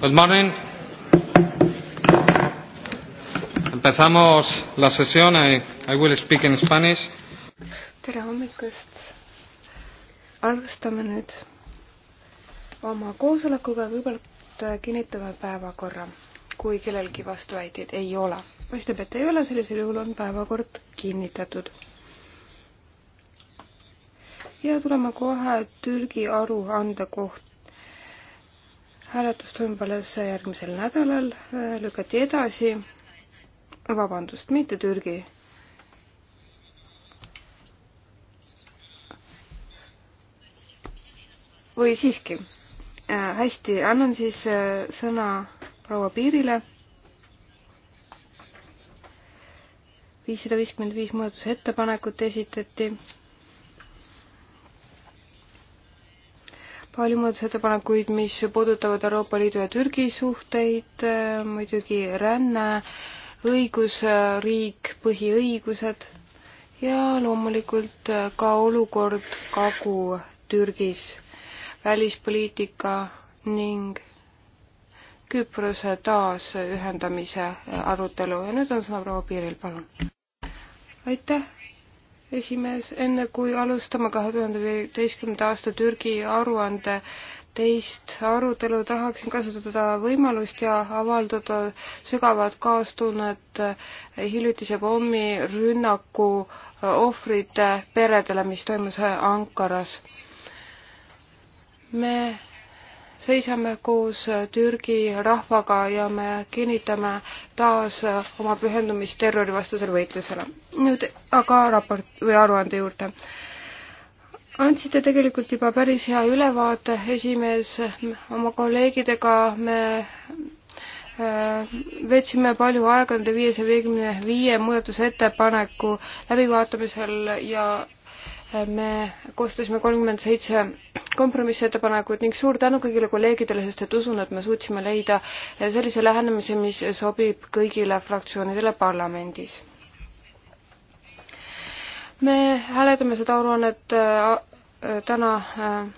Good morning. Empezamos la sesión. I, I will speak in Spanish. tere hommikust. alustame nüüd oma koosolekuga, kõigepealt äh, kinnitame päevakorra, kui kellelgi vastuväiteid ei ole. paistab, et ei ole, sellisel juhul on päevakord kinnitatud ja tuleme kohe Türgi aruande kohta hääletus toimub alles järgmisel nädalal, lükati edasi, vabandust, mitte Türgi või siiski äh,? hästi, annan siis äh, sõna proua Piirile. viissada viiskümmend viis muudatusettepanekut esitati palju muudatusettepanekuid, mis puudutavad Euroopa Liidu ja Türgi suhteid, äh, muidugi ränne, õigusriik, äh, põhiõigused ja loomulikult äh, ka olukord Kagu-Türgis, välispoliitika ning Küprose taasühendamise arutelu ja nüüd on sõna proua Piiril, palun. aitäh esimees, enne kui alustame kahe tuhande viieteistkümnenda aasta Türgi aruande teist arutelu, tahaksin kasutada võimalust ja avaldada sügavat kaastunnet hiljutise pommirünnaku ohvrite peredele, mis toimus Ankaras. me seisame koos Türgi rahvaga ja me kinnitame taas oma pühendumist terrorivastasele võitlusele. nüüd aga raport või aruande juurde. andsite tegelikult juba päris hea ülevaate, esimees, oma kolleegidega me äh, veetsime palju aega nende viiesaja viiekümne viie muudatusettepaneku läbivaatamisel ja me koostasime kolmkümmend seitse kompromissettepanekut ning suur tänu kõigile kolleegidele, sest et usun, et me suutsime leida sellise lähenemise, mis sobib kõigile fraktsioonidele parlamendis. me hääletame seda aruannet äh, täna äh,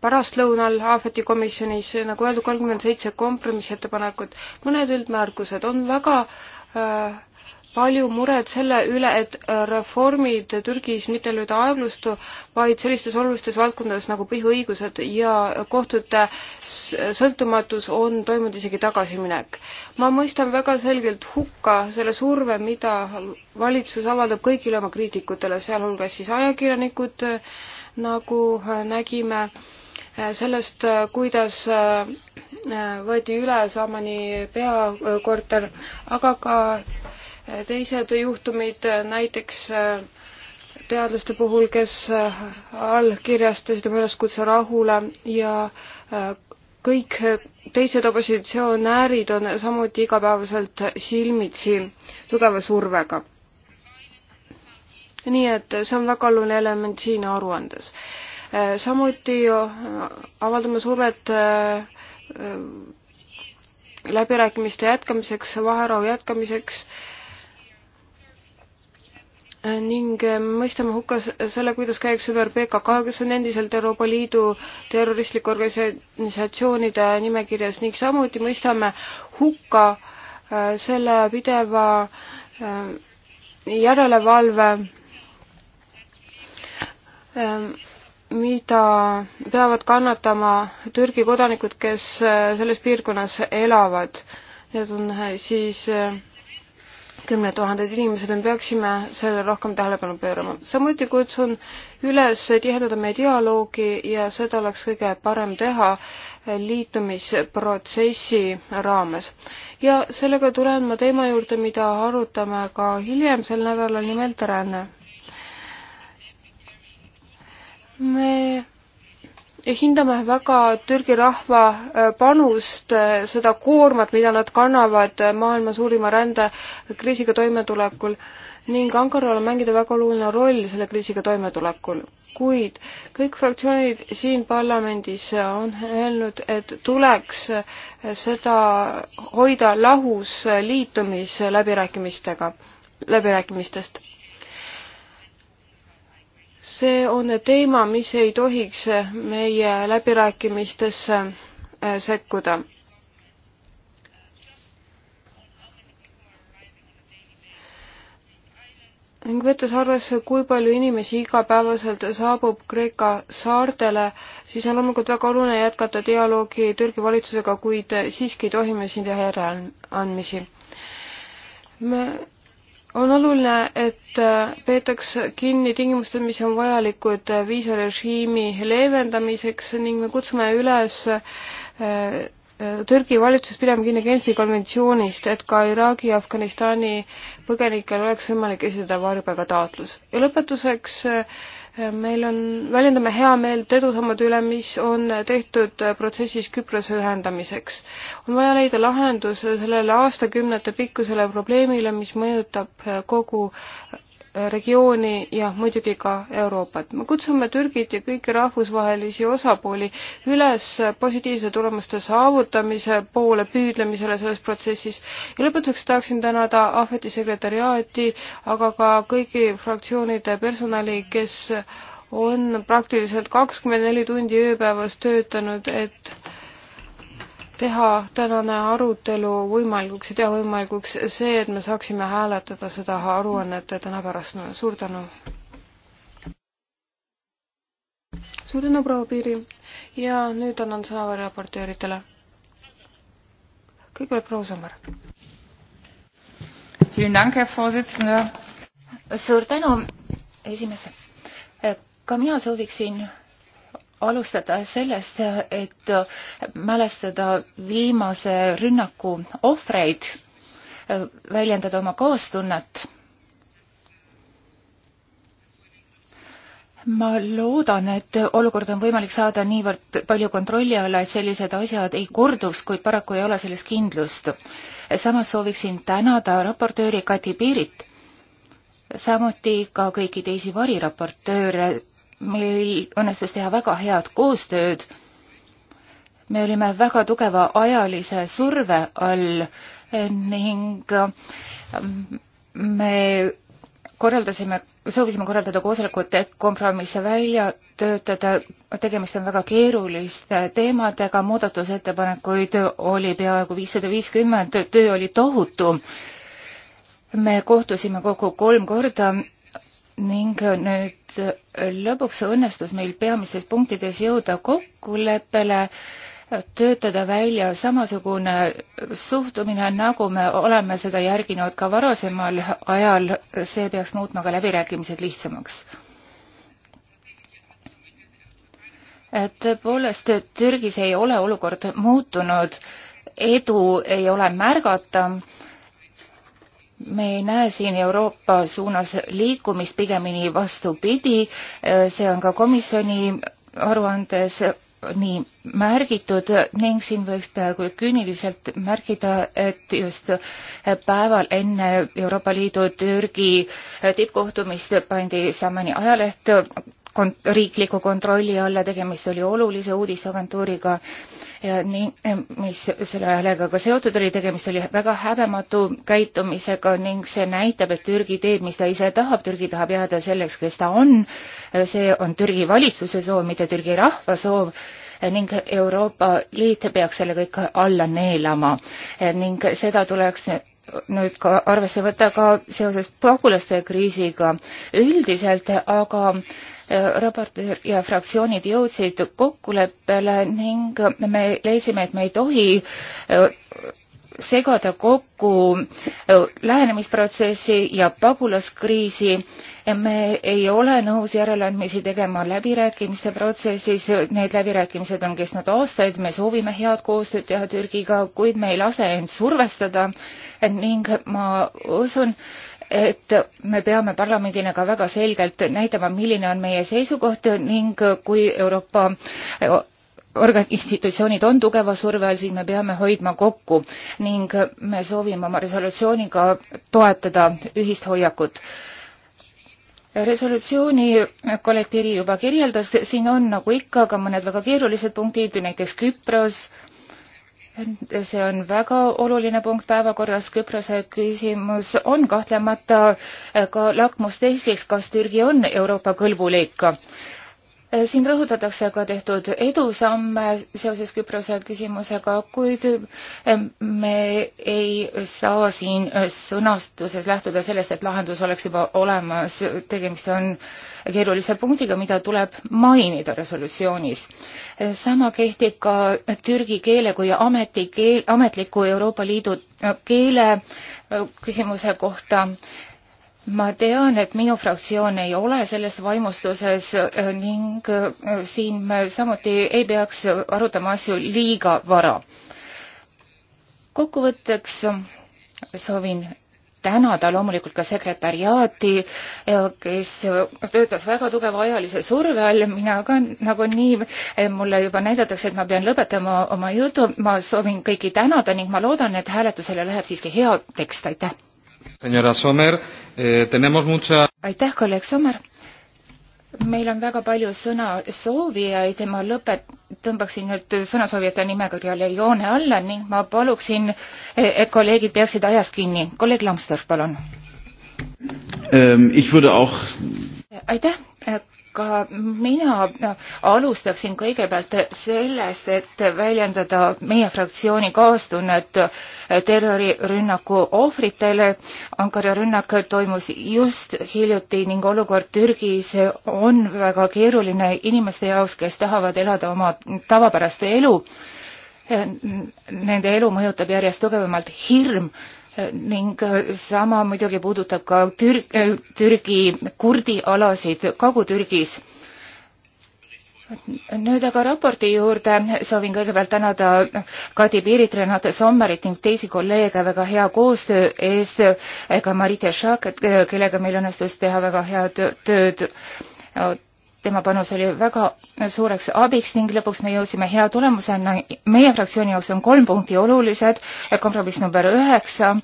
pärastlõunal Ahveti komisjonis, nagu öeldud, kolmkümmend seitse kompromissettepanekut, mõned üldmärkused on väga äh, palju muret selle üle, et äh, reformid Türgis mitte nüüd aeglustu, vaid sellistes olulistes valdkondades nagu põhiõigused ja kohtute sõltumatus on toimunud isegi tagasiminek. ma mõistan väga selgelt hukka selle surve, mida valitsus avaldab kõigile oma kriitikutele, sealhulgas siis ajakirjanikud, äh, nagu äh, nägime sellest, kuidas võeti üle Samani peakorter, aga ka teised juhtumid, näiteks äh, teadlaste puhul, kes äh, allkirjastasid üleskutse rahule ja äh, kõik teised opositsionäärid on samuti igapäevaselt silmitsi tugeva survega. nii et see on väga oluline element siin aruandes. samuti avaldame survet läbirääkimiste jätkamiseks, vaherahu jätkamiseks äh, Äh, ning äh, mõistame hukka selle, kuidas käib sõber PKK, kes on endiselt Euroopa Liidu terroristlike organisatsioonide nimekirjas ning samuti mõistame hukka äh, selle pideva järelevalve, mida peavad kannatama Türgi kodanikud, kes selles piirkonnas elavad. Need on siis äh, kümned tuhanded inimesed, me peaksime sellele rohkem tähelepanu pöörama. samuti kutsun üles tihendada meie dialoogi ja seda oleks kõige parem teha liitumisprotsessi raames. ja sellega tulen ma teema juurde, mida arutame ka hiljem sel nädalal, nimelt ränne. me hindame väga Türgi rahva äh, panust, äh, seda koormat, mida nad kannavad äh, maailma suurima rändekriisiga toimetulekul ning Ankaral on mängida väga oluline roll selle kriisiga toimetulekul. kuid kõik fraktsioonid siin parlamendis on öelnud, et tuleks seda hoida lahus liitumisläbirääkimistega, läbirääkimistest see on teema, mis ei tohiks meie läbirääkimistesse äh, sekkuda. ning võttes arvesse, kui palju inimesi igapäevaselt saabub Kreeka saartele, siis on loomulikult väga oluline jätkata dialoogi Türgi valitsusega, kuid siiski ei tohi me siin teha järeleandmisi. me on oluline, et äh, peetaks kinni tingimustel, mis on vajalikud äh, viisarežiimi leevendamiseks ning me kutsume üles äh, Türgi valitsus pidama kinni Genfi konventsioonist, et ka Iraagi ja Afganistani põgenikel oleks võimalik esitada varjupaiga taotlus. ja lõpetuseks äh, meil on, väljendame heameelt edusammade üle, mis on tehtud protsessis Küprose ühendamiseks. on vaja leida lahendus sellele aastakümnete pikkusele probleemile, mis mõjutab kogu regiooni ja muidugi ka Euroopat. me kutsume Türgit ja kõiki rahvusvahelisi osapooli üles positiivse tulemuste saavutamise poole püüdlemisele selles protsessis ja lõpetuseks tahaksin tänada Ahveti sekretäriaati, aga ka kõigi fraktsioonide personali, kes on praktiliselt kakskümmend neli tundi ööpäevas töötanud, et teha tänane arutelu võimalikuks ja teha võimalikuks see, et me saaksime hääletada seda aruannet täna pärast no,. suur tänu! suur tänu, proua Piiri! ja nüüd annan sõna raportööridele. kõigepealt proua Sõmmer. suur tänu, esimees! ka mina sooviksin alustada sellest, et mälestada viimase rünnaku ohvreid, väljendada oma kaastunnet. ma loodan, et olukord on võimalik saada niivõrd palju kontrolli alla, et sellised asjad ei korduks, kuid paraku ei ole selles kindlust. samas sooviksin tänada raportööri Kati Piirit samuti ka kõiki teisi variraportööre meil õnnestus teha väga head koostööd. me olime väga tugeva ajalise surve all eh, ning eh, me korraldasime, soovisime korraldada koosolekut, et kompromisse välja töötada. tegemist on väga keeruliste teemadega, muudatusettepanekuid oli peaaegu viissada viiskümmend, töö oli tohutu. me kohtusime kokku kolm korda ning nüüd lõpuks õnnestus meil peamistes punktides jõuda kokkuleppele, töötada välja samasugune suhtumine, nagu me oleme seda järginud ka varasemal ajal, see peaks muutma ka läbirääkimised lihtsamaks. tõepoolest, Türgis ei ole olukord muutunud, edu ei ole märgata me ei näe siin Euroopa suunas liikumist, pigemini vastupidi, see on ka komisjoni aruandes nii märgitud ning siin võiks peaaegu küüniliselt märkida, et just päeval enne Euroopa Liidu Türgi tippkohtumist pandi Samani ajaleht kont riikliku kontrolli alla, tegemist oli olulise uudiseagentuuriga ja nii, eh, mis selle häälega ka seotud oli, tegemist oli väga häbematu käitumisega ning see näitab, et Türgi teeb, mis ta ise tahab, Türgi tahab jääda selleks, kes ta on. see on Türgi valitsuse soov, mitte Türgi rahva soov ning Euroopa Liit peaks selle kõik alla neelama ning seda tuleks nüüd ka arvesse võtta ka seoses pagulaste kriisiga üldiselt, aga raportöör ja fraktsioonid jõudsid kokkuleppele ning me leidsime, et me ei tohi äh, segada kokku äh, lähenemisprotsessi ja pagulaskriisi. me ei ole nõus järeleandmisi tegema läbirääkimiste protsessis, need läbirääkimised on kestnud aastaid, me soovime head koostööd teha Türgiga, kuid me ei lase end survestada ning ma usun, et me peame parlamendina ka väga selgelt näitama, milline on meie seisukoht ning kui Euroopa organ-, institutsioonid on tugeva surve all, siis me peame hoidma kokku ning me soovime oma resolutsiooniga toetada ühist hoiakut resolutsiooni kolleeg Piri juba kirjeldas, siin on nagu ikka ka mõned väga keerulised punktid, näiteks Küpros, see on väga oluline punkt päevakorras, Küprose küsimus on kahtlemata ka lakmustestiks, kas Türgi on Euroopa kõlbulik siin rõhutatakse ka tehtud edusamme seoses Küprose küsimusega, kuid eh, me ei saa siin sõnastuses lähtuda sellest, et lahendus oleks juba olemas, tegemist on keerulise punktiga, mida tuleb mainida resolutsioonis. sama kehtib ka türgi keele kui ametikeel, ametliku Euroopa Liidu keele eh, küsimuse kohta ma tean, et minu fraktsioon ei ole selles vaimustuses äh, ning äh, siin me samuti ei peaks arutama asju liiga vara. kokkuvõtteks soovin tänada loomulikult ka sekretäriaati, äh, kes töötas väga tugeva ajalise surve all, mina ka nagunii, mulle juba näidatakse, et ma pean lõpetama oma jutu, ma soovin kõiki tänada ning ma loodan, et hääletusele läheb siiski hea tekst, aitäh! Eh, aitäh, kolleeg Sommer. meil on väga palju sõnasoovijaid ja ma lõpet-, tõmbaksin nüüd sõnasoovijate nimekirjale joone alla ning ma paluksin, e, et kolleegid peaksid ajast kinni. kolleeg Lambsdorff, palun ähm,. aitäh mina alustaksin kõigepealt sellest, et väljendada meie fraktsiooni kaastunnet terrorirünnaku ohvritele. Ankara rünnak toimus just hiljuti ning olukord Türgis on väga keeruline inimeste jaoks, kes tahavad elada oma tavapärast elu. Nende elu mõjutab järjest tugevamalt hirm Äh, ning äh, sama muidugi puudutab ka Tür-, äh, Türgi kurdi alasid Kagu-Türgis. nüüd aga raporti juurde soovin kõigepealt tänada Kadi Piirit, Renate Sommerit ning teisi kolleege väga hea koostöö eest, ka Marita Šak, kellega meil õnnestus teha väga head tööd tema panus oli väga suureks abiks ning lõpuks me jõudsime hea tulemuseni. meie fraktsiooni jaoks on kolm punkti olulised. kompromiss number üheksa,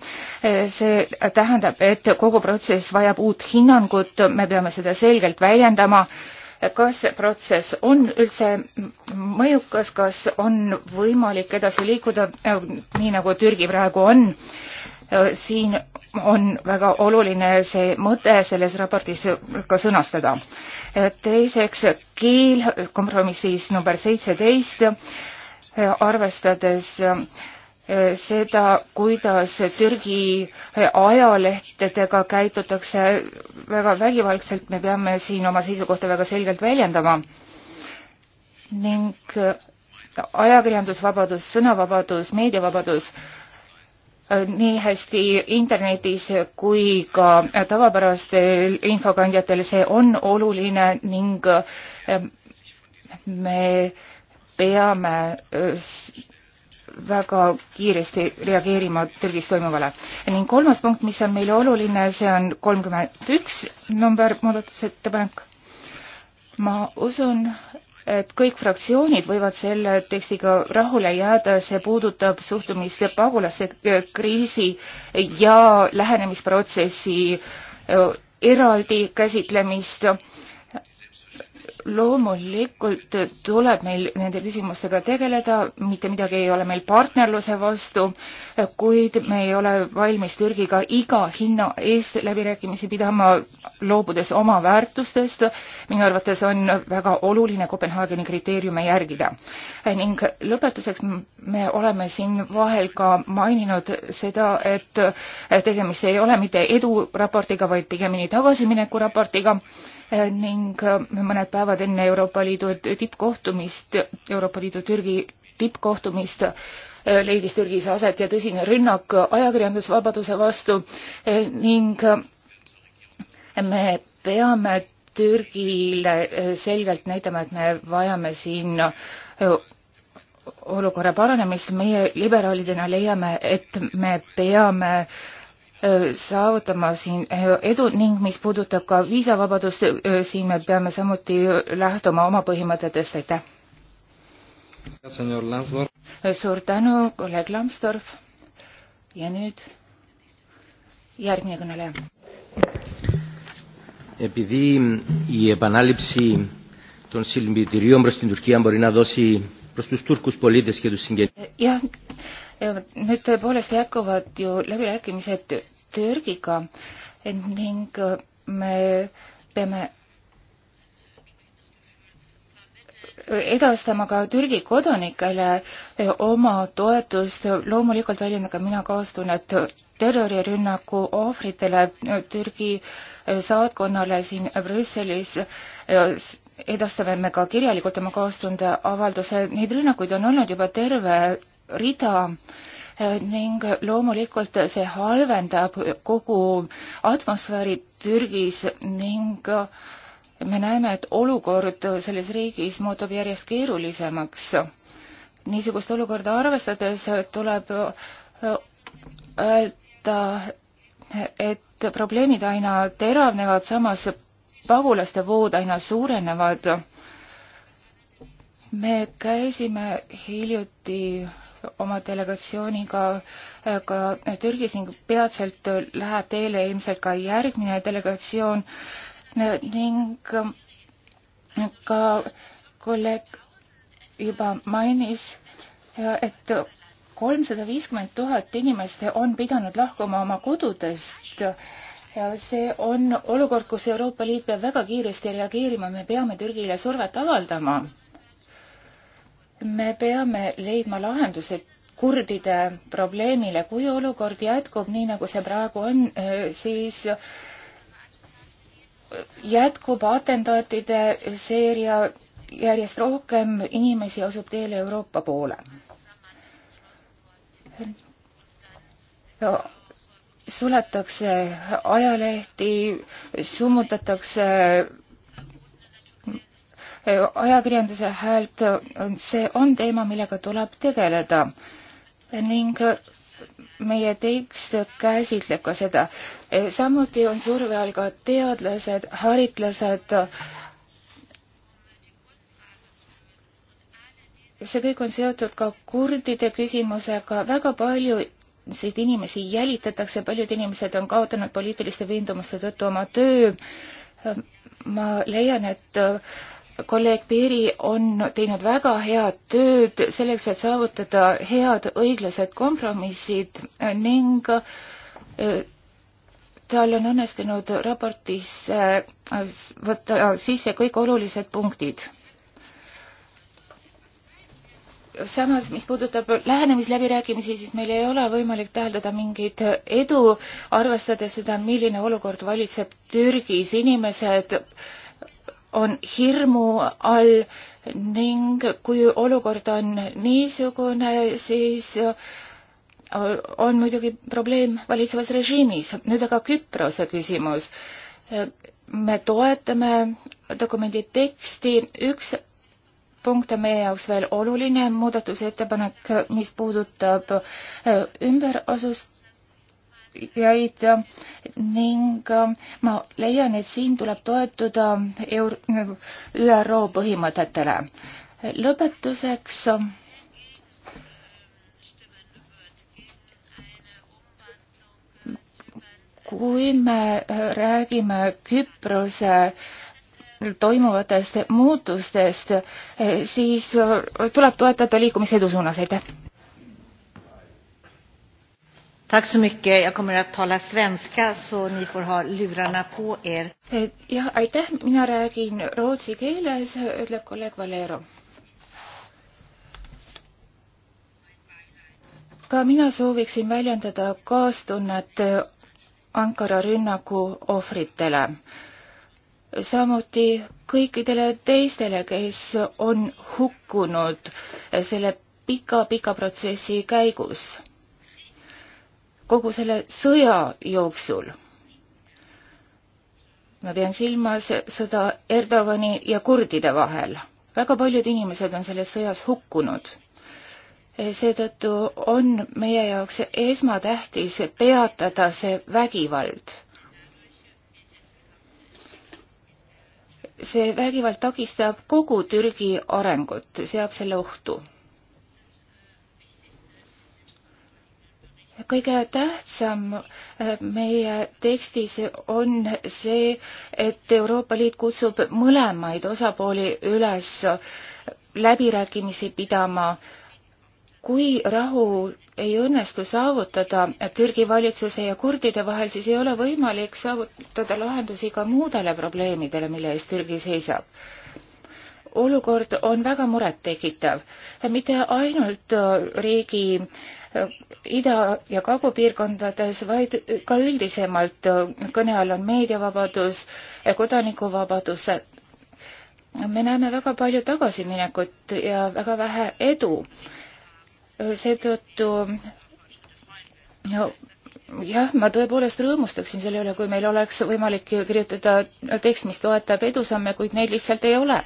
see tähendab, et kogu protsess vajab uut hinnangut, me peame seda selgelt väljendama kas protsess on üldse mõjukas, kas on võimalik edasi liikuda, nii nagu Türgi praegu on. siin on väga oluline see mõte selles raportis ka sõnastada teiseks keel kompromissis number seitseteist, arvestades eh, seda, kuidas Türgi ajalehtedega käitutakse väga vägivaldselt, me peame siin oma seisukohta väga selgelt väljendama. ning eh, ajakirjandusvabadus, sõnavabadus, meediavabadus Äh, nii hästi internetis kui ka tavapärastel infokandjatel, see on oluline ning äh, me peame äh, väga kiiresti reageerima tõlgis toimuvale. ning kolmas punkt, mis on meile oluline, see on kolmkümmend üks number muudatusettepanek. ma usun, et kõik fraktsioonid võivad selle tekstiga rahule jääda, see puudutab suhtumist pagulaste kriisi ja lähenemisprotsessi äh, eraldi käsitlemist loomulikult tuleb meil nende küsimustega tegeleda, mitte midagi ei ole meil partnerluse vastu, kuid me ei ole valmis Türgiga iga hinna eest läbirääkimisi pidama, loobudes oma väärtustest. minu arvates on väga oluline Kopenhaageni kriteeriume järgida. ning lõpetuseks me oleme siin vahel ka maininud seda, et tegemist ei ole mitte eduraportiga, vaid pigemini tagasimineku raportiga ning mõned päevad enne Euroopa Liidu tippkohtumist, Euroopa Liidu Türgi tippkohtumist leidis Türgis aset ja tõsine rünnak ajakirjandusvabaduse vastu ning me peame Türgile selgelt näitama, et me vajame siin olukorra paranemist. meie liberaalidena leiame, et me peame äh, Äh, saavutama siin äh, edu ning mis puudutab ka viisavabadust, äh, siin me peame samuti lähtuma oma põhimõtetest, aitäh. suur tänu, kolleeg Lambsdorff. ja nüüd järgmine kõneleja. Επειδή η επανάληψη των συλληπιτηρίων προς την Τουρκία μπορεί να δώσει προς τους Τούρκους πολίτες και τους συγγενείς. Yeah nüüd tõepoolest jätkuvad ju läbirääkimised Türgiga ning äh, me peame edastama ka Türgi kodanikele äh, oma toetust. loomulikult väljendan ka mina kaastunnet terrorirünnaku ohvritele äh, Türgi saatkonnale siin Brüsselis edastame me ka kirjalikult oma kaastunde avalduse. Neid rünnakuid on olnud juba terve rida eh, ning loomulikult see halvendab kogu atmosfääri Türgis ning eh, me näeme, et olukord selles riigis muutub järjest keerulisemaks. niisugust olukorda arvestades tuleb eh, öelda, et probleemid aina teravnevad, samas pagulaste vood aina suurenevad. me käisime hiljuti oma delegatsiooniga äh, ka Türgis ning peatselt läheb teele ilmselt ka järgmine delegatsioon ning äh, ka kolleeg juba mainis, äh, et kolmsada viiskümmend tuhat inimest on pidanud lahkuma oma kodudest ja see on olukord, kus Euroopa Liit peab väga kiiresti reageerima, me peame Türgile survet avaldama me peame leidma lahendused kurdide probleemile, kui olukord jätkub nii, nagu see praegu on, äh, siis jätkub atentaatide seeria, järjest rohkem inimesi asub teele Euroopa poole. suletakse ajalehti, summutatakse ajakirjanduse häält, see on teema, millega tuleb tegeleda ning meie tekst käsitleb ka seda. samuti on surve all ka teadlased, haritlased. see kõik on seotud ka kurdide küsimusega, väga palju neid inimesi jälitatakse, paljud inimesed on kaotanud poliitiliste veendumuste tõttu oma töö. ma leian, et kolleeg Piiri on teinud väga head tööd selleks, et saavutada head õiglased kompromissid ning äh, tal on õnnestunud raportis äh, võtta sisse kõik olulised punktid. samas, mis puudutab lähenemisläbirääkimisi, siis meil ei ole võimalik täheldada mingit edu, arvestades seda, milline olukord valitseb Türgis, inimesed äh, on hirmu all ning kui olukord on niisugune, siis on muidugi probleem valitsevas režiimis. nüüd aga Küprose küsimus. me toetame dokumendi teksti, üks punkt on meie jaoks veel oluline, muudatusettepanek, mis puudutab ümberasust, tootjaid ning äh, ma leian, et siin tuleb toetuda ÜRO põhimõtetele. lõpetuseks kui me räägime Küprose toimuvatest muutustest, siis äh, tuleb toetada liikumise edu suunas, aitäh! Tack så mycket. Jag kommer att tala svenska så ni får ha lurarna på er. Eh, ja, aitäh. Minä räägin rootsi keeles, ütleb kolleeg Valero. Ka mina sooviksin väljendada kaastunnet Ankara rünnaku ohvritele. Samuti kõikidele teistele, kes on hukkunud selle pika-pika protsessi käigus kogu selle sõja jooksul. ma pean silmas sõda Erdogani ja kurdide vahel. väga paljud inimesed on selles sõjas hukkunud. seetõttu on meie jaoks esmatähtis peatada see vägivald. see vägivald takistab kogu Türgi arengut, seab selle ohtu kõige tähtsam äh, meie tekstis on see, et Euroopa Liit kutsub mõlemaid osapooli üles läbirääkimisi pidama. kui rahu ei õnnestu saavutada Türgi valitsuse ja kurdide vahel, siis ei ole võimalik saavutada lahendusi ka muudele probleemidele, mille eest Türgi seisab olukord on väga murettekitav. mitte ainult riigi ida- ja kagupiirkondades, vaid ka üldisemalt. kõne all on meediavabadus, kodanikuvabadused. me näeme väga palju tagasiminekut ja väga vähe edu. seetõttu no, jah, ma tõepoolest rõõmustaksin selle üle, kui meil oleks võimalik kirjutada tekst, mis toetab edusamme, kuid neid lihtsalt ei ole.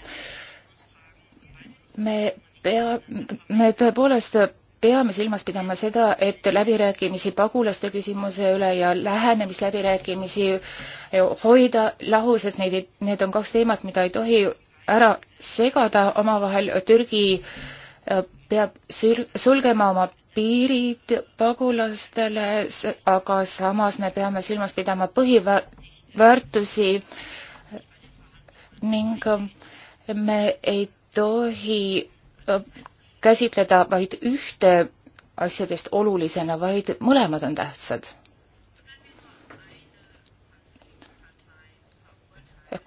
me pea, me tõepoolest peame silmas pidama seda, et läbirääkimisi pagulaste küsimuse üle ja lähenemisläbirääkimisi hoida lahus, et neid, need on kaks teemat, mida ei tohi ära segada omavahel. Türgi äh, peab sül-, sulgema oma piirid pagulastele, aga samas me peame silmas pidama põhiväärtusi ning äh, me ei tohi äh, käsitleda vaid ühte asjadest olulisena, vaid mõlemad on tähtsad.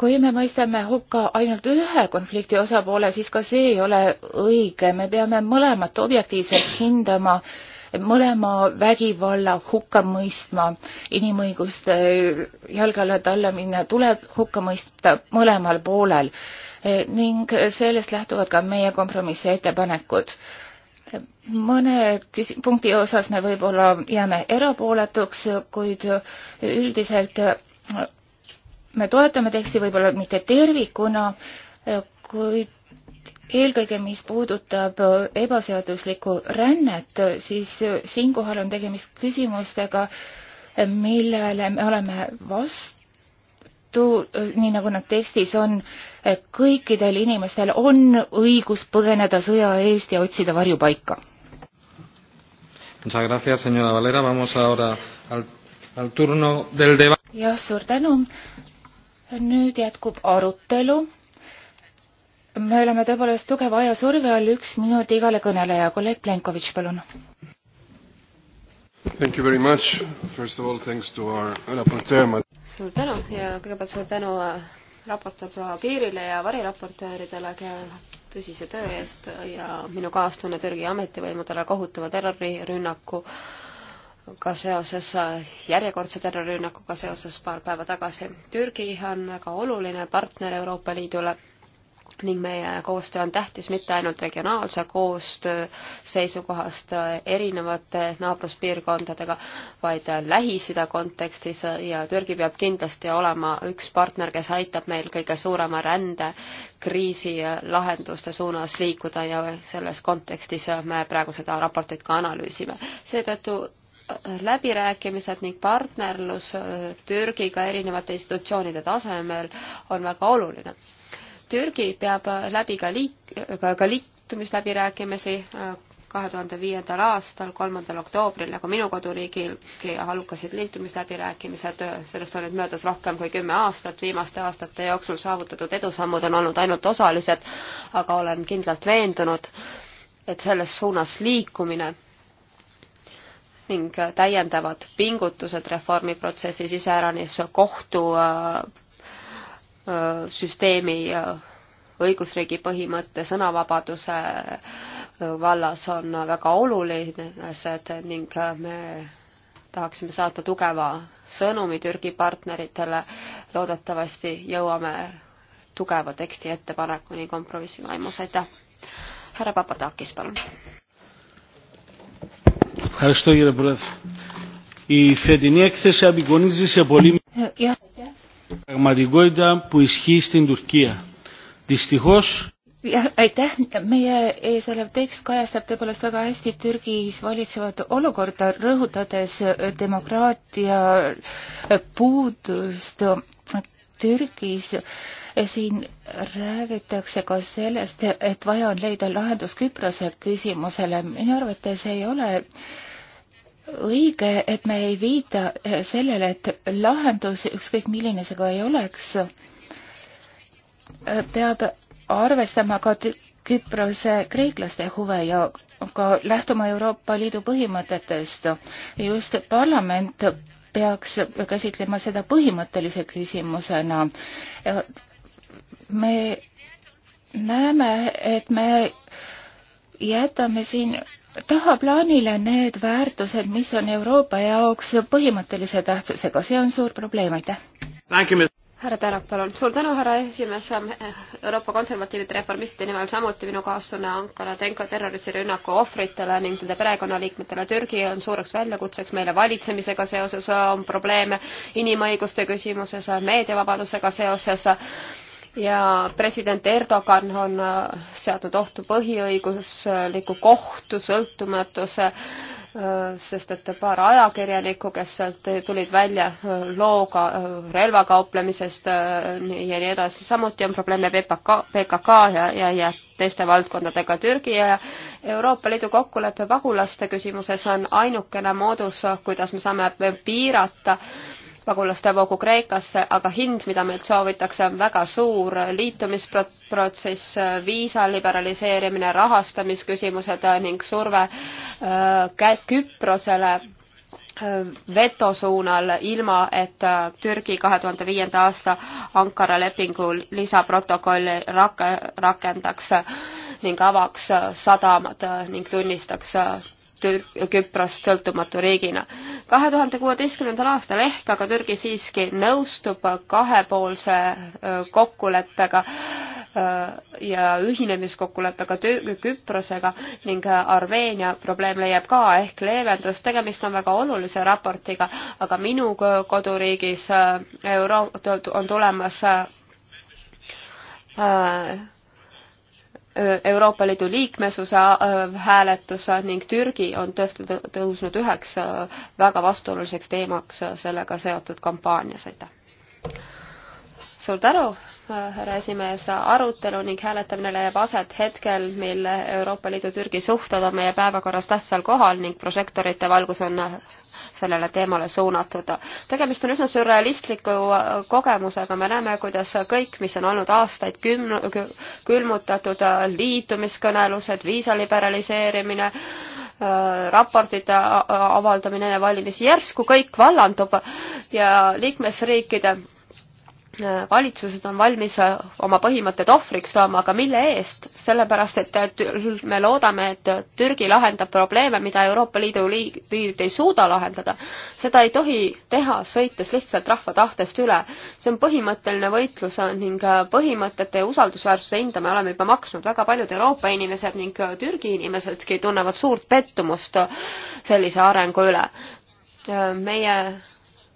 kui me mõistame hukka ainult ühe konflikti osapoole, siis ka see ei ole õige, me peame mõlemat objektiivselt hindama, mõlema vägivalla hukka mõistma, inimõiguste jalge alla talla minna, tuleb hukka mõista mõlemal poolel ning sellest lähtuvad ka meie kompromissi ettepanekud. mõne küs-, punkti osas me võib-olla jääme erapooletuks, kuid üldiselt me toetame teksti võib-olla mitte tervikuna, kuid eelkõige, mis puudutab ebaseaduslikku rännet, siis siinkohal on tegemist küsimustega, millele me oleme vastu, nii nagu nad tekstis on kõikidel inimestel on õigus põgeneda sõja eest ja otsida varjupaika. jah, suur tänu. nüüd jätkub arutelu me oleme tõepoolest tugeva ajasurve all, üks minut igale kõneleja. kolleeg Plenkovitš, palun. Thank you very much. First of all, thanks to our raportöör. suur tänu ja kõigepealt suur tänu raportöör proua Piirile ja variraportööridele tõsise töö eest ja minu kaastunne Türgi ametivõimudele kohutava terrorirünnaku ka seoses, järjekordse terrorirünnakuga seoses paar päeva tagasi. Türgi on väga oluline partner Euroopa Liidule ning meie koostöö on tähtis mitte ainult regionaalse koostöö seisukohast erinevate naabruspiirkondadega, vaid Lähis-Ida kontekstis ja Türgi peab kindlasti olema üks partner, kes aitab meil kõige suurema rändekriisi lahenduste suunas liikuda ja selles kontekstis me praegu seda raportit ka analüüsime. seetõttu äh, läbirääkimised ning partnerlus äh, Türgiga erinevate institutsioonide tasemel on väga oluline Türgi peab läbi ka liik-, ka, ka liitumisläbirääkimisi äh, kahe tuhande viiendal aastal, kolmandal oktoobril, nagu minu koduriigil algasid liitumisläbirääkimised, sellest olid möödas rohkem kui kümme aastat, viimaste aastate jooksul saavutatud edusammud on olnud ainult osalised, aga olen kindlalt veendunud, et selles suunas liikumine ning täiendavad pingutused reformiprotsessis iseäranis kohtu äh, Äh, süsteemi äh, õigusriigi põhimõtte sõnavabaduse äh, vallas on väga olulised ning me tahaksime saata tugeva sõnumi Türgi partneritele. loodetavasti jõuame tugeva teksti ettepanekuni kompromissi vaimus, aitäh. härra Papadakis, palun. jah, jah, aitäh, meie ees olev tekst kajastab tõepoolest väga hästi Türgis valitsevat olukorda, rõhutades demokraatia puudust Türgis siin räägitakse ka sellest, et vaja on leida lahendus Küprose küsimusele. minu arvates ei ole õige, et me ei viita eh, sellele, et lahendus, ükskõik milline see ka ei oleks, eh, peab arvestama ka Küprose kreeklaste huve ja ka lähtuma Euroopa Liidu põhimõtetest. just parlament peaks käsitlema seda põhimõttelise küsimusena. me näeme, et me jätame siin tahaplaanile need väärtused, mis on Euroopa jaoks põhimõttelise tähtsusega, see on suur probleem, aitäh! härra Tänak, palun! suur tänu, härra esimees, eh, Euroopa konservatiivide reformistide nimel samuti minu kaastunne Ankara Tenko terrorismirünnaku ohvritele ning nende perekonnaliikmetele Türgi on suureks väljakutseks meile valitsemisega seoses, on probleeme inimõiguste küsimuses, meediavabadusega seoses ja president Erdogan on äh, seadnud ohtu põhiõigusliku kohtu sõltumatuse, äh, sest et paar ajakirjanikku, kes sealt tulid välja äh, looga relvakauplemisest ja nii edasi, samuti on probleeme PKK, PKK ja, ja, ja teiste valdkondadega Türgi ja Euroopa Liidu kokkulepe pagulaste küsimuses on ainukene moodus, kuidas me saame piirata äh, pagulaste voogu Kreekasse, aga hind, mida meilt soovitakse, on väga suur. liitumisprotsess, viisa liberaliseerimine, rahastamisküsimused ning surve äh, Küprosele äh, veto suunal, ilma et äh, Türgi kahe tuhande viienda aasta Ankara lepingu lisaprotokolli rak-, rakendaks ning avaks sadamad ning tunnistaks Küprost sõltumatu riigina. kahe tuhande kuueteistkümnendal aastal ehk aga Türgi siiski nõustub kahepoolse kokkuleppega ja ühinemiskokkuleppega Küprosega ning Armeenia probleem leiab ka ehk leevendust. tegemist on väga olulise raportiga, aga minu koduriigis euro-, on tulemas Euroopa Liidu liikmesuse äh, hääletus ning Türgi on tõesti tõusnud üheks äh, väga vastuoluliseks teemaks äh, sellega seotud kampaanias, aitäh! suur tänu, härra esimees, arutelu ning hääletamine leiab aset hetkel, mil Euroopa Liidu-Türgi suhted on meie päevakorras tähtsal kohal ning prožektorite valgus on sellele teemale suunatud. tegemist on üsna sürrealistliku kogemusega, me näeme, kuidas kõik, mis on olnud aastaid küm-, külmutatud, liitumiskõnelused, viisa liberaliseerimine, raportite avaldamine enne valimisi, järsku kõik vallandub ja liikmesriikide valitsused on valmis äh, oma põhimõtted ohvriks saama, aga mille eest? sellepärast, et me loodame, et Türgi lahendab probleeme, mida Euroopa Liidu liidrid ei suuda lahendada. seda ei tohi teha, sõites lihtsalt rahva tahtest üle. see on põhimõtteline võitlus äh, ning äh, põhimõtete ja usaldusväärsuse hinda me oleme juba maksnud. väga paljud Euroopa inimesed ning Türgi inimesedki tunnevad suurt pettumust sellise arengu üle. meie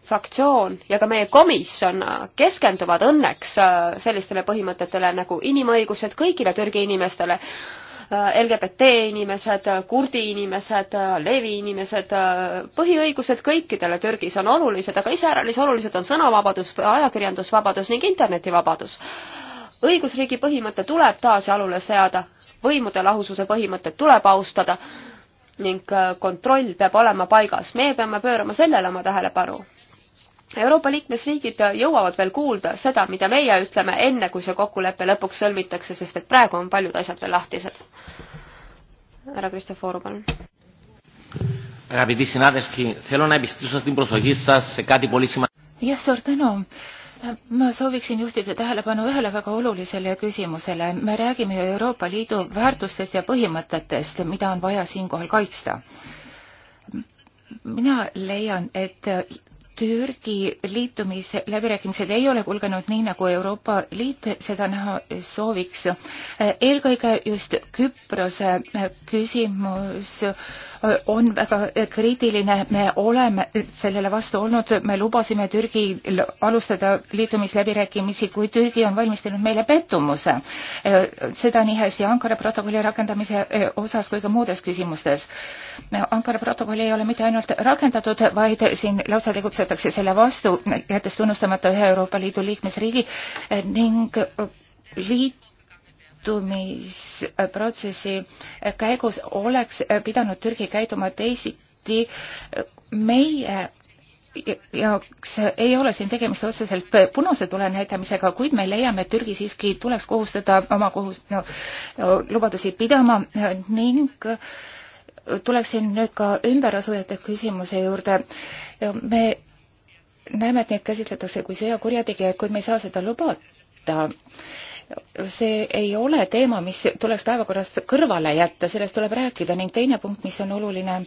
fraktsioon ja ka meie komisjon keskenduvad õnneks äh, sellistele põhimõtetele nagu inimõigused kõigile Türgi inimestele, äh, LGBT inimesed, kurdi inimesed, äh, levi inimesed, põhiõigused kõikidele Türgis on olulised, aga iseäranis olulised on sõnavabadus, ajakirjandusvabadus ning internetivabadus. õigusriigi põhimõte tuleb taas jalule seada, võimude lahususe põhimõtet tuleb austada ning kontroll peab olema paigas. meie peame pöörama sellele oma tähelepanu Euroopa liikmesriigid jõuavad veel kuulda seda, mida meie ütleme, enne kui see kokkulepe lõpuks sõlmitakse, sest et praegu on paljud asjad veel lahtised. härra Kristoforu, palun. jah, suur tänu. ma sooviksin juhtida tähelepanu ühele väga olulisele küsimusele. me räägime ju Euroopa Liidu väärtustest ja põhimõtetest, mida on vaja siinkohal kaitsta mina leian, et Türgi liitumisläbirääkimised ei ole kulgenud nii, nagu Euroopa Liit seda näha sooviks. eelkõige just Küprose küsimus on väga kriitiline, me oleme sellele vastu olnud, me lubasime Türgil alustada liitumisläbirääkimisi, kui Türgi on valmistanud meile pettumuse. Äh, seda nii hästi Ankara protokolli rakendamise äh, osas kui ka muudes küsimustes. Äh, Ankara protokolli ei ole mitte ainult rakendatud, vaid siin lausa tegutsetakse selle vastu, jättes tunnustamata ühe Euroopa Liidu liikmesriigi ning liit liitumisprotsessi käigus oleks pidanud Türgi käiduma teisiti meie jaoks ei ole siin tegemist otseselt punase tule näitamisega, kuid me leiame, et Türgi siiski tuleks kohustada oma kohus- no,, lubadusi pidama ning tuleksin nüüd ka ümberasujate küsimuse juurde. me näeme, et neid käsitletakse kui sõjakurjategijaid, kuid me ei saa seda lubada see ei ole teema, mis tuleks päevakorrast kõrvale jätta, sellest tuleb rääkida ning teine punkt, mis on oluline,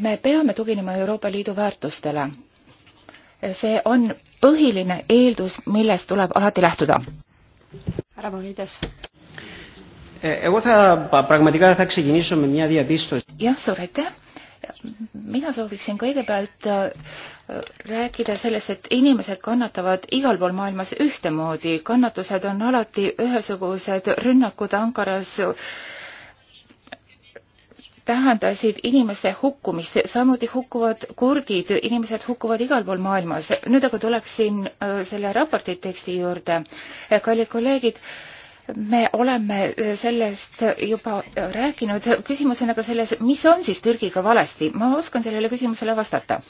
me peame tuginema Euroopa Liidu väärtustele. see on põhiline eeldus, millest tuleb alati lähtuda. härra Polides. Eh, jah, suur aitäh mina sooviksin kõigepealt äh, rääkida sellest, et inimesed kannatavad igal pool maailmas ühtemoodi, kannatused on alati ühesugused, rünnakud Ankaras tähendasid inimeste hukkumist, samuti hukkuvad kurdid, inimesed hukkuvad igal pool maailmas. nüüd aga tuleksin äh, selle raporti teksti juurde. kallid kolleegid, me oleme sellest juba rääkinud, küsimus on aga selles, mis on siis Türgiga valesti, ma oskan sellele küsimusele vastata.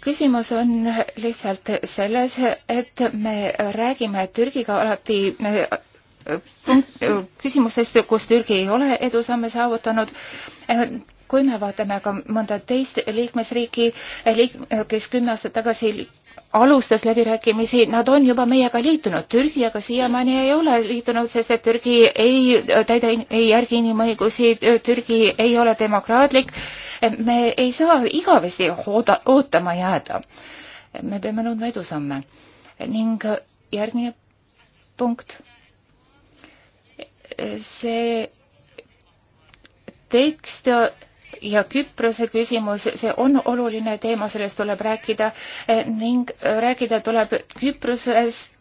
küsimus on lihtsalt selles, et me räägime Türgiga alati punkt, küsimustest, kus Türgi ei ole edusamme saavutanud. kui me vaatame ka mõnda teist liikmesriiki liik,, kes kümme aastat tagasi alustas läbirääkimisi, nad on juba meiega liitunud, Türgi aga siiamaani ei ole liitunud, sest et Türgi ei täida, ei järgi inimõigusi, Türgi ei ole demokraatlik. me ei saa igavesti hooda, ootama jääda. me peame nõudma edusamme ning järgmine punkt. see tekst ja Küprose küsimus, see on oluline teema, sellest tuleb rääkida eh, ning eh, rääkida tuleb Küprosest.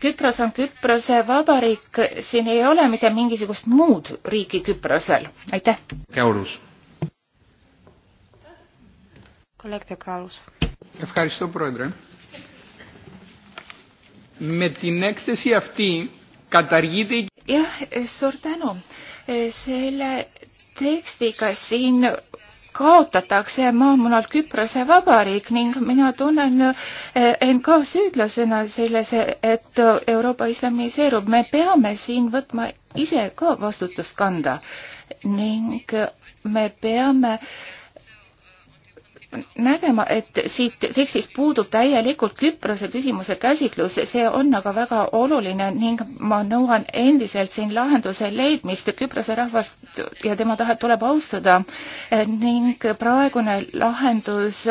Küpros on Küprose vabariik, siin ei ole mitte mingisugust muud riiki Küprosel. aitäh. Kaulus. kolleeg De Kaulus. jah, suur tänu selle tekstiga siin kaotatakse maamunal Küprose vabariik ning mina tunnen eh, end ka süüdlasena selles, et Euroopa islamiseerub. me peame siin võtma ise ka vastutust kanda ning me peame äh, nägema, et siit tekstist puudub täielikult Küprose küsimuse käsitlus, see on aga väga oluline ning ma nõuan endiselt siin lahenduse leidmist, Küprose rahvast ja tema tahet tuleb austada ning praegune lahendus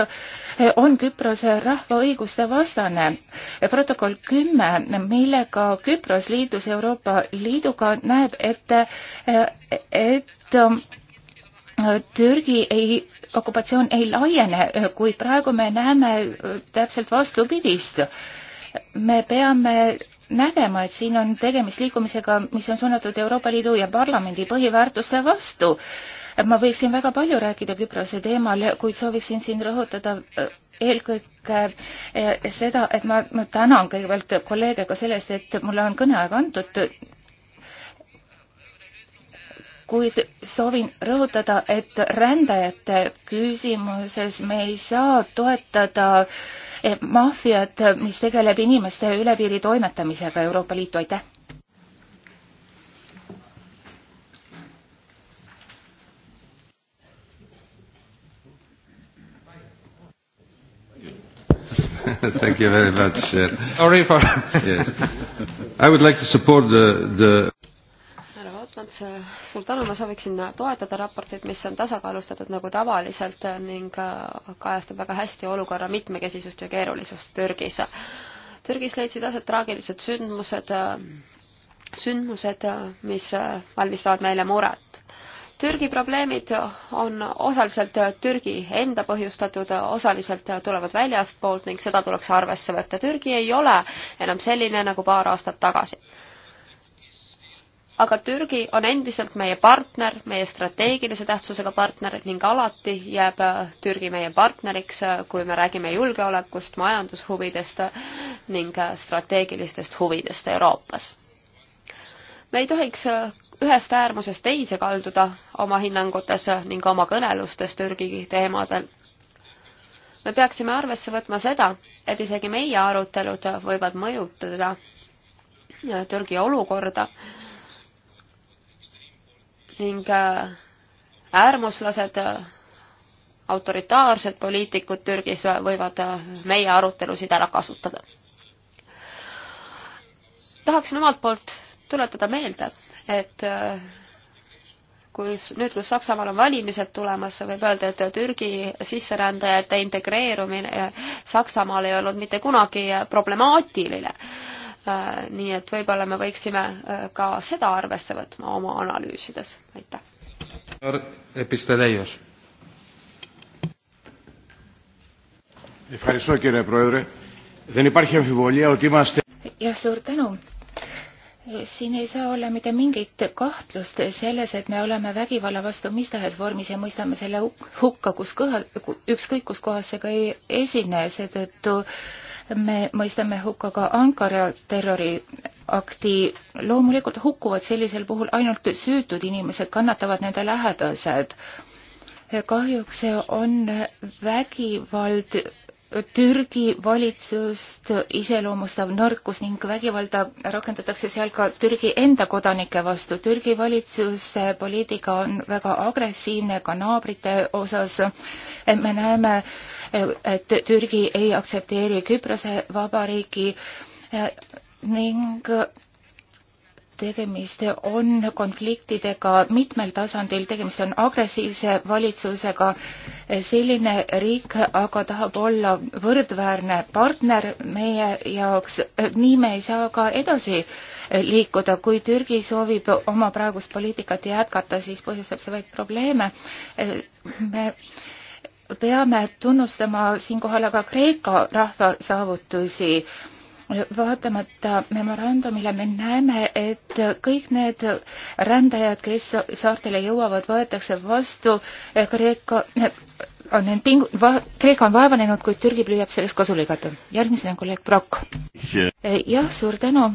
on Küprose rahva õiguste vastane. protokoll kümme, millega Küpros liitus Euroopa Liiduga, näeb ette, et, et Türgi ei, okupatsioon ei laiene, kuid praegu me näeme äh, täpselt vastupidist. me peame nägema, et siin on tegemist liikumisega, mis on suunatud Euroopa Liidu ja parlamendi põhiväärtuste vastu. ma võiksin väga palju rääkida Küprose teemal, kuid sooviksin siin rõhutada äh, eelkõige äh, seda, et ma, ma tänan kõigepealt kolleege ka sellest, et mulle on kõneaeg antud kuid soovin rõhutada, et rändajate küsimuses me ei saa toetada eh, maffiat, mis tegeleb inimeste üle piiri toimetamisega Euroopa Liitu, aitäh! Thank you very much. Eh. Sorry for. yes. I would like to support the, the Schultz, äh, suur tänu, ma sooviksin toetada raportit, mis on tasakaalustatud nagu tavaliselt äh, ning äh, kajastab väga hästi olukorra mitmekesisust ja keerulisust Türgis. Türgis leidsid aset traagilised sündmused, sündmused, mis valmistavad meile muret. Türgi probleemid on osaliselt Türgi enda põhjustatud, osaliselt tulevad väljastpoolt ning seda tuleks arvesse võtta. Türgi ei ole enam selline nagu paar aastat tagasi aga Türgi on endiselt meie partner, meie strateegilise tähtsusega partner ning alati jääb äh, Türgi meie partneriks, äh, kui me räägime julgeolekust, majandushuvidest äh, ning strateegilistest huvidest Euroopas. me ei tohiks ühest äärmusest teise kalduda oma hinnangutes ning oma kõnelustes Türgi teemadel me peaksime arvesse võtma seda, et isegi meie arutelud võivad mõjutada Türgi olukorda äh, ning äh, äärmuslased, äh, autoritaarsed poliitikud Türgis äh, võivad meie arutelusid ära kasutada. tahaksin omalt poolt tuletada meelde, et kui nüüd, kus Saksamaal on valimised tulemas, võib öelda, et Türgi sisserändajate integreerumine Saksamaal ei olnud mitte kunagi problemaatiline Äh, nii et võib-olla me võiksime äh, ka seda arvesse võtma oma analüüsides, aitäh. Episteleios. Ευχαριστώ κύριε Πρόεδρε. Δεν υπάρχει αμφιβολία ότι είμαστε... Ja suur tänu. Siin ei saa olla mitte mingit kahtlust selles, et me oleme vägivalla vastu mis tahes vormis ja mõistame selle hukka, kus kõha, ükskõik kus kohas see ka ei esine, seetõttu et me mõistame hukka ka Ankara terroriakti. loomulikult hukkuvad sellisel puhul ainult süütud inimesed, kannatavad nende lähedased. kahjuks on vägivald Türgi valitsust iseloomustav nõrkus ning vägivalda rakendatakse seal ka Türgi enda kodanike vastu. Türgi valitsuse poliitika on väga agressiivne ka naabrite osas. me näeme, et Türgi ei aktsepteeri Küprose vabariiki ning tegemist on konfliktidega mitmel tasandil, tegemist on agressiivse valitsusega. selline riik aga tahab olla võrdväärne partner meie jaoks, nii me ei saa ka edasi liikuda. kui Türgi soovib oma praegust poliitikat jätkata, siis põhjustab see vaid probleeme. me peame tunnustama siinkohal aga Kreeka rahva saavutusi vaatamata memorandumile me näeme, et kõik need rändajad, kes saartele jõuavad, võetakse vastu Kreeka, on end pingu-, va-, Kreeka on vaeva näinud, kuid Türgi püüab sellest kasu lõigata. järgmisena kolleeg Brock. jah, suur tänu.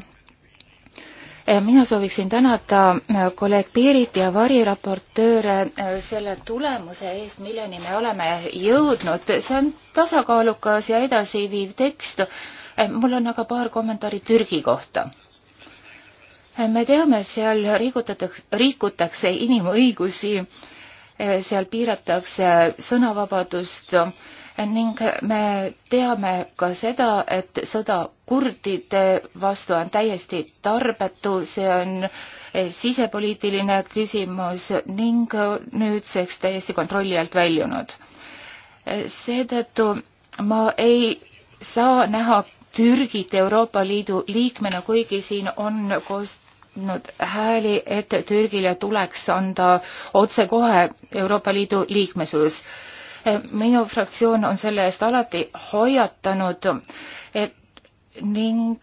mina sooviksin tänada kolleeg Piirit ja variraportööre selle tulemuse eest, milleni me oleme jõudnud. see on tasakaalukas ja edasiviiv tekst Eh, mul on aga paar kommentaari Türgi kohta eh, me teame, seal liigutatakse, liigutakse inimõigusi, eh, seal piiratakse sõnavabadust ning me teame ka seda, et sõda kurdide vastu on täiesti tarbetu, see on sisepoliitiline küsimus ning nüüdseks täiesti kontrolli alt väljunud. seetõttu ma ei saa näha Türgit Euroopa Liidu liikmena, kuigi siin on koostanud hääli, et Türgile tuleks anda otsekohe Euroopa Liidu liikmesus. minu fraktsioon on selle eest alati hoiatanud et ning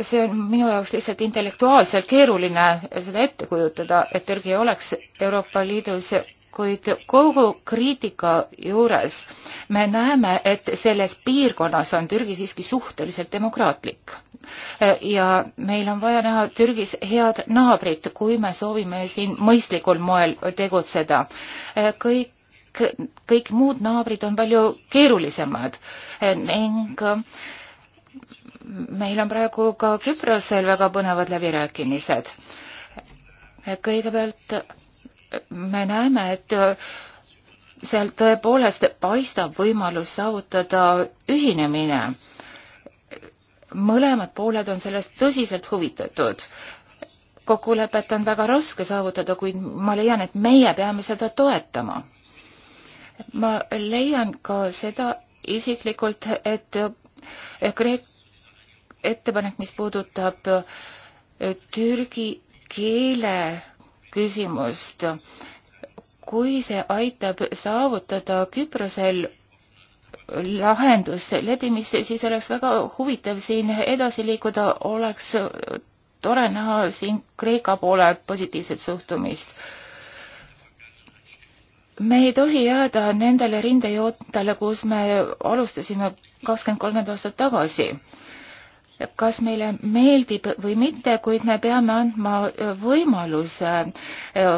see on minu jaoks lihtsalt intellektuaalselt keeruline seda ette kujutada, et Türgi oleks Euroopa Liidus kuid kogu kriitika juures me näeme, et selles piirkonnas on Türgi siiski suhteliselt demokraatlik. ja meil on vaja näha Türgis head naabrit, kui me soovime siin mõistlikul moel tegutseda. kõik kõik muud naabrid on palju keerulisemad ning meil on praegu ka Küprosel väga põnevad läbirääkimised. kõigepealt me näeme, et äh, seal tõepoolest paistab võimalus saavutada ühinemine. mõlemad pooled on sellest tõsiselt huvitatud. kokkulepet on väga raske saavutada, kuid ma leian, et meie peame seda toetama. ma leian ka seda isiklikult, et äh, Kreek-, ettepanek, mis puudutab äh, türgi keele küsimust. kui see aitab saavutada Küprosel lahendust lebimist, siis oleks väga huvitav siin edasi liikuda, oleks tore näha siin Kreeka poole positiivset suhtumist me ei tohi jääda nendele rindejoontele, kus me alustasime kakskümmend, kolmkümmend aastat tagasi kas meile meeldib või mitte, kuid me peame andma äh, võimaluse äh,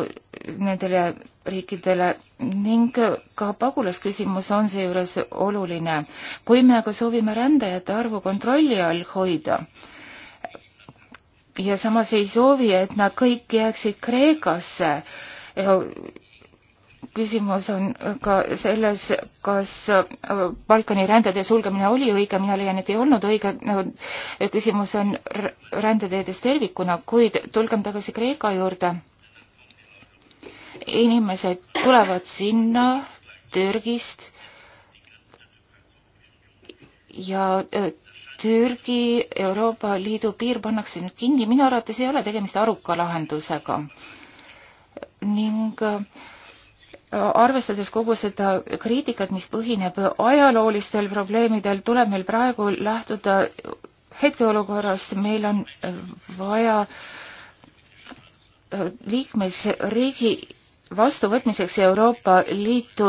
nendele riikidele ning äh, ka pagulasküsimus on seejuures oluline. kui me aga soovime rändajate arvu kontrolli all hoida ja samas ei soovi, et nad kõik jääksid Kreekasse, küsimus on ka selles, kas äh, Balkani rändetee sulgemine oli õige, mina leian, et ei olnud õige. Nagu küsimus on rändeteedes tervikuna, kuid tulgem tagasi Kreeka juurde. inimesed tulevad sinna Türgist ja äh, Türgi Euroopa Liidu piir pannakse nüüd kinni, minu arvates ei ole tegemist aruka lahendusega ning äh, arvestades kogu seda kriitikat, mis põhineb ajaloolistel probleemidel, tuleb meil praegu lähtuda hetkeolukorrast, meil on vaja liikmesriigi vastuvõtmiseks Euroopa Liitu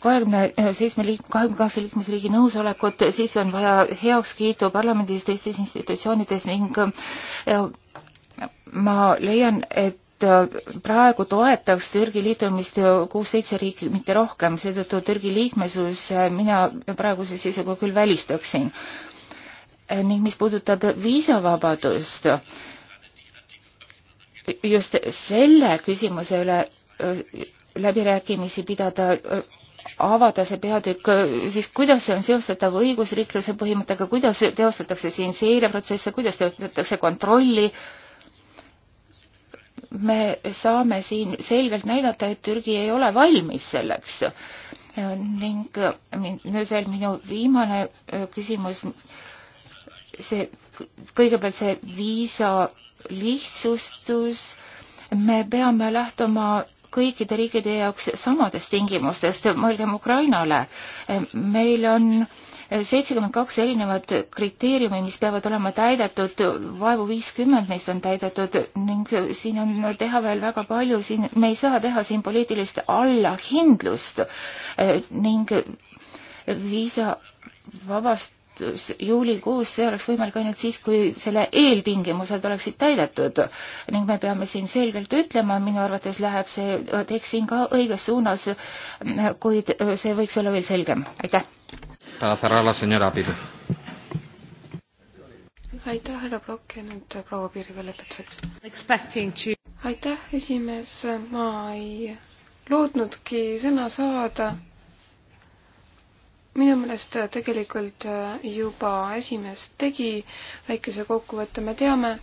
kahekümne seitsme liik-, kahekümne kaheksa liikmesriigi nõusolekut, siis on vaja heakskiitu parlamendis, teistes institutsioonides ning ma leian, et Äh, praegu toetaks Türgi liitumist kuus-seitse riiki, mitte rohkem, seetõttu Türgi liikmesuse äh, mina praeguse seisuga küll välistaksin. Äh, ning mis puudutab viisavabadust, just selle küsimuse üle läbirääkimisi pidada avada see peatükk, siis kuidas see on seostatav õigusriikluse põhimõttega, kuidas teostatakse siin seireprotsesse, kuidas teostatakse kontrolli äh, me saame siin selgelt näidata, et Türgi ei ole valmis selleks. ning nüüd veel minu viimane küsimus, see, kõigepealt see viisa lihtsustus, me peame lähtuma kõikide riikide jaoks samadest tingimustest, mõelgem Ukrainale. meil on äh, seitsekümmend kaks erinevat kriteeriumi, mis peavad olema täidetud, vaevu viiskümmend neist on täidetud ning siin on teha veel väga palju, siin me ei saa teha siin poliitilist allahindlust ning viisavabast juulikuus, see oleks võimalik ainult siis, kui selle eeltingimused oleksid täidetud. ning me peame siin selgelt ütlema, minu arvates läheb see tekst siin ka õiges suunas, kuid see võiks olla veel selgem, aitäh para cerrar la señora Piri. aitäh, härra Plokk ja nüüd proua Piiri veel lõpetuseks. aitäh, esimees, ma ei lootnudki sõna saada. minu meelest tegelikult juba esimees tegi väikese kokkuvõtte, me teame,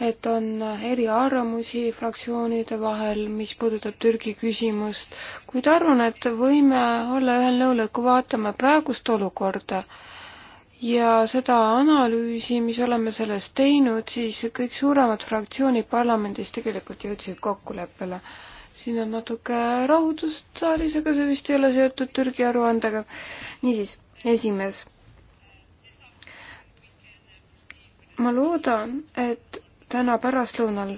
et on eriarvamusi fraktsioonide vahel, mis puudutab Türgi küsimust, kuid arvan, et võime olla ühel nõul, et kui vaatame praegust olukorda ja seda analüüsi, mis oleme sellest teinud, siis kõik suuremad fraktsioonid parlamendis tegelikult jõudsid kokkuleppele. siin on natuke rahutust saalis, aga see vist ei ole seotud Türgi aruandega. niisiis, esimees ma loodan, et täna pärastlõunal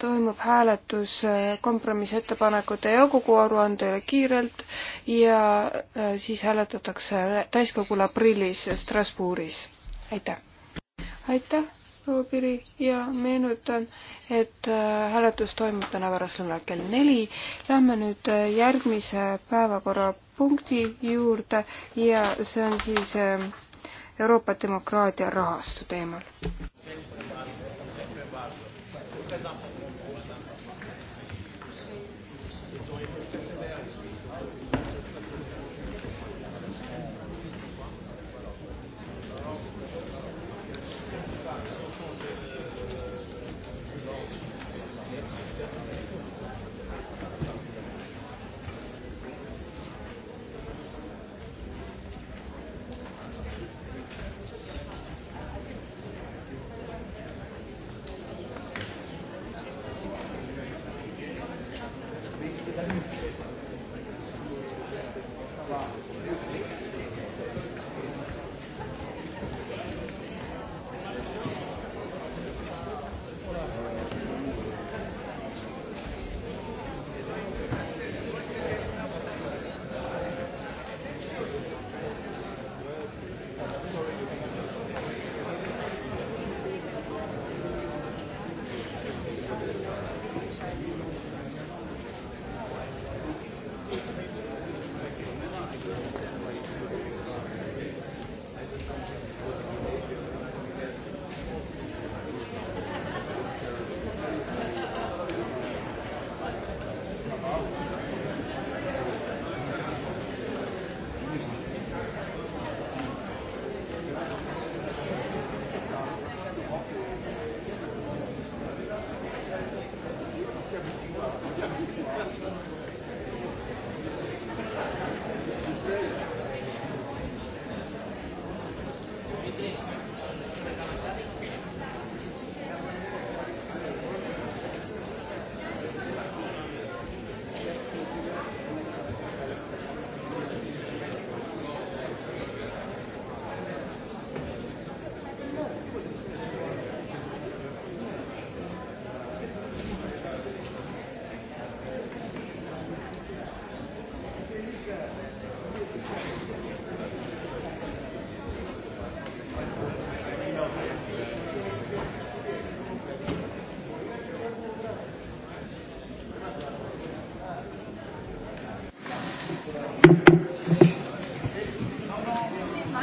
toimub hääletus eh, kompromissettepanekute ja kogu aruandele kiirelt ja eh, siis hääletatakse täiskogul aprillis Strasbourgis. aitäh! aitäh, proua Piri ja meenutan, et eh, hääletus toimub täna pärastlõunal kell neli. Lähme nüüd järgmise päevakorrapunkti juurde ja see on siis Euroopa demokraatia rahastu teemal.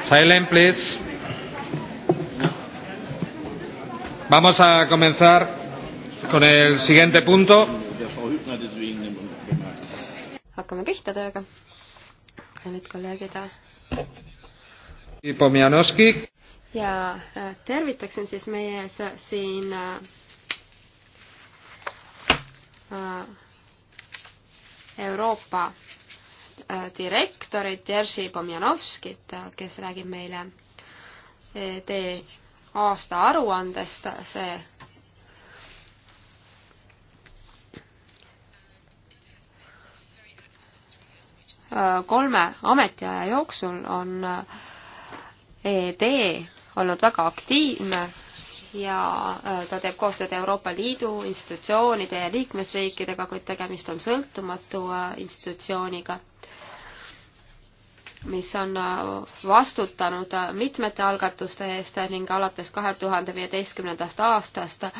Silent, please. Vamos a comenzar con el siguiente punto. hakkame pihta tööga. kallid kolleegid. Äh, Pomjanovski. ja äh, tervitaksin siis meie ees äh, siin Euroopa direktorit Jerzy Pomjanovskit, kes räägib meile e, tee aasta aruandest, see e, kolme ametiaja jooksul on ED olnud väga aktiivne ja e, ta teeb koostööd Euroopa Liidu institutsioonide ja liikmesriikidega, kuid tegemist on sõltumatu institutsiooniga mis on äh, vastutanud äh, mitmete algatuste eest ning alates kahe tuhande viieteistkümnendast aastast äh,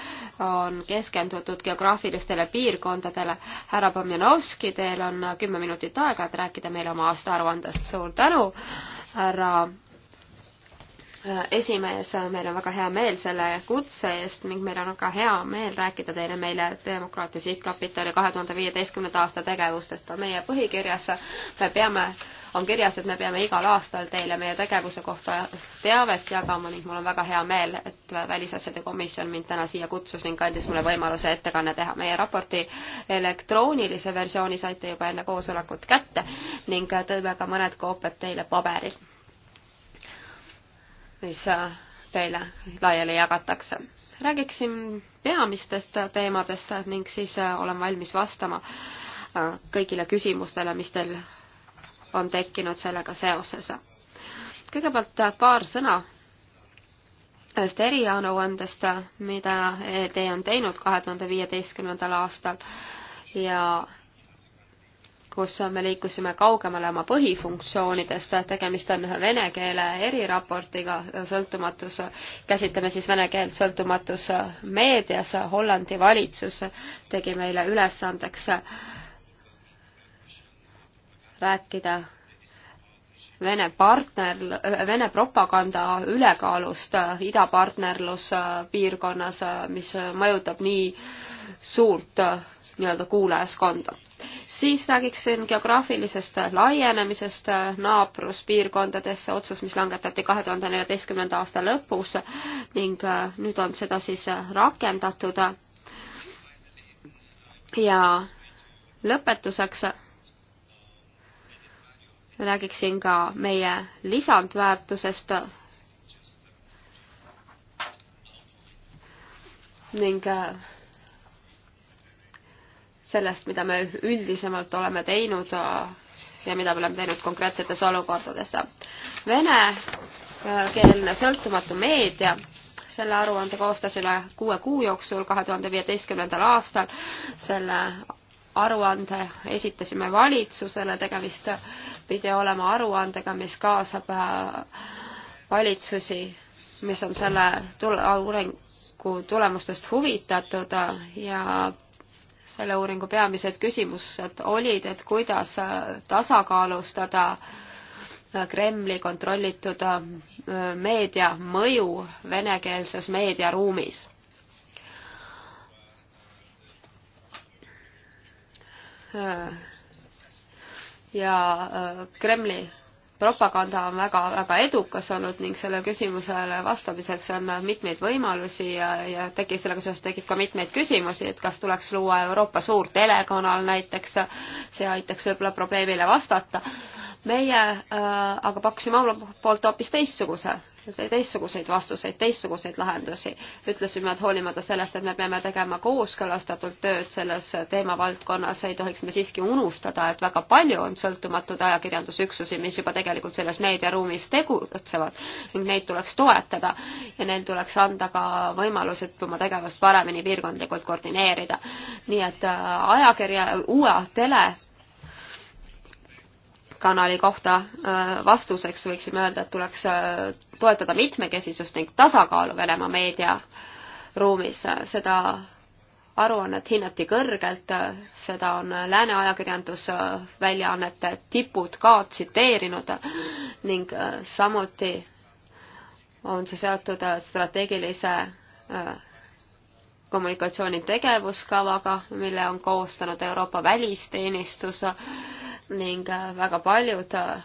on keskendutud geograafilistele piirkondadele. härra Pomjanovski, teil on kümme minutit aega, et rääkida meile oma aastaaruandest. suur tänu, härra esimees, meil on väga hea meel selle kutse eest ning meil on väga hea meel rääkida teile meile Demokraatia Sihtkapitali kahe tuhande viieteistkümnenda aasta tegevustest. meie põhikirjas me peame on kirjas, et me peame igal aastal teile meie tegevuse kohta teavet jagama ning mul on väga hea meel, et Välisasjade Komisjon mind täna siia kutsus ning andis mulle võimaluse ettekanne teha. meie raporti elektroonilise versiooni saite juba enne koosolekut kätte ning tõime ka mõned koopiad teile paberil, mis teile laiali jagatakse räägiksin peamistest teemadest ning siis olen valmis vastama kõigile küsimustele, mis teil on tekkinud sellega seoses. kõigepealt paar sõna ühest eriaruandest, mida ED on teinud kahe tuhande viieteistkümnendal aastal ja kus me liikusime kaugemale oma põhifunktsioonidest, tegemist on vene keele eriraportiga, sõltumatus, käsitleme siis vene keelt sõltumatus meedias, Hollandi valitsus tegi meile ülesandeks äh, rääkida Vene partner, Vene propaganda ülekaalust idapartnerluspiirkonnas, äh, äh, mis mõjutab nii suurt äh, nii-öelda kuulajaskonda. siis räägiksin geograafilisest laienemisest naabruspiirkondadesse, otsus, mis langetati kahe tuhande neljateistkümnenda aasta lõpus ning nüüd on seda siis rakendatud. ja lõpetuseks räägiksin ka meie lisandväärtusest ning äh, sellest, mida me üldisemalt oleme teinud äh, ja mida me oleme teinud konkreetsetes olukordades. venekeelne äh, sõltumatu meedia, selle aruande koostasime kuue kuu jooksul, kahe tuhande viieteistkümnendal aastal. selle aruande esitasime valitsusele, tegemist pidi olema aruandega, mis kaasab äh, valitsusi, mis on selle uuringu tulemustest huvitatud äh, ja selle uuringu peamised küsimused olid, et kuidas äh, tasakaalustada Kremli kontrollitud meedia mõju venekeelses meediaruumis Äh, ja äh, Kremli propaganda on väga, väga edukas olnud ning sellele küsimusele vastamiseks on mitmeid võimalusi ja, ja tekib, sellega seoses tekib ka mitmeid küsimusi, et kas tuleks luua Euroopa suur telekanal näiteks, see aitaks võib-olla probleemile vastata meie äh, aga pakkusime omalt poolt hoopis teistsuguse, teistsuguseid vastuseid, teistsuguseid lahendusi. ütlesime, et hoolimata sellest, et me peame tegema kooskõlastatult tööd selles teemavaldkonnas, ei tohiks me siiski unustada, et väga palju on sõltumatuid ajakirjandusüksusi, mis juba tegelikult selles meediaruumis tegutsevad ning neid tuleks toetada ja neil tuleks anda ka võimalus, et oma tegevust paremini piirkondlikult koordineerida. nii et äh, ajakirja, uue tele kanali kohta vastuseks võiksime öelda, et tuleks toetada mitmekesisust ning tasakaalu Venemaa meediaruumis. seda aruannet hinnati kõrgelt, seda on lääne ajakirjandusväljaannete tipud ka tsiteerinud ning samuti on see seotud strateegilise kommunikatsiooni tegevuskavaga, mille on koostanud Euroopa Välisteenistus ning äh, väga paljud äh,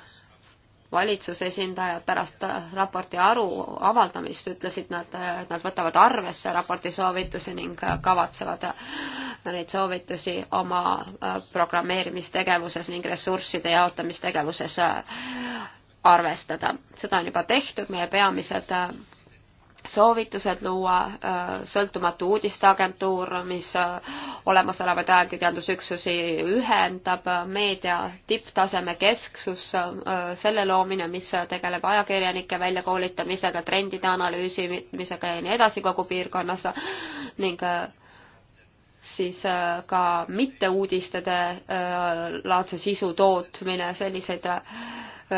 valitsuse esindajad pärast äh, raporti aru avaldamist ütlesid nad, et nad võtavad arvesse raporti soovitusi ning kavatsevad neid soovitusi oma programmeerimistegevuses ning ressursside jaotamistegevuses arvestada. seda on juba tehtud, meie peamised soovitused luua äh, sõltumatu uudisteagentuur, mis äh, olemasolevaid ajakirjandusüksusi ühendab, äh, meedia tipptaseme kesksus, selle loomine, mis tegeleb ajakirjanike väljakoolitamisega, trendide analüüsimisega ja nii edasi kogu piirkonnas ning siis ka mitteuudistede laadse sisu tootmine, selliseid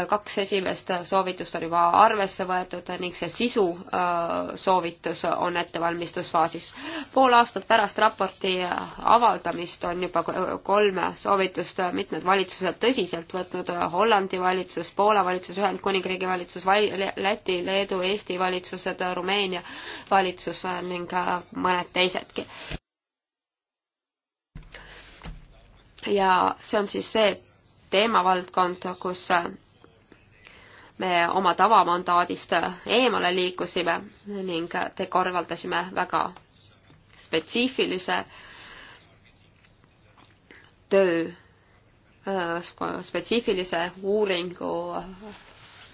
kaks esimest soovitust on juba arvesse võetud ning see sisu äh, soovitus on ettevalmistusfaasis. pool aastat pärast raporti avaldamist on juba kolme soovitust mitmed valitsused tõsiselt võtnud, Hollandi valitsus, Poola valitsus, Ühendkuningriigi valitsus, Läti, Leedu, Eesti valitsused, Rumeenia valitsus ning äh, mõned teisedki. ja see on siis see teemavaldkond, kus äh, me oma tavamandaadist eemale liikusime ning te korraldasime väga spetsiifilise töö, äh, spetsiifilise uuringu,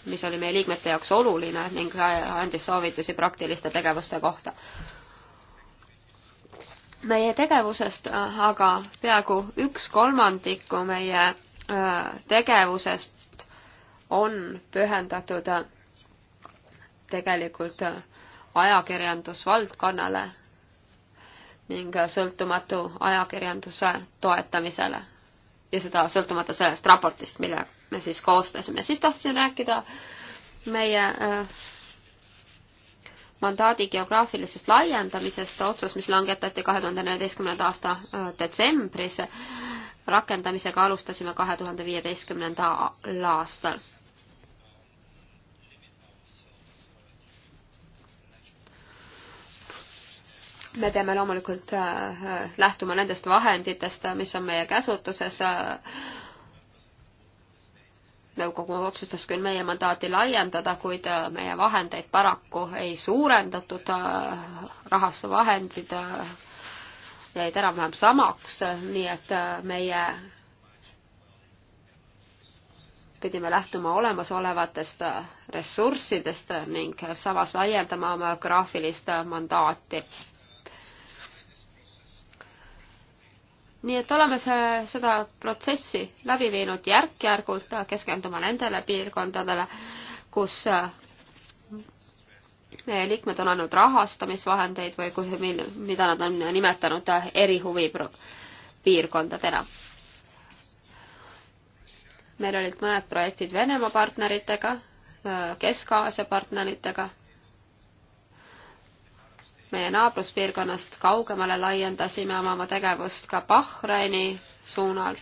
mis oli meie liikmete jaoks oluline ning andis soovitusi praktiliste tegevuste kohta. meie tegevusest äh, aga peaaegu üks kolmandiku meie äh, tegevusest on pühendatud tegelikult ajakirjandusvaldkonnale ning sõltumatu ajakirjanduse toetamisele. ja seda sõltumata sellest raportist, mille me siis koostasime. siis tahtsin rääkida meie äh, mandaadi geograafilisest laiendamisest, otsus, mis langetati kahe tuhande neljateistkümnenda aasta äh, detsembris. rakendamisega alustasime kahe tuhande viieteistkümnendal aastal me peame loomulikult äh, äh, lähtuma nendest vahenditest, äh, mis on meie käsutuses. nõukogu otsustas küll meie mandaati laiendada, kuid meie vahendeid paraku ei suurendatud, rahastusvahendid jäid enam-vähem samaks, nii et meie pidime lähtuma olemasolevatest ressurssidest ning samas laiendama oma graafilist mandaati nii et oleme see, seda protsessi läbi viinud järk-järgult, keskenduma nendele piirkondadele, kus äh, meie liikmed on andnud rahastamisvahendeid või kus, mida nad on nimetanud äh, erihuvi piirkondadena. meil olid mõned projektid Venemaa partneritega, äh, Kesk-Aasia partneritega meie naabruspiirkonnast kaugemale laiendasime oma, oma tegevust ka Bahraini suunal.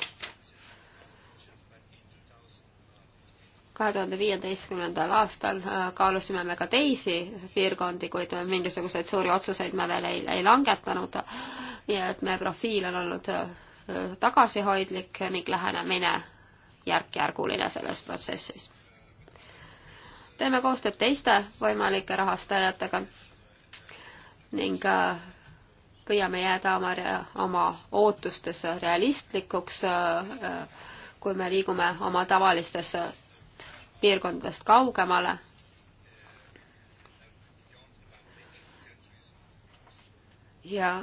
kahe tuhande viieteistkümnendal aastal äh, kaalusime me ka teisi piirkondi, kuid mingisuguseid suuri otsuseid me veel ei, ei langetanud. ja et meie profiil on olnud äh, tagasihoidlik ning lähenemine järk-järguline selles protsessis. teeme koostööd teiste võimalike rahastajatega ning äh, püüame jääda oma, oma ootustes realistlikuks, äh, äh, kui me liigume oma tavalistest piirkondadest kaugemale. ja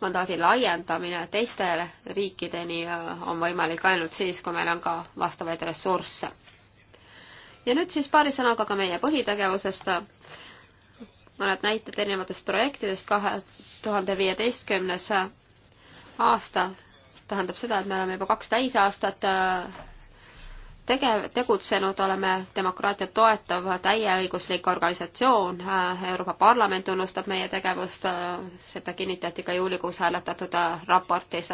mandaadi laiendamine teistele riikideni on võimalik ainult siis, kui meil on ka vastavaid ressursse. ja nüüd siis paari sõnaga ka meie põhitegevusest mõned näited erinevatest projektidest, kahe tuhande viieteistkümnes aasta tähendab seda, et me oleme juba kaks täisaastat äh, tegev, tegutsenud, oleme demokraatiat toetav täieõiguslik organisatsioon, äh, Euroopa Parlament tunnustab meie tegevust, äh, seda kinnitati ka juulikuus hääletatud raportis.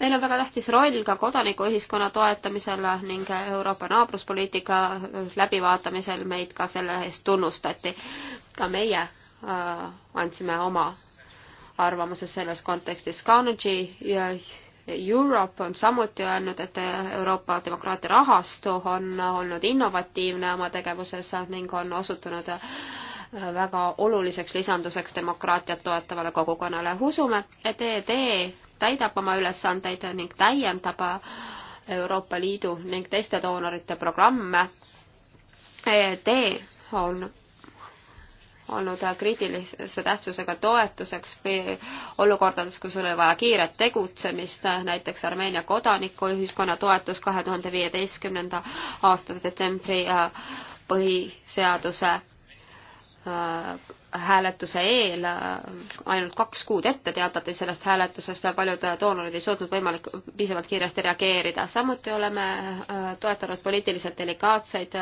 meil on väga tähtis roll ka kodanikuühiskonna toetamisel ning Euroopa naabruspoliitika läbivaatamisel meid ka selle eest tunnustati. ka meie Äh, andsime oma arvamuse selles kontekstis. Carnegie Europe on samuti öelnud, et Euroopa demokraatia rahastu on olnud innovatiivne oma tegevuses ning on osutunud äh, väga oluliseks lisanduseks demokraatiat toetavale kogukonnale. usume, et ED täidab oma ülesandeid ning täiendab Euroopa Liidu ning teiste doonorite programme. ED on olnud kriitilise tähtsusega toetuseks olukordades, kus oli vaja kiiret tegutsemist, näiteks Armeenia kodanikuühiskonna toetus kahe tuhande viieteistkümnenda aasta detsembri põhiseaduse äh, hääletuse eel äh, ainult kaks kuud ette teatati sellest hääletusest ja paljud äh, doonorid ei suutnud võimalik, piisavalt kiiresti reageerida. samuti oleme äh, toetanud poliitiliselt delikaatseid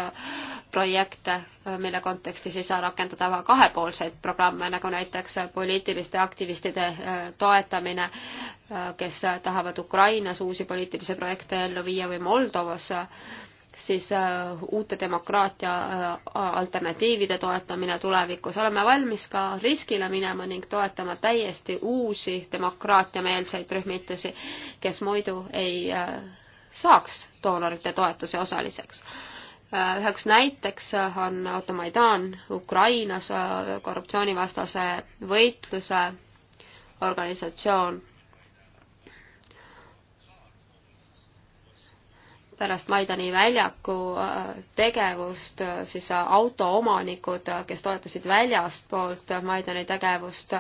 projekte, mille kontekstis ei saa rakendada kahepoolseid programme, nagu näiteks poliitiliste aktivistide toetamine, kes tahavad Ukrainas uusi poliitilisi projekte ellu viia või Moldovas siis äh, uute demokraatia äh, alternatiivide toetamine tulevikus, oleme valmis ka riskile minema ning toetama täiesti uusi demokraatiameelseid rühmitusi, kes muidu ei äh, saaks doonorite toetuse osaliseks üheks näiteks on Automaidan Ukrainas korruptsioonivastase võitluse organisatsioon. pärast Maidani väljaku äh, tegevust äh, siis äh, autoomanikud, kes toetasid väljastpoolt Maidani tegevust,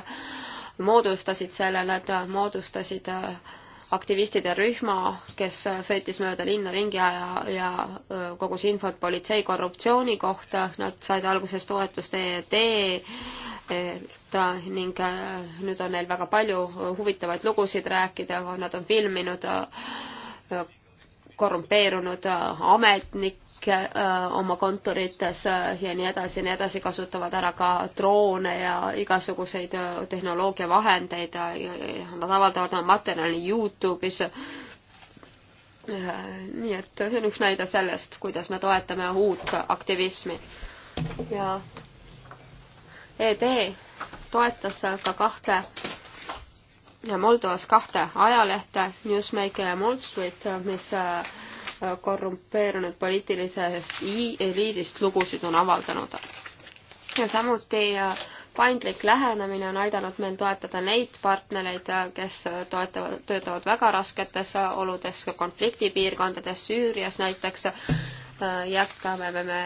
moodustasid selle, nad moodustasid aktivistide rühma, kes sõitis mööda linna ringi ja, ja kogus infot politsei korruptsiooni kohta, nad said alguses toetust EED-lt ning nüüd on neil väga palju huvitavaid lugusid rääkida, nad on filminud korrumpeerunud äh, ametnikke äh, oma kontorites äh, ja nii edasi ja nii edasi, kasutavad ära ka droone ja igasuguseid tehnoloogiavahendeid ja nad avaldavad oma materjali Youtube'is nii et see on üks näide sellest, kuidas me toetame uut aktivismi. ja ED toetas ka kahte Moldovas kahte ajalehte, Newsmaker ja Moldstreet, mis äh, korrumpeerunud poliitilisest eliidist lugusid on avaldanud. ja samuti äh, paindlik lähenemine on aidanud meil toetada neid partnereid, äh, kes toetavad, töötavad väga rasketes oludes, konfliktipiirkondades, Süürias näiteks, jätkame me, me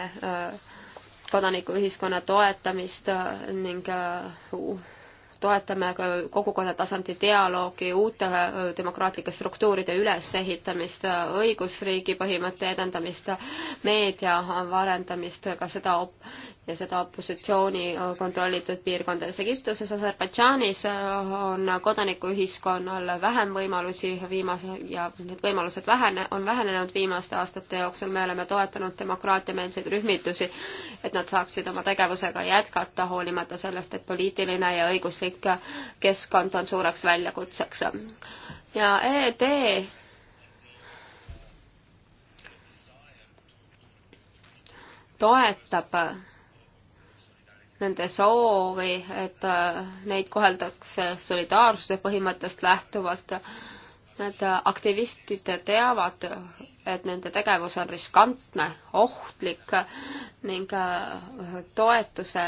kodanikuühiskonna toetamist ning toetame kogukonna tasandi dialoogi, uute demokraatlike struktuuride ülesehitamist, õigusriigi põhimõtte edendamist, meedia arendamist, ka seda ja seda opositsiooni äh, kontrollitud piirkondades. Egiptuses, Aserbaidžaanis äh, on kodanikuühiskonnal vähem võimalusi viimase ja need võimalused vähene, on vähenenud viimaste aastate jooksul. me oleme toetanud demokraatiameelseid rühmitusi, et nad saaksid oma tegevusega jätkata, hoolimata sellest, et poliitiline ja õiguslik keskkond on suureks väljakutseks. ja ED toetab nende soovi, et äh, neid koheldakse solidaarsuse põhimõttest lähtuvalt. Need äh, aktivistid teavad, et nende tegevus on riskantne, ohtlik ning äh, toetuse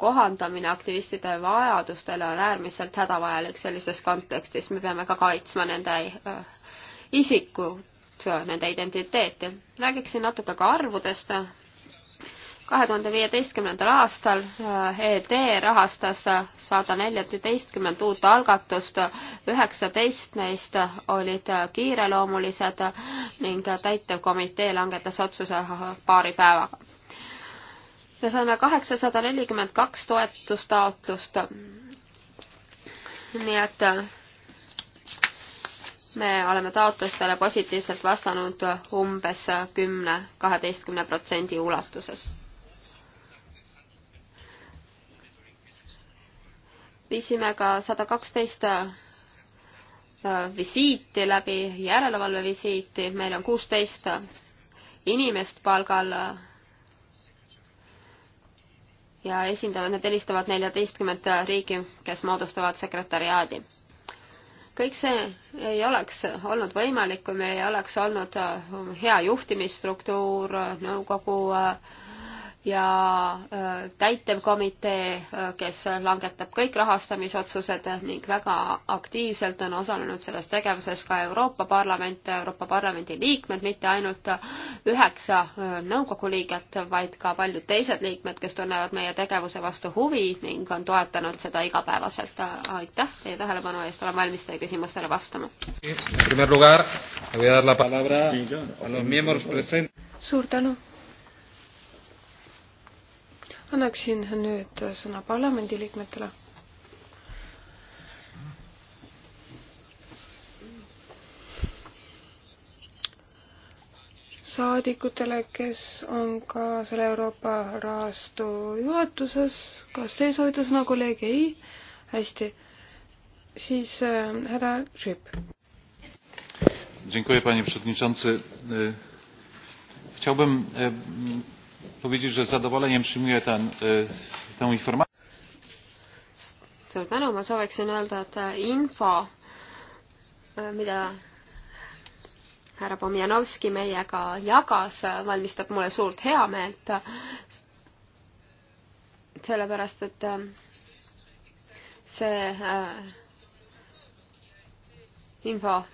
kohandamine aktivistide vajadustele on äärmiselt hädavajalik sellises kontekstis. me peame ka kaitsma nende isikut, nende identiteeti. räägiksin natuke ka arvudest kahe tuhande viieteistkümnendal aastal äh, ED rahastas äh, sada neljateistkümmend uut algatust, üheksateist neist olid äh, kiireloomulised ning täitevkomitee langetas otsuse paari päevaga. me saime kaheksasada nelikümmend kaks toetustaotlust. nii et me oleme taotlustele positiivselt vastanud umbes kümne, kaheteistkümne protsendi ulatuses viisime ka sada kaksteist äh, visiiti läbi, järelevalvevisiiti, meil on kuusteist inimest palgal äh, ja esindavad, nad helistavad neljateistkümmet riiki, kes moodustavad sekretäriaadi. kõik see ei oleks olnud võimalik, kui meil ei oleks olnud äh, hea juhtimisstruktuur, nõukogu äh, ja äh, täitevkomitee, äh, kes langetab kõik rahastamisotsused ning väga aktiivselt on osalenud selles tegevuses ka Euroopa Parlament, Euroopa Parlamendi liikmed, mitte ainult üheksa äh, nõukogu liiget, vaid ka paljud teised liikmed, kes tunnevad meie tegevuse vastu huvi ning on toetanud seda igapäevaselt. aitäh teie tähelepanu eest, olen valmis teie küsimustele vastama. suur tänu annaksin nüüd sõna parlamendiliikmetele. saadikutele, kes on ka selle Euroopa rahastu juhatuses, kas te soovite sõna, kolleeg, ei? hästi, siis äh, härra äh, Šip. Dziękuję panie przewodniczący. Chciałbym powiedzieć, że z zadowoleniem przyjmuję ten, tę informację. suur tänu, ma sooviksin öelda, et info, e, mida härra Pomjanovski meiega jagas, valmistab mulle suurt heameelt. sellepärast, et e, see e, info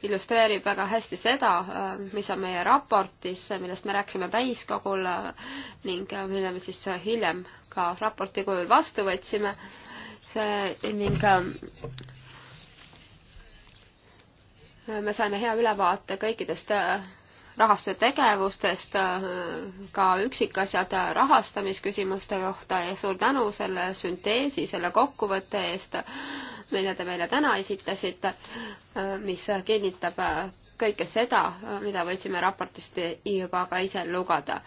illustreerib väga hästi seda, äh, mis on meie raportis, millest me rääkisime täiskogul äh, ning äh, mille me siis hiljem ka raporti kujul vastu võtsime. see ning me saime hea ülevaate kõikidest rahastuse tegevustest, ka üksikasjad rahastamisküsimuste kohta ja suur tänu selle sünteesi, selle kokkuvõtte eest mille te meile täna esitasite, mis kinnitab kõike seda, mida võtsime raportist juba ka ise lugeda.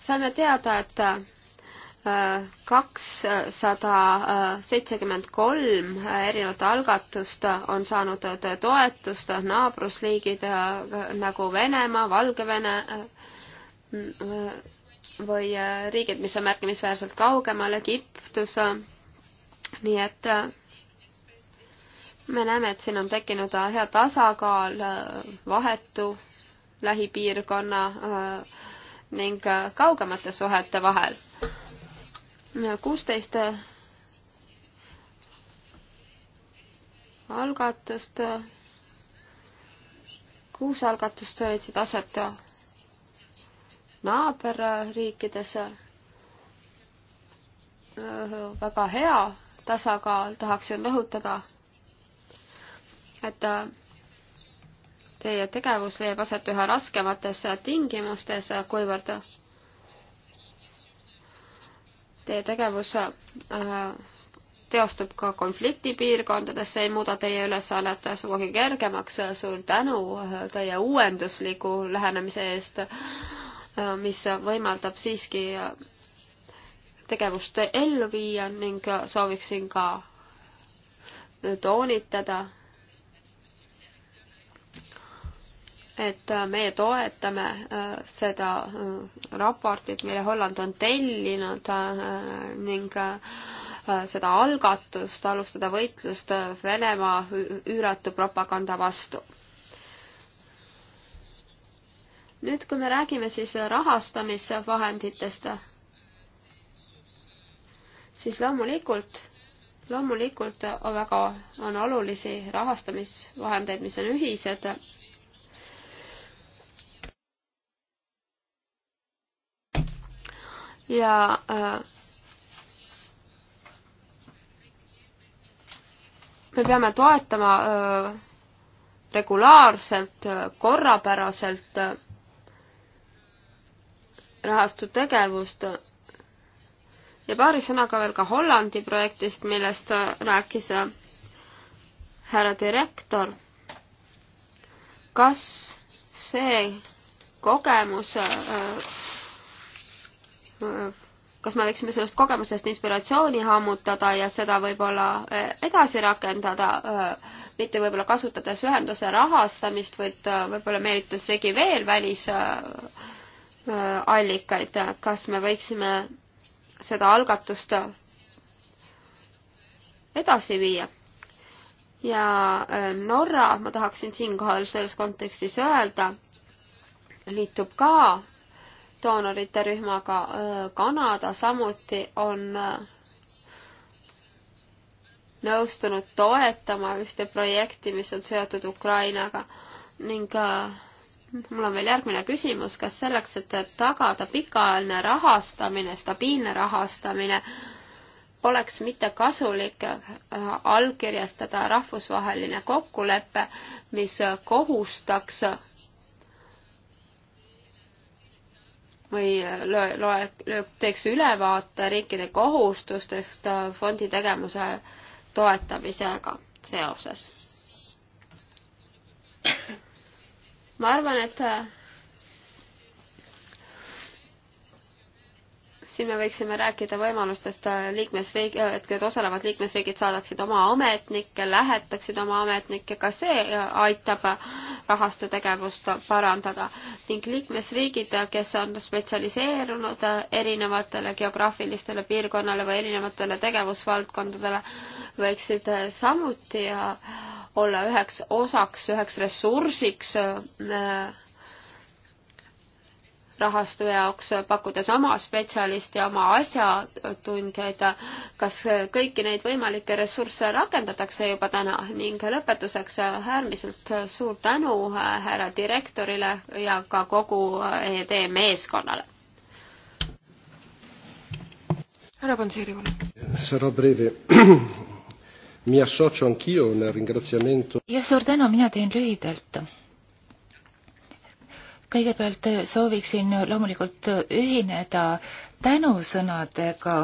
saime teada, et äh, kakssada seitsekümmend kolm erinevat algatust on saanud toetust naabrusliigid äh, nagu Venemaa, Valgevene äh, või riigid, mis on märkimisväärselt kaugemal, Egiptus, nii et me näeme, et siin on tekkinud äh, hea tasakaal äh, vahetu lähipiirkonna äh, ning kaugemate suhete vahel. kuusteist algatust, kuus algatust leidsid aset naaberriikides. väga hea tasakaal, tahaksin rõhutada et äh, teie tegevus leiab aset üha raskemates tingimustes, kuivõrd teie tegevus äh, teostub ka konfliktipiirkondades, see ei muuda teie ülesannet sugugi kergemaks. suur tänu äh, teie uuendusliku lähenemise eest, mis võimaldab siiski tegevust ellu viia ning sooviksin ka toonitada, et äh, meie toetame äh, seda äh, raportit, mille Holland on tellinud ning seda algatust alustada võitlust Venemaa üüratu propaganda vastu. nüüd, kui me räägime siis rahastamisvahenditest, siis loomulikult loomulikult on väga, on olulisi rahastamisvahendeid, mis on ühised ja äh, me peame toetama äh, regulaarselt, äh, korrapäraselt rahastu tegevust ja paari sõnaga veel ka Hollandi projektist, millest rääkis härra direktor. kas see kogemus kas me võiksime sellest kogemusest inspiratsiooni hammutada ja seda võib-olla eh, edasi rakendada, eh, mitte võib-olla kasutades ühenduse rahastamist, vaid eh, võib-olla meelitades ligi veel välisallikaid, kas me võiksime seda algatust edasi viia? ja Norra, ma tahaksin siinkohal selles kontekstis öelda, liitub ka doonorite rühmaga Kanada samuti on nõustunud toetama ühte projekti, mis on seotud Ukrainaga ning mul on veel järgmine küsimus, kas selleks, et tagada pikaajaline rahastamine, stabiilne rahastamine, oleks mitte kasulik allkirjastada rahvusvaheline kokkulepe, mis kohustaks või löö, loe, löö, teeks ülevaate riikide kohustustest äh, fondi tegevuse toetamisega seoses. ma arvan, et äh, siin me võiksime rääkida võimalustest äh, liikmesriik, äh, et osalevad liikmesriigid saadaksid oma ametnikke, lähetaksid oma ametnikke, ka see äh, aitab rahastu tegevust parandada. ning liikmesriigid, kes on spetsialiseerunud erinevatele geograafilistele piirkonnale või erinevatele tegevusvaldkondadele, võiksid samuti olla üheks osaks, üheks ressursiks äh, rahastu jaoks pakkuda sama spetsialisti oma asjatundjaid, kas kõiki neid võimalikke ressursse rakendatakse juba täna ning lõpetuseks äärmiselt suur tänu härra direktorile ja ka kogu ED meeskonnale. härra Panseri, palun. Sarò breve. Mi associo anch'io nel ringraziamento. Io suur tänu, mina teen lühidalt kõigepealt äh, sooviksin äh, loomulikult äh, ühineda tänusõnadega.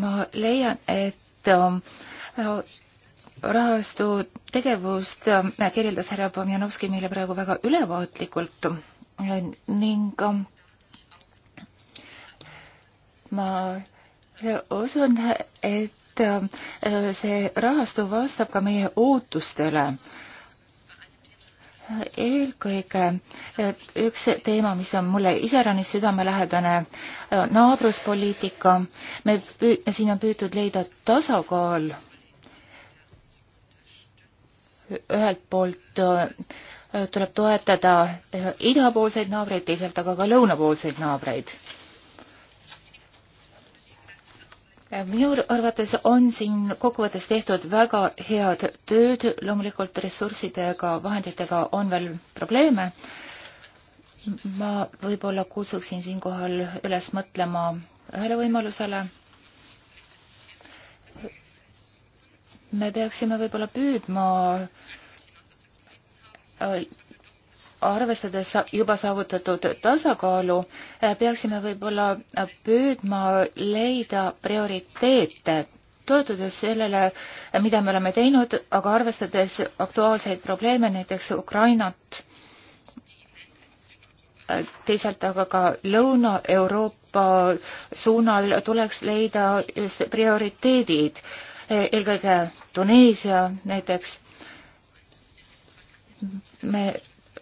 ma leian, et rahastu tegevust kirjeldas härra Pomjanovski meile praegu väga ülevaatlikult ning ma usun, et see rahastu vastab ka meie ootustele eelkõige üks teema, mis on mulle iseäranis südamelähedane, naabruspoliitika. me, siin on püütud leida tasakaal ühelt poolt äh, tuleb toetada äh, idapoolseid naabreid, teisalt aga ka lõunapoolseid naabreid minu arvates on siin kokkuvõttes tehtud väga head tööd, loomulikult ressurssidega, vahenditega on veel probleeme. ma võib-olla kutsuksin siinkohal üles mõtlema ühele võimalusele. me peaksime võib-olla püüdma arvestades juba saavutatud tasakaalu, eh, peaksime võib-olla püüdma leida prioriteete, toetudes sellele, eh, mida me oleme teinud, aga arvestades aktuaalseid probleeme, näiteks Ukrainat, eh, teisalt aga ka Lõuna-Euroopa suunal tuleks leida just prioriteedid, eelkõige Tuneesia näiteks me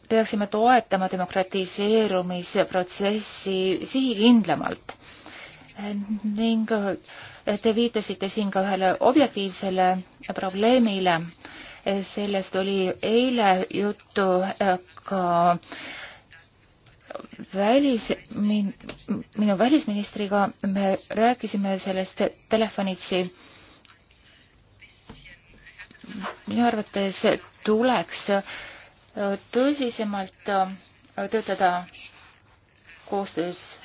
peaksime toetama demokratiseerumisprotsessi sihikindlamalt ning te viitasite siin ka ühele objektiivsele probleemile. sellest oli eile juttu ka välis, minu välisministriga, me rääkisime sellest telefonitsi. minu arvates tuleks tõsisemalt äh, töötada koostöös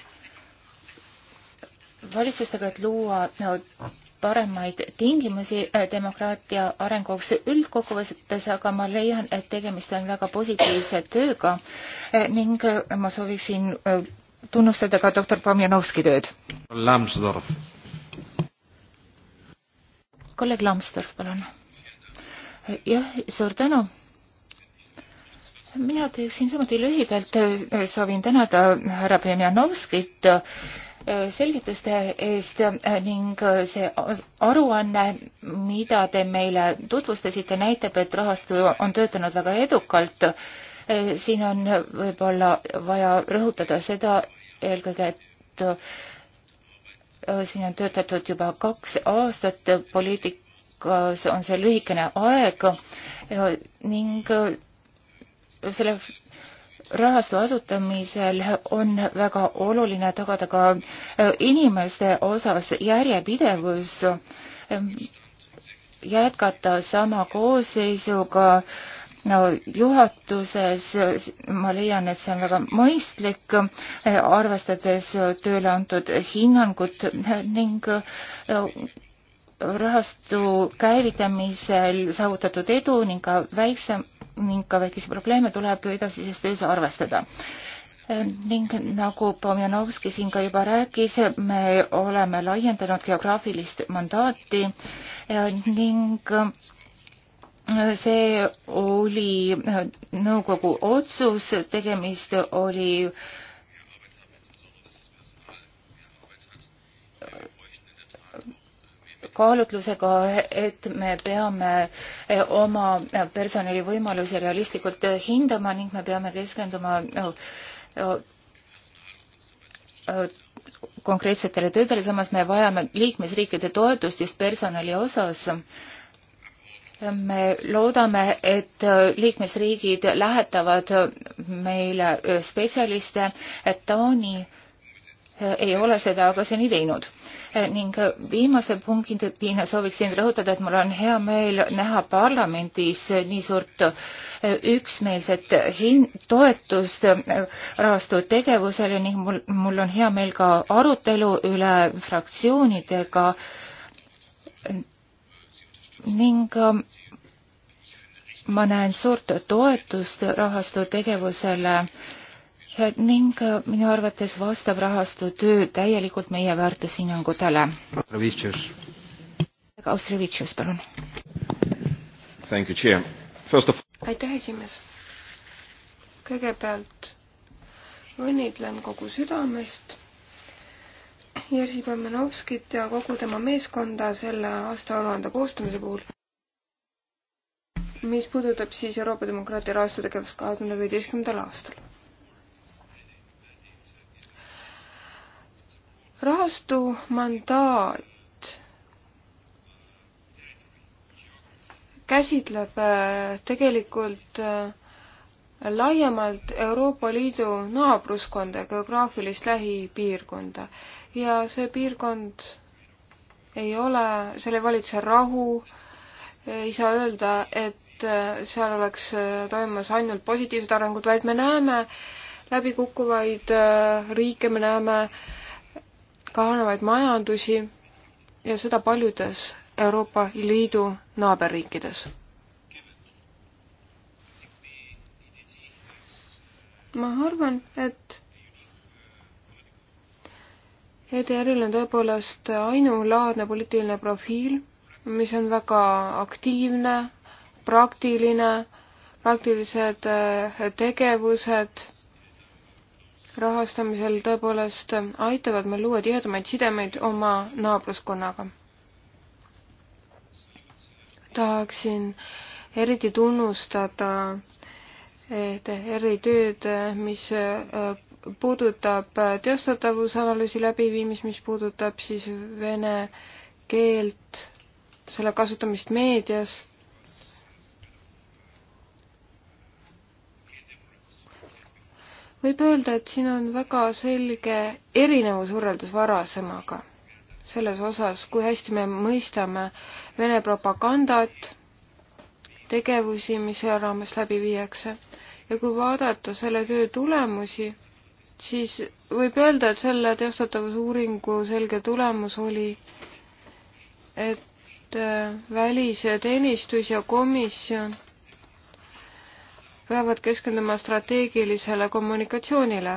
valitsustega, et luua äh, paremaid tingimusi äh, demokraatia arenguks üldkokkuvõttes, aga ma leian, et tegemist on väga positiivse tööga ning ma sooviksin tunnustada ka doktor Pomjanovski tööd. Lambsdorff. kolleeg Lambsdorff, palun. jah, suur tänu mina teeksin samuti lühidalt, soovin tänada härra Premjanovskit äh, selgituste eest äh, ning see aruanne, mida te meile tutvustasite, näitab, et rahastu on töötanud väga edukalt. Äh, siin on võib-olla vaja rõhutada seda eelkõige, et siin on töötatud juba kaks aastat, poliitikas on see lühikene aeg ning selle rahastu asutamisel on väga oluline tagada ka äh, inimeste osas järjepidevus, ähm, jätkata sama koosseisuga no juhatuses ma leian, et see on väga mõistlik, äh, arvestades tööle antud hinnangut äh, ning rahastu käivitamisel saavutatud edu ning ka väiksem ning ka väikese probleeme tuleb edasises töös arvestada. Ehm, ning nagu Pomjanovski siin ka juba rääkis, me oleme laiendanud geograafilist mandaati ning ehm, see oli ehm, nõukogu otsus, tegemist oli äh, kaalutlusega, et me peame eh, oma personali võimalusi realistlikult eh, hindama ning me peame keskenduma eh, konkreetsetele töödele, samas me vajame liikmesriikide toetust just personali osas. me loodame, et liikmesriigid lähetavad meile spetsialiste, et Taani no, ei ole seda aga seni teinud. Eh, ning eh, viimase punktina sooviksin rõhutada, et mul on hea meel näha parlamendis eh, nii suurt üksmeelset hin-, toetust rahastu tegevusele ning mul, mul on hea meel ka arutelu üle fraktsioonidega ning ma näen suurt toetust rahastu tegevusele äh, ning äh, minu arvates vastav rahastu töö täielikult meie väärtushinnangutele. Austrovitšus, palun. aitäh, esimees. kõigepealt õnnitlen kogu südamest Jerzy Pomenovskit ja kogu tema meeskonda selle aastaaruande koostamise puhul mis puudutab siis Euroopa demokraatia rahastu tegevust kahe tuhande viieteistkümnendal aastal rahastu mandaat käsitleb äh, tegelikult äh, laiemalt Euroopa Liidu naabruskonda, geograafilist lähipiirkonda ja see piirkond ei ole, seal ei valitse rahu, ei saa öelda, et äh, seal oleks toimumas ainult positiivsed arengud, vaid me näeme läbikukkuvaid riike, me näeme äh, kahanevaid majandusi ja seda paljudes Euroopa Liidu naaberriikides. ma arvan, et EDR-il on tõepoolest ainulaadne poliitiline profiil, mis on väga aktiivne, praktiline, praktilised eh, tegevused rahastamisel tõepoolest aitavad meil luua tihedamaid sidemeid oma naabruskonnaga. tahaksin eriti tunnustada ETR-i tööd, mis äh, puudutab äh, teostatavusanalüüsi läbiviimist, mis puudutab siis vene keelt, selle kasutamist meedias võib öelda, et siin on väga selge erinevus võrreldes varasemaga. selles osas, kui hästi me mõistame Vene propagandat, tegevusi, mis selle raames läbi viiakse. ja kui vaadata selle töö tulemusi, siis võib öelda, et selle teostatavusuuringu selge tulemus oli, et äh, välisteenistus ja komisjon peavad keskenduma strateegilisele kommunikatsioonile.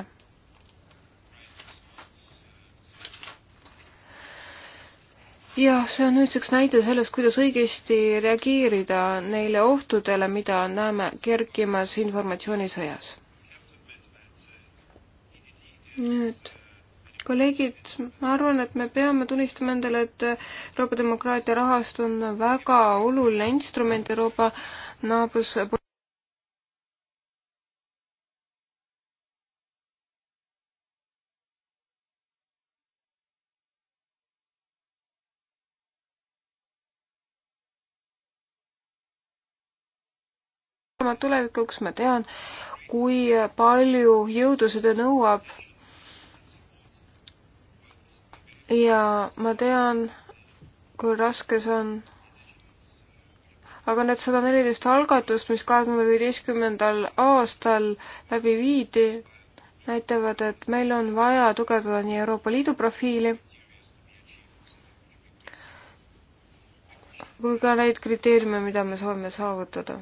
jah, see on nüüdseks näide sellest, kuidas õigesti reageerida neile ohtudele, mida näeme kerkimas informatsioonisõjas. nüüd, kolleegid, ma arvan, et me peame tunnistama endale, et Euroopa demokraatia rahastu on väga oluline instrument Euroopa naabrus targemad tulevikuks, ma tean, kui palju jõudu seda nõuab. ja ma tean, kui raske see on. aga need sada neliteist algatust, mis kahekümne viieteistkümnendal aastal läbi viidi, näitavad, et meil on vaja tugevdada nii Euroopa Liidu profiili kui ka neid kriteeriume, mida me soovime saavutada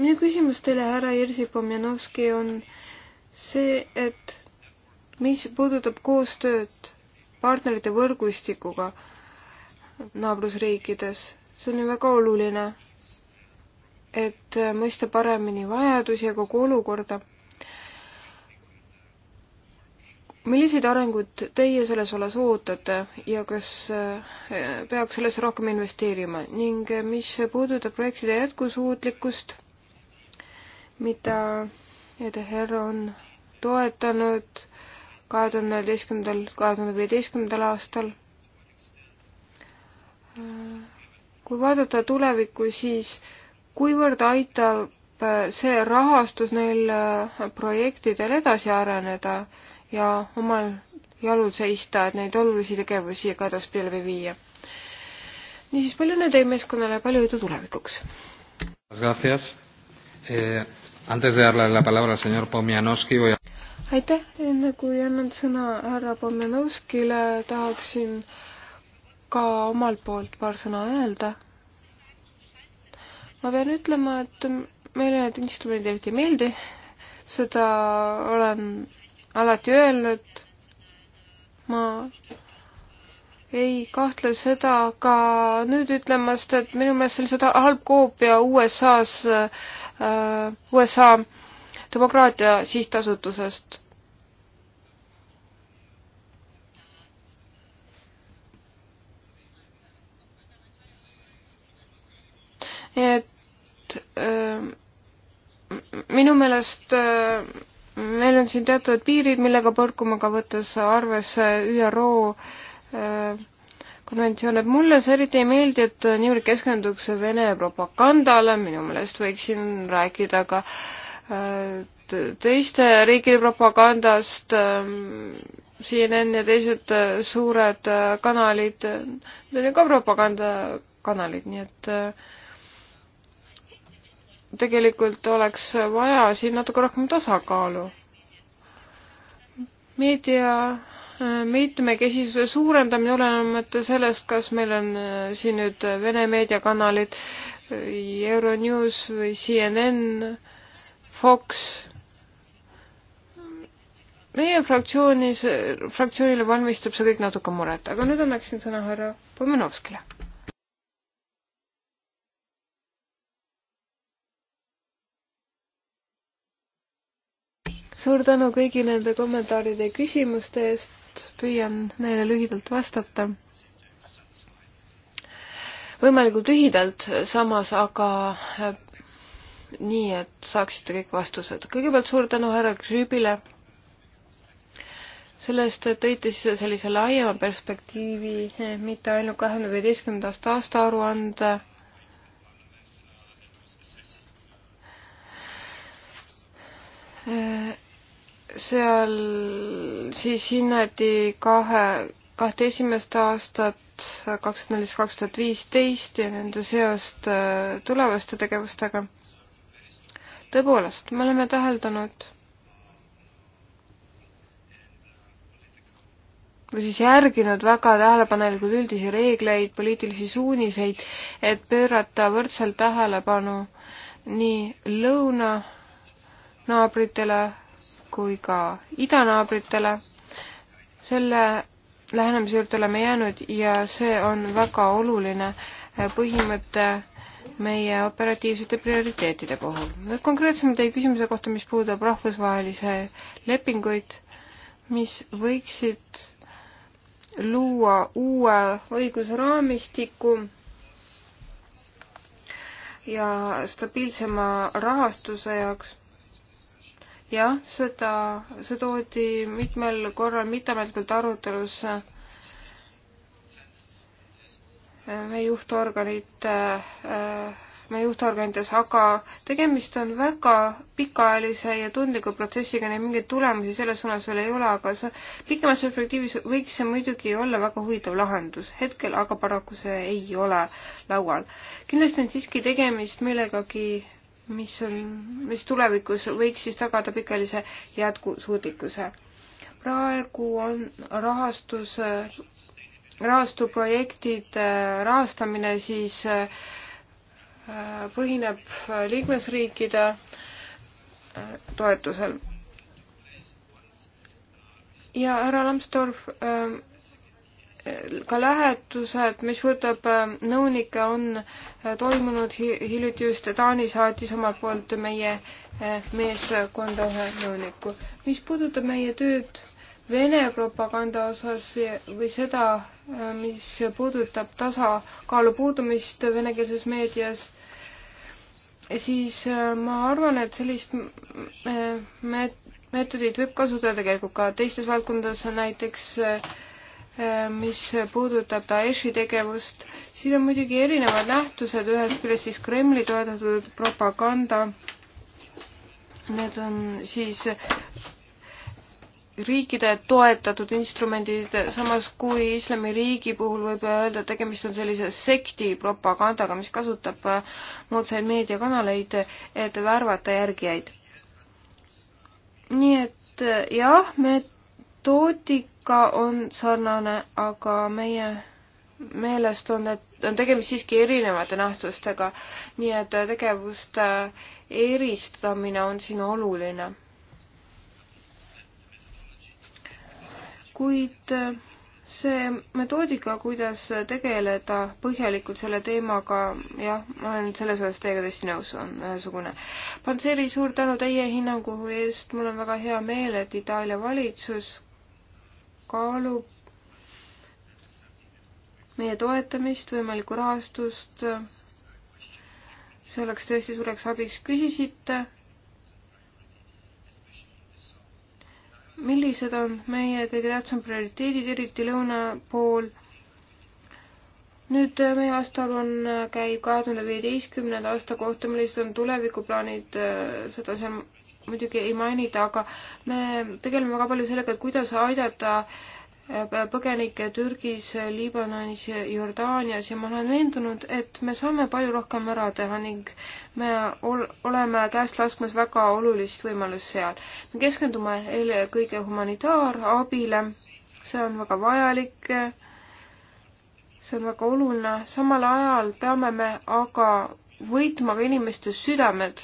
minu küsimus teile, härra Jerzy Pomjanovski, on see, et mis puudutab koostööd partnerite võrgustikuga naabrusriikides, see on ju väga oluline, et mõista paremini vajadusi ja kogu olukorda. milliseid arenguid teie selles vallas ootate ja kas eh, peaks sellesse rohkem investeerima ning eh, mis puudutab projektide jätkusuutlikkust mida EDR on toetanud kahe tuhande üheteistkümnendal, kahe tuhande viieteistkümnendal aastal. kui vaadata tulevikku, siis kuivõrd aitab see rahastus neil projektidel edasi areneda ja omal jalul seista, et neid olulisi tegevusi ka edaspidi läbi viia. niisiis, palju õnne teie meeskonnale ja palju edu tulevikuks! aitäh, enne kui annan sõna härra Pomjanovskile, tahaksin ka omalt poolt paar sõna öelda. ma pean ütlema, et meile need instrumendid eriti ei meeldi, seda olen alati öelnud, ma ei kahtle seda ka nüüd ütlemast, et minu meelest see on lihtsalt halb koopia USA-s äh, Äh, USA demokraatia sihtasutusest. nii et äh, minu meelest äh, meil on siin teatavad piirid, millega põrkume ka võttes arvesse ÜRO äh, konventsioone. mulle see eriti ei meeldi, et niivõrd keskendutakse Vene propagandale, minu meelest võiksin rääkida ka äh, teiste riigi propagandast, äh, CNN ja teised äh, suured kanalid, need on ju ka propagandakanalid, nii et tegelikult oleks vaja siin natuke rohkem tasakaalu. meedia mitmekesisuse suurendamine, olenemata sellest, kas meil on äh, siin nüüd Vene meediakanalid, äh, Euronews või CNN, Fox. meie fraktsioonis, äh, fraktsioonile valmistub see kõik natuke muret, aga nüüd annaksin sõna härra Pomenovskile. suur tänu kõigi nende kommentaaride ja küsimuste eest et püüan neile lühidalt vastata. võimalikult lühidalt, samas aga äh, nii, et saaksite kõik vastused. kõigepealt suur tänu härra Grüübile selle eest, et tõite siis sellise laiema perspektiivi, eh, mitte ainult kahe tuhande viieteistkümnenda aasta aastaaruande eh, seal siis hinnati kahe, kahte esimest aastat, kaks tuhat neliteist, kaks tuhat viisteist ja nende seost äh, tulevaste tegevustega. tõepoolest, me oleme täheldanud või siis järginud väga tähelepanelikult üldisi reegleid, poliitilisi suuniseid, et pöörata võrdselt tähelepanu nii lõunanaabritele kui ka idanaabritele. selle lähenemise juurde oleme jäänud ja see on väga oluline eh, põhimõte meie operatiivsete prioriteetide puhul. nüüd konkreetsemalt teie küsimuse kohta, mis puudutab rahvusvahelisi lepinguid, mis võiksid luua uue õigusraamistiku ja stabiilsema rahastuse jaoks jah, seda, see toodi mitmel korral mitteametlikult arutelusse meie juhtorganite, meie juhtorganites, aga tegemist on väga pikaajalise ja tundliku protsessiga, nii mingeid tulemusi selles suunas veel ei ole, aga see pikemas perspektiivis võiks see muidugi olla väga huvitav lahendus. hetkel aga paraku see ei ole laual. kindlasti on siiski tegemist millegagi mis on, mis tulevikus võiks siis tagada pikaajalise jätkusuutlikkuse. praegu on rahastus, rahastuprojektide äh, rahastamine siis äh, põhineb liikmesriikide äh, toetusel. ja härra Lambsdorff ähm,, ka lähetused, mis puudutab äh, nõunikke, on äh, toimunud hiljuti just Taani saatis omalt poolt meie äh, meeskonda ühe nõuniku. mis puudutab meie tööd Vene propaganda osas või seda, mis puudutab tasakaalu puudumist venekeelses meedias, siis ma arvan, et sellist meetodit võib kasutada tegelikult ka teistes valdkondades, näiteks äh, Äh, mis puudutab Daeshi tegevust. siin on muidugi erinevad nähtused, ühest küljest siis Kremli toetatud propaganda, need on siis riikide toetatud instrumendid, samas kui islamiriigi puhul võib öelda, et tegemist on sellise sekti propagandaga, mis kasutab äh, moodsaid meediakanaleid, et värvata järgijaid. nii et äh, jah, metoodika ka on sarnane, aga meie meelest on need, on tegemist siiski erinevate nähtustega, nii et tegevuste eristamine on siin oluline. kuid see metoodika, kuidas tegeleda põhjalikult selle teemaga, jah, ma olen selles osas teiega tõesti nõus, on ühesugune. Panseri, suur tänu teie hinnangu eest, mul on väga hea meel, et Itaalia valitsus kaalub meie toetamist, võimalikku rahastust. see oleks tõesti suureks abiks. küsisite, millised on meie kõige tähtsam prioriteedid, eriti lõuna pool nüüd meie aastaaruanne käib kahe tuhande viieteistkümnenda aasta kohta, millised on tulevikuplaanid, seda seal muidugi ei mainida, aga me tegeleme väga palju sellega, et kuidas aidata äh, põgenikke Türgis, Liibanonis, Jordaanias ja ma olen veendunud, et me saame palju rohkem ära teha ning me ol oleme käest laskmas väga olulist võimalust seal. me keskendume eelkõige humanitaarabile, see on väga vajalik, see on väga oluline, samal ajal peame me aga võitma ka inimeste südamed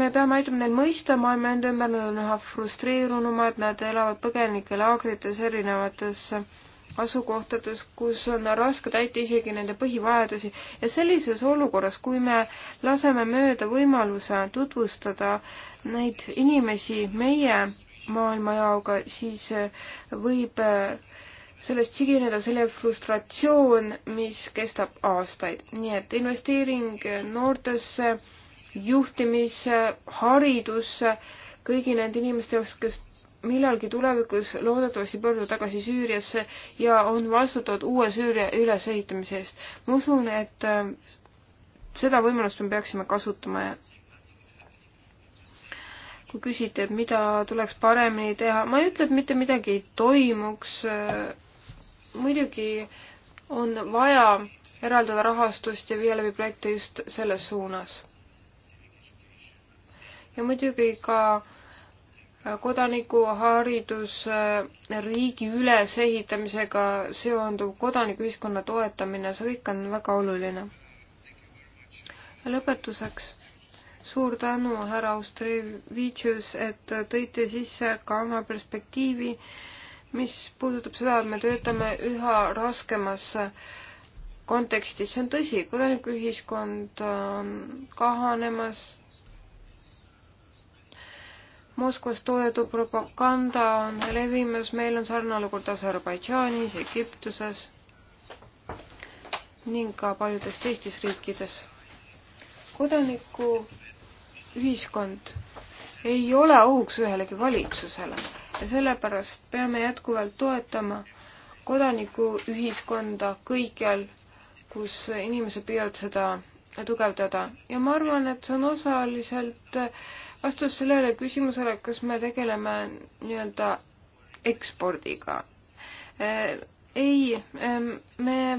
me peame aitama neil mõista maailma enda ümber, nad on üha frustreerunumad, nad elavad põgenikelaagrites erinevates asukohtades, kus on raske täita isegi nende põhivajadusi ja sellises olukorras, kui me laseme mööda võimaluse tutvustada neid inimesi meie maailmajaoga, siis võib sellest sigineda selline frustratsioon, mis kestab aastaid, nii et investeering noortesse juhtimisse, haridusse, kõigi nende inimeste jaoks, kes millalgi tulevikus loodetavasti pöörduvad tagasi Süüriasse ja on vastutavad uue Süüria ülesehitamise eest. ma usun, et äh, seda võimalust me peaksime kasutama ja kui küsite, et mida tuleks paremini teha, ma ei ütle, et mitte midagi ei toimuks. Äh, muidugi on vaja eraldada rahastust ja viia läbi projekte just selles suunas ja muidugi ka äh, kodanikuhariduse äh, riigi ülesehitamisega seonduv kodanikuühiskonna toetamine, see kõik on väga oluline. ja lõpetuseks suur tänu, härra Austrevitšus, et tõite sisse ka oma perspektiivi, mis puudutab seda, et me töötame üha raskemas kontekstis, see on tõsi, kodanikuühiskond on kahanemas Moskvas toodetud propaganda on levimas, meil on sarnane olukord Aserbaidžaanis, Egiptuses ning ka paljudes teistes riikides. kodanikuühiskond ei ole ohuks ühelegi valitsusele ja sellepärast peame jätkuvalt toetama kodanikuühiskonda kõikjal, kus inimesed püüavad seda tugevdada ja ma arvan, et see on osaliselt äh, vastus sellele küsimusele, kas me tegeleme nii-öelda ekspordiga. Äh, ei, ähm, me,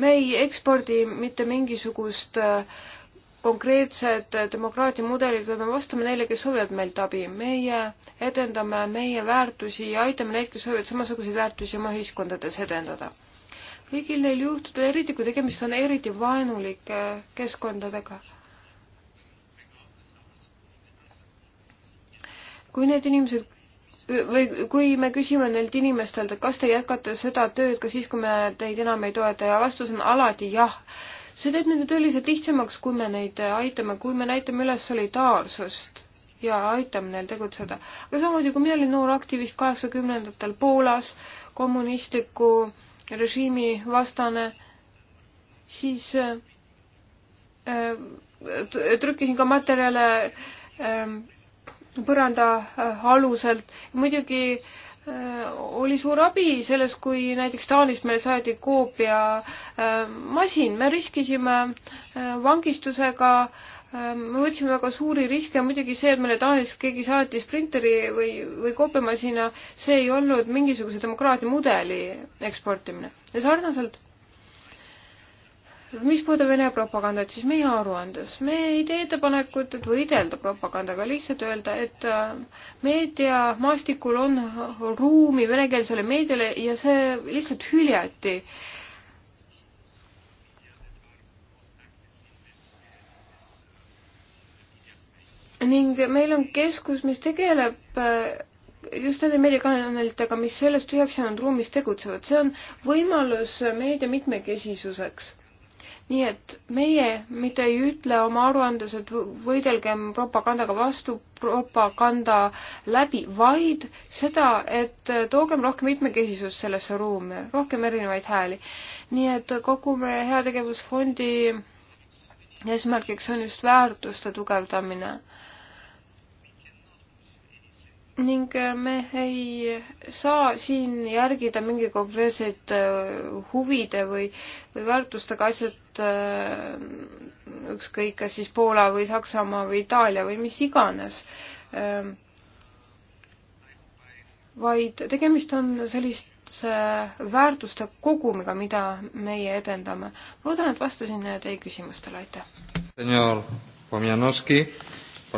me ei ekspordi mitte mingisugust äh, konkreetset äh, demokraatia mudelit, vaid me vastame neile, kes soovivad meilt abi. meie edendame meie väärtusi ja aitame neid, kes soovivad samasuguseid väärtusi oma ühiskondades edendada kõigil neil juhtudel, eriti kui tegemist on eriti vaenulike keskkondadega kui need inimesed või kui me küsime neilt inimestelt, et kas te jätkate seda tööd ka siis, kui me teid enam ei toeta ja vastus on alati jah. see teeb nende töö lihtsalt lihtsamaks, kui me neid aitame, kui me näitame üles solidaarsust ja aitame neil tegutseda. aga samamoodi, kui mina olin noor aktivist kaheksakümnendatel Poolas, kommunistliku režiimi vastane, siis äh, äh trükkisin ka materjale äh, põranda äh, aluselt. muidugi äh, oli suur abi selles, kui näiteks Taanist meil saadi koopiamasin, äh, me riskisime vangistusega, me võtsime väga suuri riske, muidugi see, et meile Taanis keegi saatis printeri või, või koopiamasina, see ei olnud mingisuguse demokraatia mudeli eksportimine. ja sarnaselt mis puudub Vene propagandat, siis meie aruandes me ei tee ettepanekut, et võidelda propagandaga, lihtsalt öelda, et äh, meediamaastikul on ruumi venekeelsele meediale ja see lihtsalt hüljati. ning meil on keskus, mis tegeleb äh, just nende meediakanalitega, mis sellest üheksakümmend ruumis tegutsevad, see on võimalus meedia mitmekesisuseks nii et meie mitte ei ütle oma aruandes, et võidelgem propagandaga vastu propaganda läbi, vaid seda, et toogem rohkem mitmekesisust sellesse ruumi, rohkem erinevaid hääli. nii et kogu meie heategevusfondi eesmärgiks on just väärtuste tugevdamine ning äh, me ei saa siin järgida mingeid konkreetseid äh, huvide või, või väärtustega asjad, äh, ükskõik kas siis Poola või Saksamaa või Itaalia või mis iganes. Ähm, vaid tegemist on sellise väärtuste kogumiga, mida meie edendame. loodan, et vastasin teie küsimustele, aitäh. senior Pomjanovski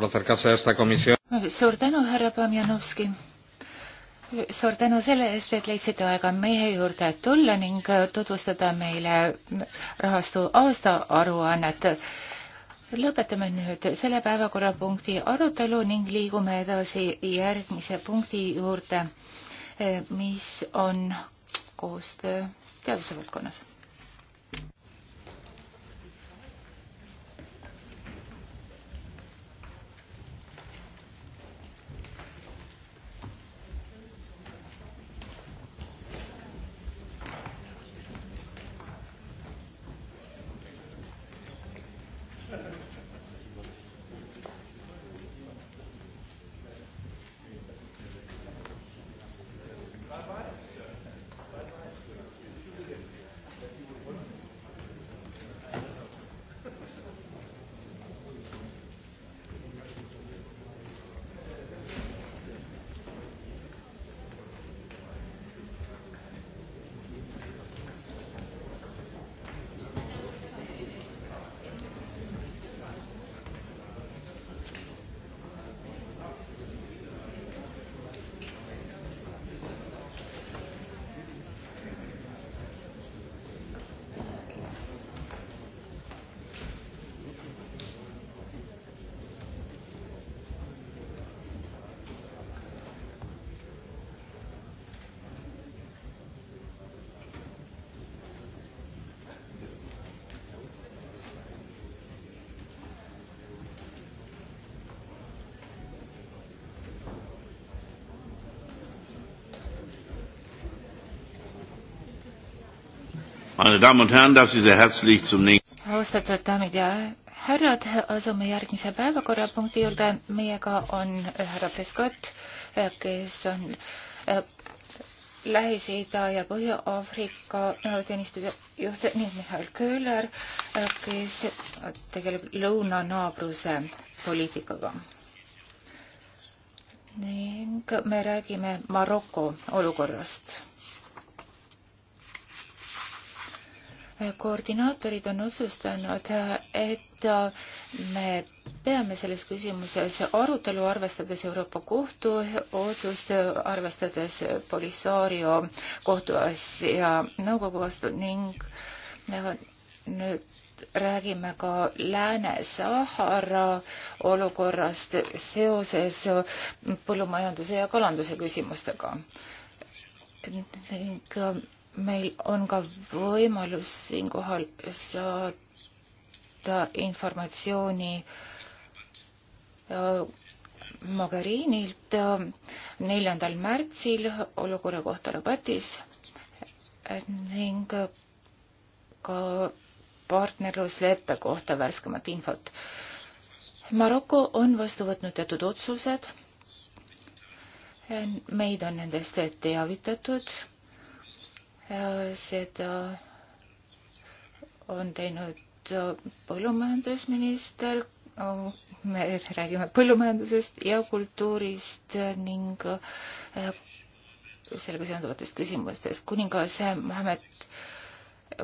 por acercarse a esta comisión. Suur tänu, härra Pamjanovski. Suur tänu selle eest, et leidsite aega meie juurde tulla ning tutvustada meile rahastu aasta aruannet. Lõpetame nüüd selle päevakorrapunkti arutelu ning liigume edasi järgmise punkti juurde, mis on koostöö teaduse valdkonnas. Meine Damen und Herren, darf Sie sehr herzlich zum nächsten. austatud daamid ja härrad, asume järgmise päevakorrapunkti juurde. meiega on äh, härra Prescott, äh, kes on äh, Lähis-Ida ja Põhja-Aafrika teenistuse juht ning Mihhail Köhler, kes tegeleb lõunanaabruse poliitikaga. ning me räägime Maroko olukorrast koordinaatorid on otsustanud, et äh, me peame selles küsimuses arutelu, arvestades Euroopa Kohtu otsust, arvestades Polisario kohtuasja nõukogu vastu ning äh, nüüd räägime ka Lääne-Sahara olukorrast seoses põllumajanduse ja kalanduse küsimustega. ning äh, meil on ka võimalus siinkohal saada informatsiooni äh, Mogherinilt äh, neljandal märtsil olukorra kohta Rabatis äh, ning ka partnerlusleppe kohta värskemat infot. Maroko on vastu võtnud teatud otsused. meid on nendest teavitatud seda on teinud põllumajandusminister, me räägime põllumajandusest ja kultuurist ning eh, sellega seonduvatest küsimustest. kuningas Mehmet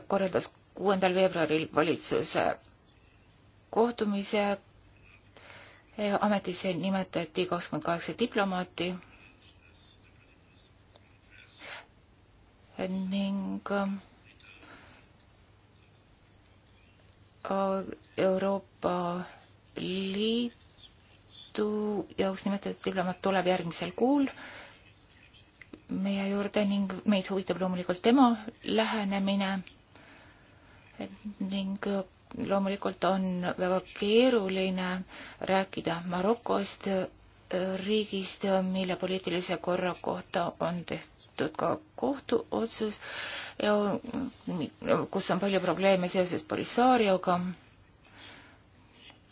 korraldas kuuendal veebruaril valitsuse kohtumise. Eh, ametisse nimetati kakskümmend kaheksa diplomaati ning äh, Euroopa Liidu jaoks nimetatud diplomaat tuleb järgmisel kuul meie juurde ning meid huvitab loomulikult tema lähenemine ning äh, loomulikult on väga keeruline rääkida Marokost, äh, riigist, mille poliitilise korra kohta on tehtud antud ka kohtuotsus, kus on palju probleeme seoses Polissarioga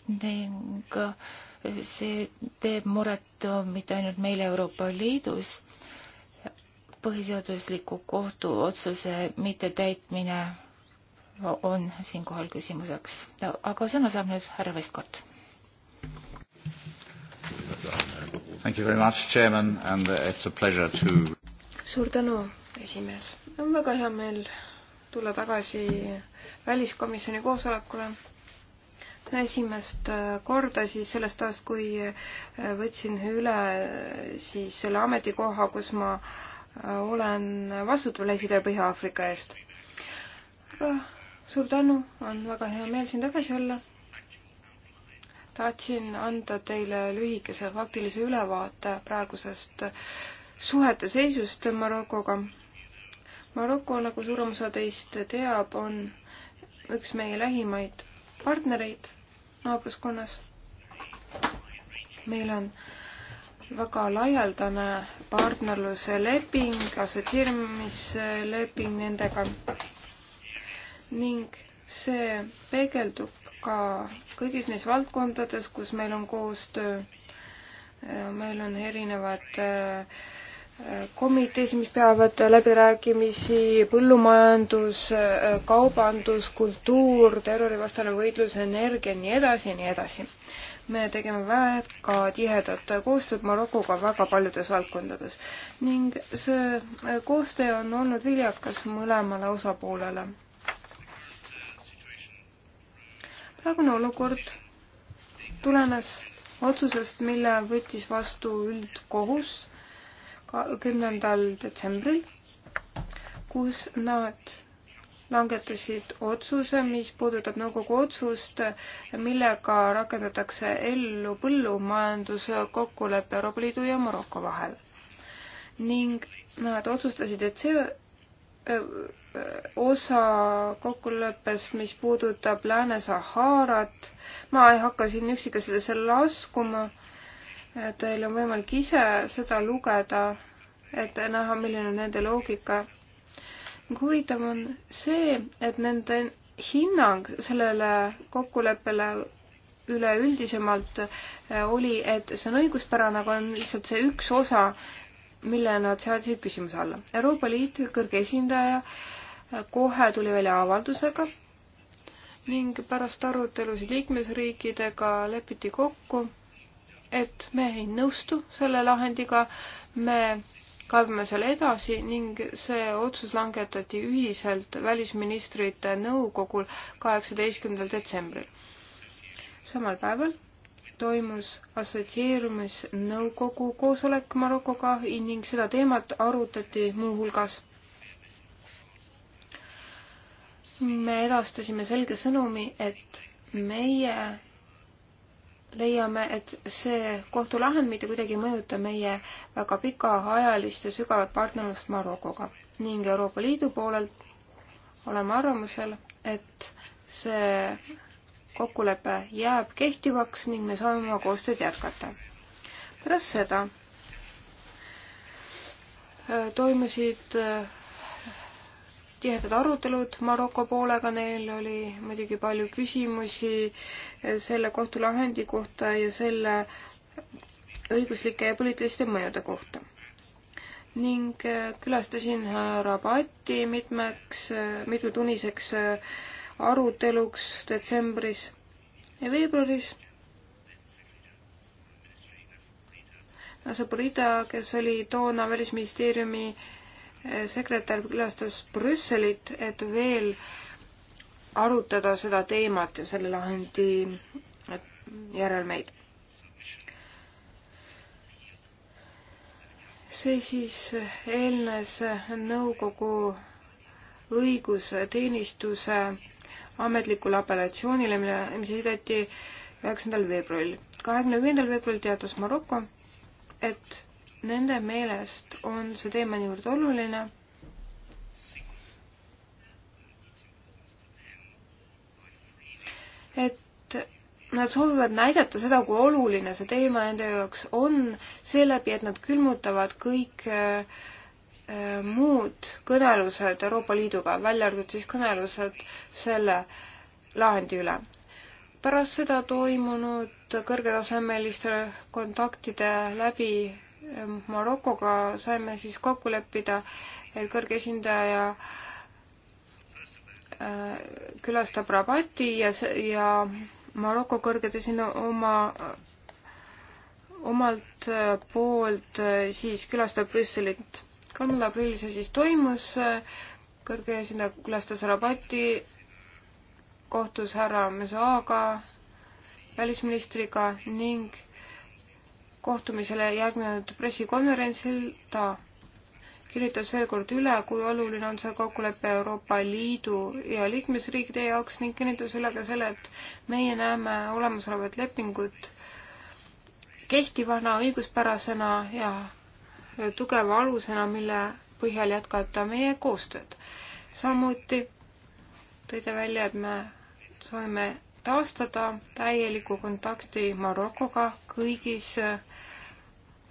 ning see teeb muret mitte ainult meile Euroopa Liidus, põhiseadusliku kohtu otsuse mittetäitmine on siinkohal küsimuseks, aga sõna saab nüüd härra Vestkord. Thank you very much, Chairman, and it's a pleasure to suur tänu, esimees. on väga hea meel tulla tagasi väliskomisjoni koosolekule. esimest korda siis sellest ajast, kui võtsin üle siis selle ametikoha, kus ma olen vastutav Lähis-Ida ja Põhja-Aafrika eest. aga suur tänu, on väga hea meel siin tagasi olla. tahtsin anda teile lühikese faktilise ülevaate praegusest äh, suhete seisust Marokoga. Maroko, nagu suurem osa teist teab, on üks meie lähimaid partnereid naabruskonnas. meil on väga laialdane partnerluse leping, assotsieerimisleping nendega ning see peegeldub ka kõigis neis valdkondades, kus meil on koostöö. meil on erinevad äh, komitees, mis peavad läbirääkimisi põllumajandus, kaubandus, kultuur, terrorivastane võitlus, energia, nii edasi ja nii edasi. me tegime väga tihedat koostööd Marokoga väga paljudes valdkondades ning see koostöö on olnud viljakas mõlemale osapoolele. praegune olukord tulenes otsusest, mille võttis vastu üldkohus kümnendal detsembril, kus nad langetasid otsuse, mis puudutab nõukogu otsust, millega rakendatakse ellu põllumajanduskokkulepe Euroopa Liidu ja Maroko vahel. ning nad otsustasid, et see osa kokkuleppest, mis puudutab Lääne-Saharat, ma ei hakka siin üksikasjadesse laskuma Teil on võimalik ise seda lugeda, et näha, milline on nende loogika. huvitav on see, et nende hinnang sellele kokkuleppele üleüldisemalt eh, oli, et see on õiguspärane, aga on lihtsalt see üks osa, mille nad seadsid küsimuse alla. Euroopa Liidu kõrge esindaja kohe tuli välja avaldusega ning pärast arutelusid liikmesriikidega lepiti kokku et me ei nõustu selle lahendiga, me kaevame selle edasi ning see otsus langetati ühiselt välisministrite nõukogul kaheksateistkümnendal detsembril. samal päeval toimus assotsieerumisnõukogu koosolek Marokoga ning seda teemat arutati muuhulgas. me edastasime selge sõnumi, et meie leiame, et see kohtulahend mitte kuidagi ei mõjuta meie väga pikaajalist ja sügavat partnerlust Marokoga ning Euroopa Liidu poolelt oleme arvamusel, et see kokkulepe jääb kehtivaks ning me saame oma koostööd jätkata. pärast seda äh, toimusid äh, tihedad arutelud Maroko poolega, neil oli muidugi palju küsimusi selle kohtulahendi kohta ja selle õiguslike ja poliitiliste mõjude kohta. ning äh, külastasin Rabati mitmeks, äh, mitmetunniseks äh, aruteluks detsembris ja veebruaris Saporita, kes oli toona Välisministeeriumi sekretär külastas Brüsselit, et veel arutada seda teemat ja selle lahendi järelmeid. see siis eelnes nõukogu õigusteenistuse ametlikule apellatsioonile, mille, mis esitati üheksandal veebruaril. kahekümne viiendal veebruaril teatas Maroko, et nende meelest on see teema niivõrd oluline, et nad soovivad näidata seda, kui oluline see teema nende jaoks on, seeläbi, et nad külmutavad kõik äh, muud kõnelused Euroopa Liiduga, välja arvatud siis kõnelused selle lahendi üle. pärast seda toimunud kõrgetasemeliste kontaktide läbi Marokoga saime siis kokku leppida kõrge esindaja äh, külastab Rabati ja, ja Maroko kõrged esindaja oma, omalt äh, poolt äh, siis külastab Brüsselit. kolmandal aprillil see siis toimus, kõrge esindaja külastas Rabati, kohtus härra Mesoaga, välisministriga ning kohtumisele järgnenud pressikonverentsil ta kirjutas veel kord üle, kui oluline on see kokkulepe Euroopa Liidu ja liikmesriikide jaoks ning kinnitas üle ka selle, et meie näeme olemasolevat lepingut kehtivana, õiguspärasena ja tugeva alusena, mille põhjal jätkata meie koostööd. samuti tõi ta välja, et me soovime taastada täieliku kontakti Marokoga kõigis äh,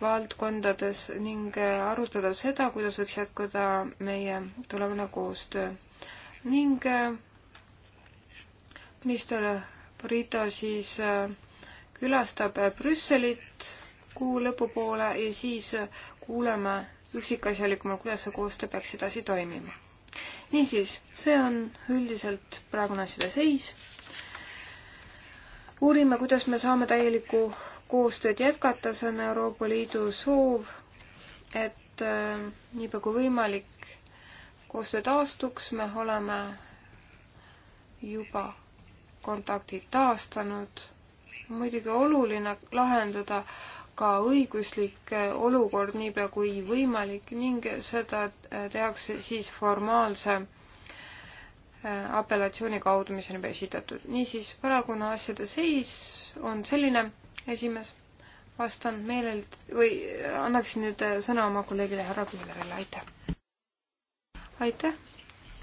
valdkondades ning äh, arutada seda, kuidas võiks jätkuda meie tulevane koostöö. ning äh, minister Brito siis äh, külastab Brüsselit kuu lõpupoole ja siis kuuleme üksikasjalikumalt, kuidas see koostöö peaks edasi toimima. niisiis, see on üldiselt praegune asjade seis. uurime, kuidas me saame täieliku koostööd jätkata, see on Euroopa Liidu soov, et äh, niipea kui võimalik koostöö taastuks, me oleme juba kontaktid taastanud. muidugi oluline lahendada ka õiguslik äh, olukord niipea kui võimalik ning seda äh, tehakse siis formaalse apellatsiooni kaudu, mis on juba esitatud. niisiis, praegune asjade seis on selline esimees, vastan meelelt või annaksin nüüd äh, sõna oma kolleegile härra Kuulerile, aitäh. aitäh,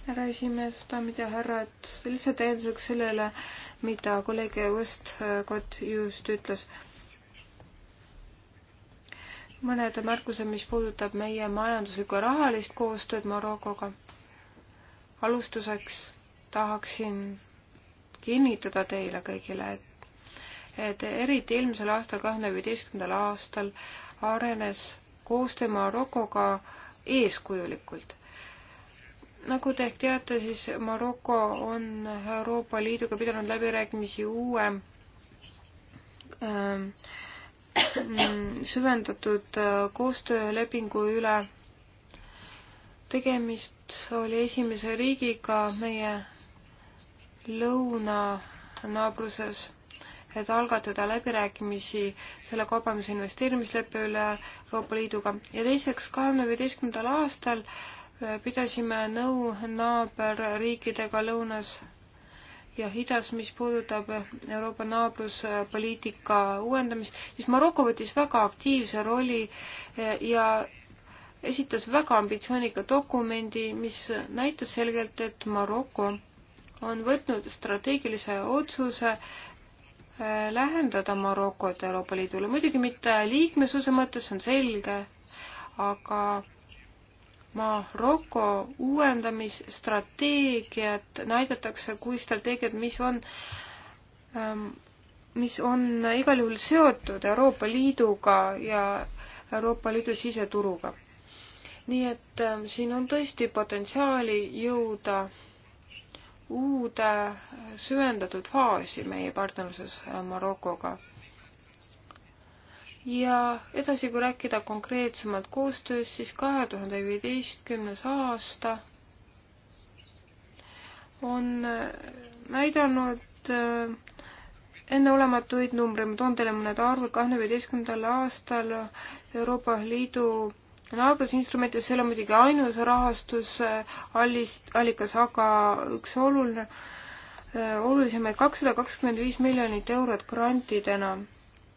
härra esimees, daamid ja härrad, lihtsalt eelduseks sellele, mida kolleeg Westcott just ütles mõned märkused, mis puudutab meie majanduslikku ja rahalist koostööd Marokoga. alustuseks tahaksin kinnitada teile kõigile, et et eriti eelmisel aastal, kahe tuhande viieteistkümnendal aastal arenes koostöö Marokoga eeskujulikult. nagu te ehk teate, siis Maroko on Euroopa Liiduga pidanud läbirääkimisi uue ähm, süvendatud äh, koostöölepingu üle. tegemist oli esimese riigiga meie lõunanaabruses et algatada läbirääkimisi selle kaubanduse investeerimisleppe üle Euroopa Liiduga ja teiseks, kahekümne viieteistkümnendal aastal äh, pidasime nõu naaberriikidega lõunas ja idas, mis puudutab Euroopa naabruspoliitika uuendamist, siis Maroko võttis väga aktiivse rolli äh, ja esitas väga ambitsioonika dokumendi, mis näitas selgelt, et Maroko on võtnud strateegilise otsuse Äh, lähendada Marokot Euroopa Liidule, muidugi mitte liikmesuse mõttes, see on selge, aga Maroko uuendamisstrateegiat näidatakse kui strateegiat, mis on, ähm, mis on igal juhul seotud Euroopa Liiduga ja Euroopa Liidu siseturuga. nii et ähm, siin on tõesti potentsiaali jõuda uude äh, süvendatud faasi meie partnerluses äh, Marokoga. ja edasi, kui rääkida konkreetsemalt koostööst, siis kahe tuhande viieteistkümnes aasta on äh, näidanud enneolematuid numbreid, ma toon teile mõned arvud, kahekümne viieteistkümnendal aastal Euroopa Liidu naabrusinstrumentides, see ei ole muidugi ainus rahastusallikas, eh, aga üks oluline, eh, olulisemaid kakssada kakskümmend viis miljonit eurot grantidena,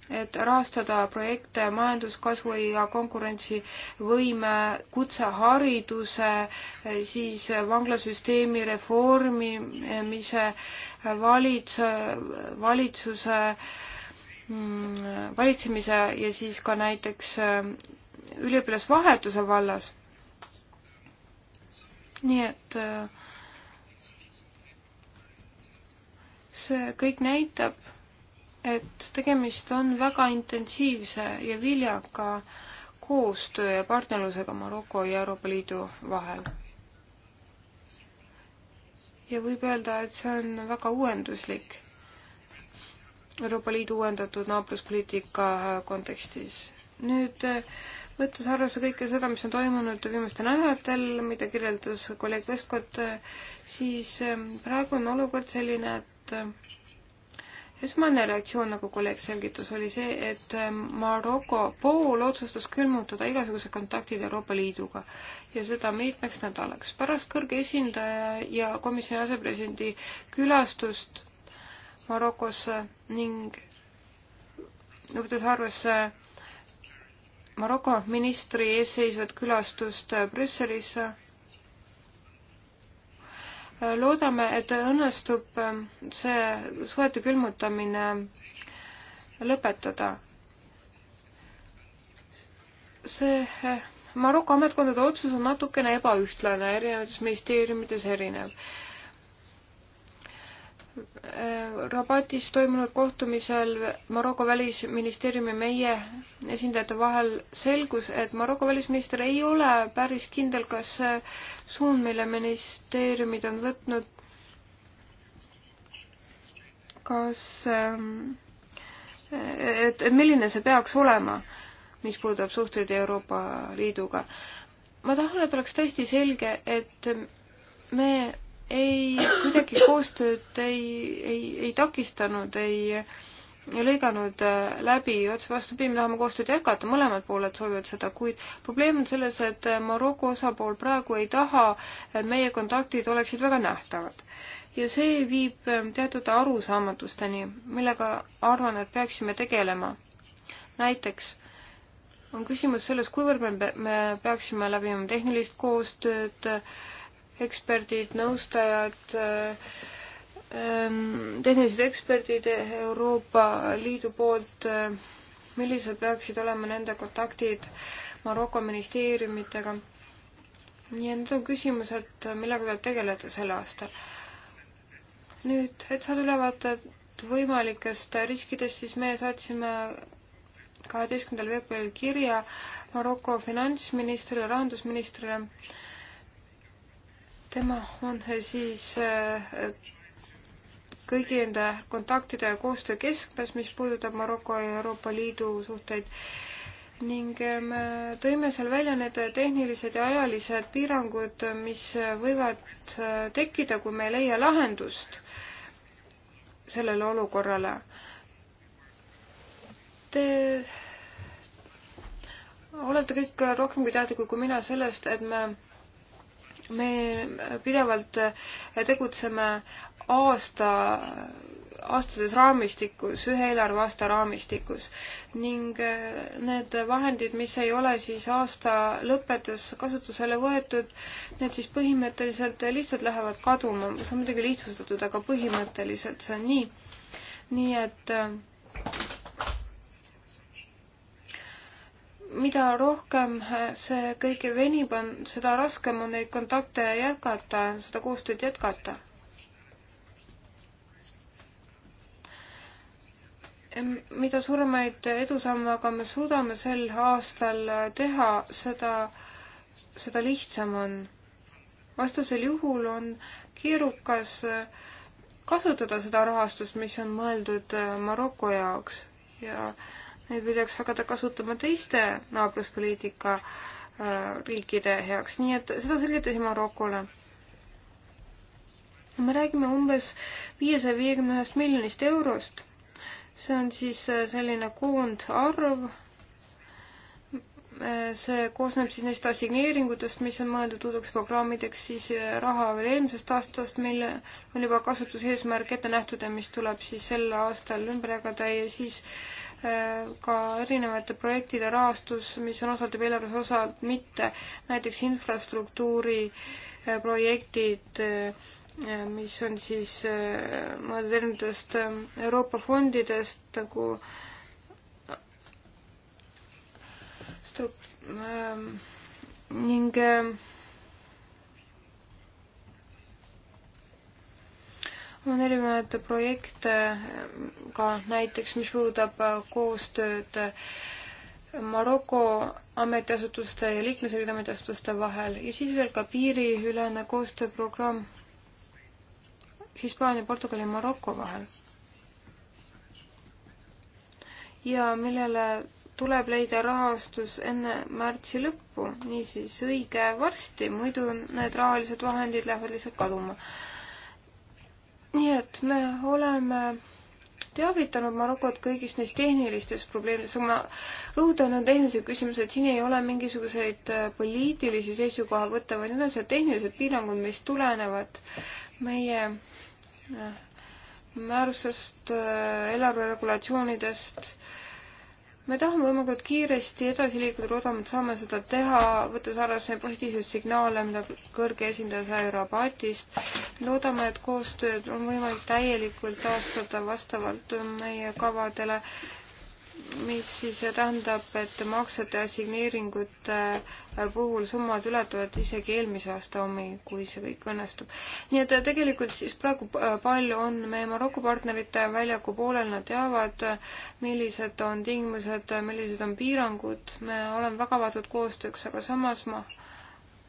et rahastada projekte majanduskasvu ja konkurentsivõime, kutsehariduse, eh, siis vanglasüsteemi reformimise, valitsuse, valitsuse mm, valitsemise ja siis ka näiteks üliõpilasvahetuse vallas. nii et äh, see kõik näitab, et tegemist on väga intensiivse ja viljaka koostöö ja partnerlusega Maroko ja Euroopa Liidu vahel. ja võib öelda, et see on väga uuenduslik Euroopa Liidu uuendatud naabruspoliitika kontekstis. nüüd äh, võttes arvesse kõike seda, mis on toimunud viimastel nädalatel, mida kirjeldas kolleeg Vestkott, siis ähm, praegu on olukord selline, et äh, esmane reaktsioon, nagu kolleeg selgitas, oli see, et ähm, Maroko pool otsustas külmutada igasugused kontaktid Euroopa Liiduga ja seda mitmeks nädalaks. pärast kõrge esindaja ja komisjoni asepresidendi külastust Marokosse ning võttes arvesse Maroko ministri eesseisvat külastust Brüsselisse. loodame, et õnnestub ähm, see suhete külmutamine lõpetada. see äh, Maroko ametkondade otsus on natukene ebaühtlane, erinevates ministeeriumites erinev Rabatis toimunud kohtumisel Maroko välisministeeriumi meie esindajate vahel selgus, et Maroko välisminister ei ole päris kindel, kas see suund, mille ministeeriumid on võtnud, kas, ähm, et, et milline see peaks olema, mis puudutab suhteid Euroopa Liiduga. ma tahan, et oleks tõesti selge, et me ei, kuidagi koostööd ei, ei, ei takistanud, ei, ei lõiganud äh, läbi, otse vastupidi, me tahame koostööd jätkata, mõlemad pooled soovivad seda, kuid probleem on selles, et äh, Maroko osapool praegu ei taha, et meie kontaktid oleksid väga nähtavad. ja see viib ähm, teatud arusaamatusteni, millega arvan, et peaksime tegelema. näiteks on küsimus selles, kuivõrd me, me peaksime läbima tehnilist koostööd äh, eksperdid, nõustajad, ähm, tehnilised eksperdid Euroopa Liidu poolt, äh, millised peaksid olema nende kontaktid Maroko ministeeriumitega? nii et need on küsimused, millega tuleb tegeleda sel aastal. nüüd, et saada ülevaatet võimalikest riskidest, siis me saatsime kaheteistkümnendal veebruaril kirja Maroko finantsministrile, rahandusministrile tema on eh, siis eh, kõigi enda kontaktide ja koostöö keskmes, mis puudutab Maroko ja Euroopa Liidu suhteid ning eh, me tõime seal välja need tehnilised ja ajalised piirangud, mis võivad tekkida, kui me ei leia lahendust sellele olukorrale. Te olete kõik rohkem kui teadlikud kui mina sellest, et me me pidevalt tegutseme aasta, aastases raamistikus, ühe eelarveaasta raamistikus ning eh, need vahendid, mis ei ole siis aasta lõppedes kasutusele võetud, need siis põhimõtteliselt lihtsalt lähevad kaduma, see on muidugi lihtsustatud, aga põhimõtteliselt see on nii. nii et äh, mida rohkem see kõik venib, on, seda raskem on neid kontakte jätkata, seda koostööd jätkata. mida suuremaid edusamme aga me suudame sel aastal teha, seda, seda lihtsam on. vastasel juhul on keerukas kasutada seda rahastust, mis on mõeldud Maroko jaoks ja äh, neid võidakse hakata kasutama teiste naabruspoliitika äh, riikide heaks, nii et seda selgitasime Marokole. me räägime umbes viiesaja viiekümne ühest miljonist eurost. see on siis äh, selline koondarv. Äh, see koosneb siis neist assigneeringutest, mis on mõeldud uudeks programmideks, siis raha veel eelmisest aastast, mille on juba kasutuseesmärk ette nähtud ja mis tuleb siis sel aastal ümber jagada ja siis äh, Äh, ka erinevate projektide rahastus, mis on osalt juba eelarves, osalt mitte. näiteks infrastruktuuri äh, projektid, äh, mis on siis mõeldud erinevatest Euroopa fondidest nagu stru- ähm, ning on erinevaid projekte ka näiteks, mis puudutab äh, koostööd äh, Maroko ametiasutuste ja liikmesriikide ametiasutuste vahel ja siis veel ka piiriülene koostööprogramm Hispaania, Portugali ja Maroko vahel. ja millele tuleb leida rahastus enne märtsi lõppu, niisiis õige varsti, muidu need rahalised vahendid lähevad lihtsalt kaduma nii et me oleme teavitanud Marokot kõigist neist tehnilistest probleemidest, aga ma rõhutan, on tehnilised küsimused, siin ei ole mingisuguseid äh, poliitilisi seisukohavõtte, vaid need on seal tehnilised piirangud, mis tulenevad meie äh, määrusest, äh, eelarveregulatsioonidest äh, me tahame võimalikult kiiresti edasi liikuda, loodame, et saame seda teha, võttes arvesse positiivseid signaale, mida kõrge esindaja sai Rabatist. loodame, et koostööd on võimalik täielikult taastada vastavalt meie kavadele mis siis tähendab, et maksete assigneeringute äh, puhul summad ületavad isegi eelmise aasta omi, kui see kõik õnnestub. nii et äh, tegelikult siis praegu äh, palju on meie Maroko partnerite väljaku poolel, nad teavad, millised on tingimused, millised on piirangud, me oleme väga avatud koostööks, aga samas ma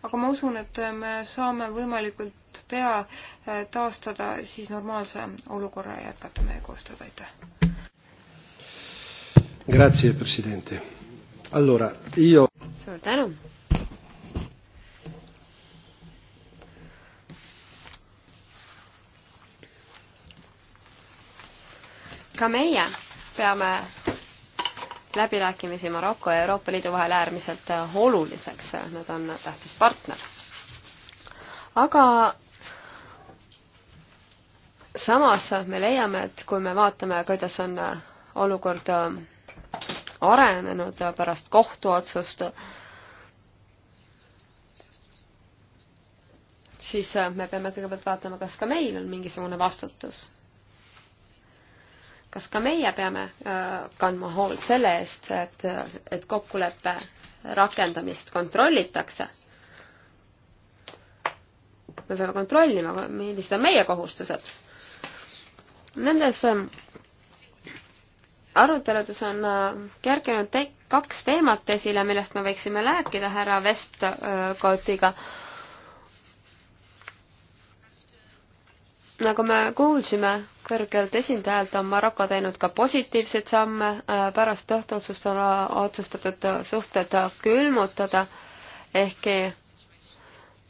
aga ma usun, et me saame võimalikult pea taastada siis normaalse olukorra ja jätkata meie koostööd, aitäh! Grazie, president. Allora, io... suur tänu. ka meie peame läbirääkimisi Maroko ja Euroopa Liidu vahel äärmiselt oluliseks, nad on tähtis partner. aga samas me leiame, et kui me vaatame, kuidas on olukord arenenud pärast kohtuotsust, siis me peame kõigepealt vaatama, kas ka meil on mingisugune vastutus. kas ka meie peame äh, kandma hoolt selle eest, et, et kokkuleppe rakendamist kontrollitakse me peame kontrollima, millised on meie kohustused. Nendes ähm, aruteludes on äh, kerkinud te kaks teemat esile, millest me võiksime rääkida härra Westcottiga. Äh, nagu me kuulsime kõrgelt esindajalt, on Maroko teinud ka positiivseid samme, äh, pärast õhtuotsust on otsustatud suhted külmutada, ehkki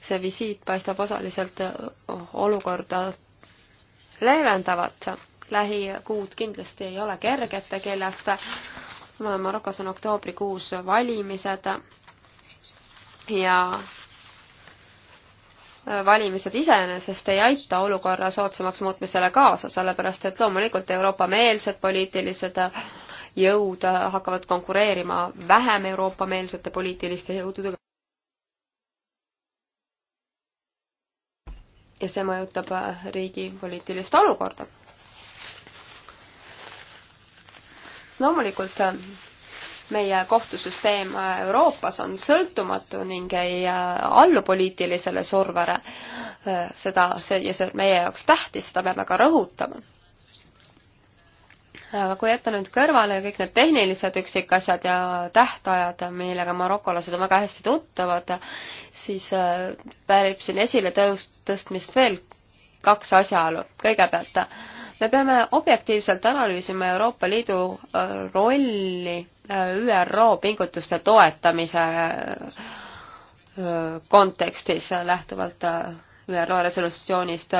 see visiit paistab osaliselt olukorda leevendavat lähikuud kindlasti ei ole kergete keljest. Marokos on oktoobrikuus valimised ja valimised iseenesest ei aita olukorra soodsamaks muutmisele kaasa, sellepärast et loomulikult Euroopa-meelsed poliitilised jõud hakkavad konkureerima vähem Euroopa-meelsete poliitiliste jõududega. ja see mõjutab riigi poliitilist olukorda loomulikult äh, meie kohtusüsteem äh, Euroopas on sõltumatu ning ei äh, allu poliitilisele survele. seda, see, ja see on meie jaoks tähtis, seda peame ka rõhutama. aga kui jätta nüüd kõrvale kõik need tehnilised üksikasjad ja tähtajad, millega marokolased on väga hästi tuttavad, siis väärib siin esile tõus-, tõstmist veel kaks asjaolu. kõigepealt äh, me peame objektiivselt analüüsima Euroopa Liidu äh, rolli äh, ÜRO pingutuste toetamise äh, kontekstis lähtuvalt ÜRO resolutsioonist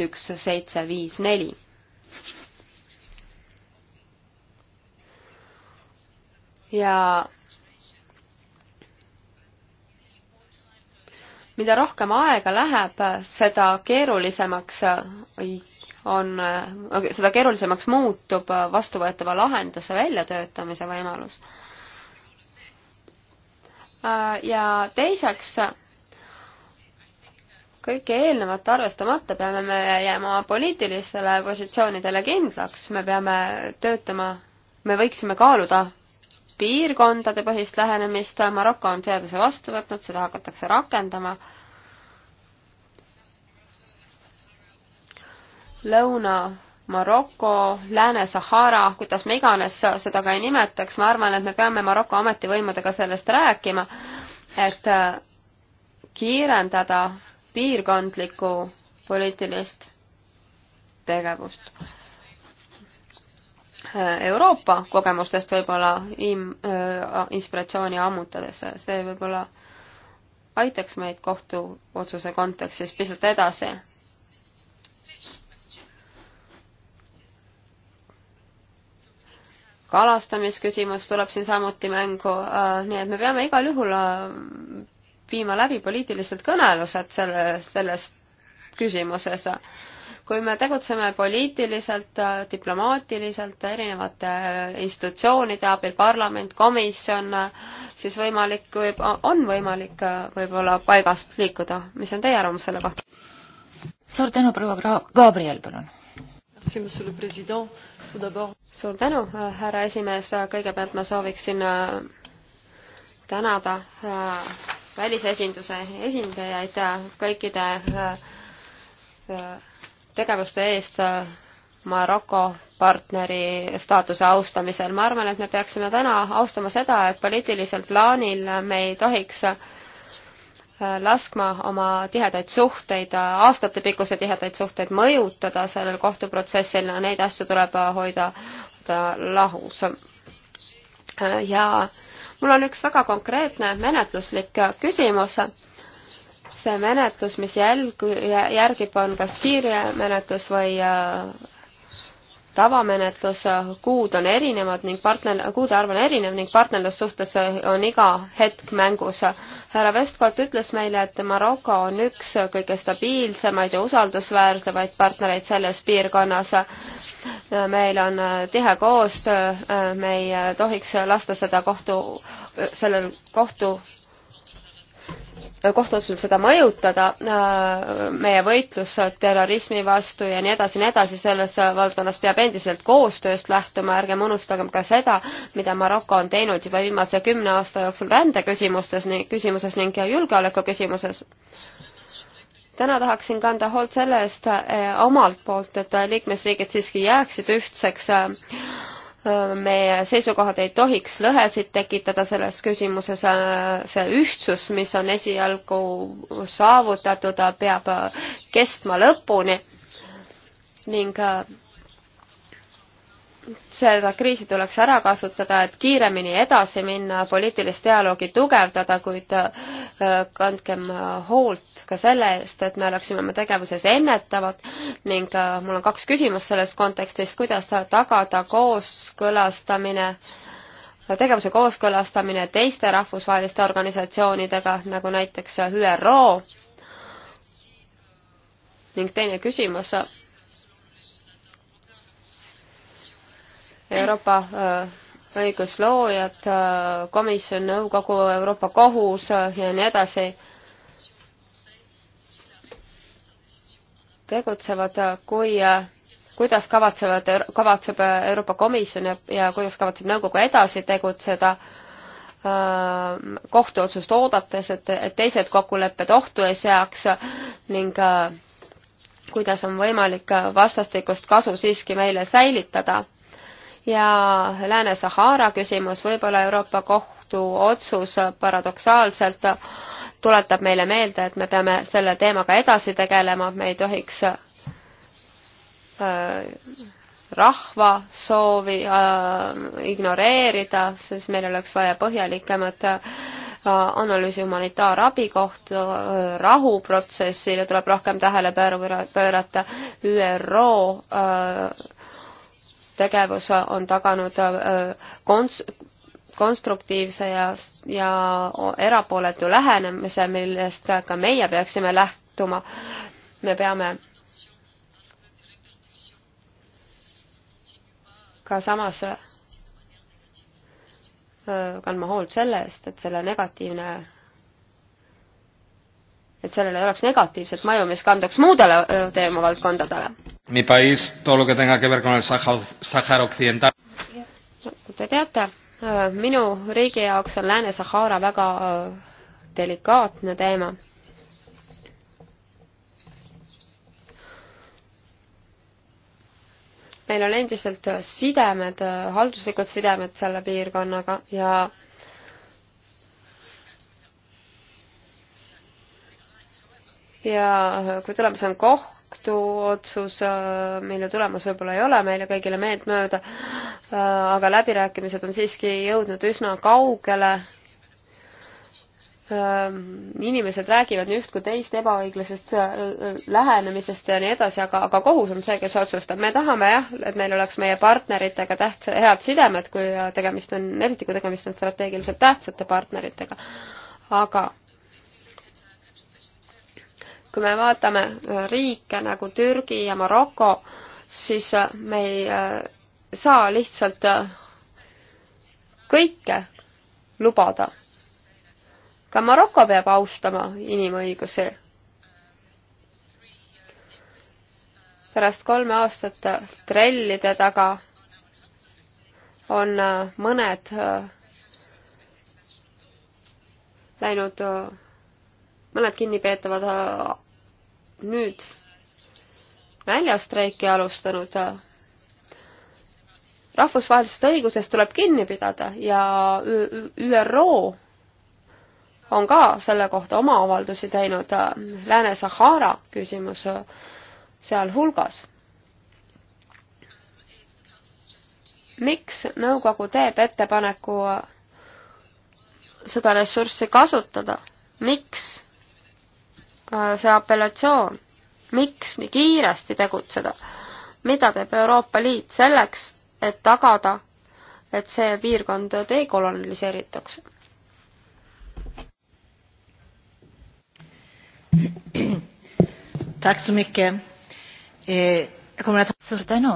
üks seitse viis neli. ja mida rohkem aega läheb, seda keerulisemaks on, seda keerulisemaks muutub vastuvõetava lahenduse väljatöötamise võimalus. ja teiseks, kõike eelnevat arvestamata peame me jääma poliitilistele positsioonidele kindlaks, me peame töötama, me võiksime kaaluda piirkondade põhist lähenemist, Maroko on seaduse vastu võtnud, seda hakatakse rakendama Lõuna Maroko, Lääne-Sahara, kuidas me iganes seda ka ei nimetaks, ma arvan, et me peame Maroko ametivõimudega sellest rääkima, et äh, kiirendada piirkondlikku poliitilist tegevust. Äh, Euroopa kogemustest võib-olla im-, äh, inspiratsiooni ammutades, see võib-olla aitaks meid kohtuotsuse kontekstis pisut edasi kalastamisküsimus tuleb siin samuti mängu, äh, nii et me peame igal juhul äh, viima läbi poliitilised kõnelused selle, selles küsimuses. kui me tegutseme poliitiliselt, äh, diplomaatiliselt, erinevate institutsioonide abil, parlament, komisjon, siis võimalik, võib, on võimalik võib-olla paigast liikuda. mis on teie arvamus selle kohta? suur tänu, proua Gabriel, palun suur tänu, äh, härra esimees, äh, kõigepealt ma sooviksin äh, tänada välisesinduse esindajaid kõikide tegevuste eest Maroko partneri staatuse austamisel. ma arvan, et me peaksime täna austama seda, et poliitilisel plaanil me ei tohiks äh, laskma oma tihedaid suhteid, aastatepikkuse tihedaid suhteid mõjutada sellel kohtuprotsessil, neid asju tuleb hoida lahus. ja mul on üks väga konkreetne menetluslik küsimus. see menetlus, mis jälg, järgib, on kas kiirmenetlus või äh, tavamenetlus, kuud on erinevad ning partner, kuude arv on erinev ning partnerlussuhtes on iga hetk mängus. härra Westcott ütles meile, et Maroko on üks kõige stabiilsemaid ja usaldusväärsemaid partnereid selles piirkonnas. meil on tihe koostöö, me ei tohiks lasta seda kohtu, sellel kohtu kohtuotsusel seda mõjutada, äh, meie võitlus terrorismi vastu ja nii edasi, nii edasi, selles valdkonnas peab endiselt koostööst lähtuma, ärgem unustagem ka seda, mida Maroko on teinud juba viimase kümne aasta jooksul rändeküsimustes, küsimuses ning julgeoleku küsimuses. täna tahaksin kanda hoolt selle eest äh, omalt poolt, et liikmesriigid siiski jääksid ühtseks äh, meie seisukohad ei tohiks lõhesid tekitada selles küsimuses, see ühtsus, mis on esialgu saavutatud, peab kestma lõpuni ning seda kriisi tuleks ära kasutada, et kiiremini edasi minna, poliitilist dialoogi tugevdada, kuid äh, kandkem äh, hoolt ka selle eest, et me oleksime oma tegevuses ennetavad ning äh, mul on kaks küsimust selles kontekstis, kuidas tagada kooskõlastamine tegevuse kooskõlastamine teiste rahvusvaheliste organisatsioonidega, nagu näiteks ÜRO. ning teine küsimus Euroopa äh, õigusloojad, äh, komisjon, nõukogu, Euroopa Kohus äh, ja nii edasi tegutsevad, kui, kuidas kavatsevad, kavatseb Euroopa Komisjon ja, ja kuidas kavatseb nõukogu edasi tegutseda kohtuotsust oodates, et, et teised kokkulepped ohtu ei seaks ning kuidas on võimalik vastastikust kasu siiski meile säilitada ja Lääne-Sahara küsimus, võib-olla Euroopa Kohtu otsus paradoksaalselt tuletab meile meelde, et me peame selle teemaga edasi tegelema, me ei tohiks äh, rahva soovi äh, ignoreerida, siis meil oleks vaja põhjalikemat äh, analüüsi humanitaarabi kohta, äh, rahuprotsessile tuleb rohkem tähelepanu pöörata, ÜRO äh, tegevus on taganud äh, kons-, konstruktiivse ja, ja erapooletu lähenemise, millest ka meie peaksime lähtuma. me peame ka samas äh, kandma hoolt selle eest, et selle negatiivne, et sellel ei oleks negatiivset maju, mis kanduks muudele äh, teemavaldkondadele mi país todo lo que tenga que ver con el Sahara Occidental. nagu te teate, äh, minu riigi jaoks on Lääne-Sahara väga äh, delikaatne teema. meil on endiselt äh, sidemed, halduslikud sidemed selle piirkonnaga ja ja kui tulemas on koht, Kohtu otsus, äh, mille tulemus võib-olla ei ole meile kõigile meeltmööda, äh, aga läbirääkimised on siiski jõudnud üsna kaugele. Ähm, inimesed räägivad nii üht kui teist ebaõiglasest äh, lähenemisest ja nii edasi, aga, aga kohus on see, kes otsustab. me tahame jah, et meil oleks meie partneritega tähtsa, head sidemed, kui tegemist on, eriti kui tegemist on strateegiliselt tähtsate partneritega. aga kui me vaatame äh, riike nagu Türgi ja Maroko, siis äh, me ei äh, saa lihtsalt kõike lubada. ka Maroko peab austama inimõigusi. pärast kolme aastat trellide taga on mõned läinud mõned kinnipeetavad äh, nüüd väljastreiki alustanud. rahvusvahelisest õigusest tuleb kinni pidada ja ÜRO on ka selle kohta oma avaldusi teinud Lääne-Sahara küsimus sealhulgas. miks nõukogu teeb ettepaneku seda ressurssi kasutada, miks see apellatsioon? miks nii kiiresti tegutseda? mida teeb Euroopa Liit selleks, et tagada, et see piirkond dekoloniseerituks? Eh, suur tänu.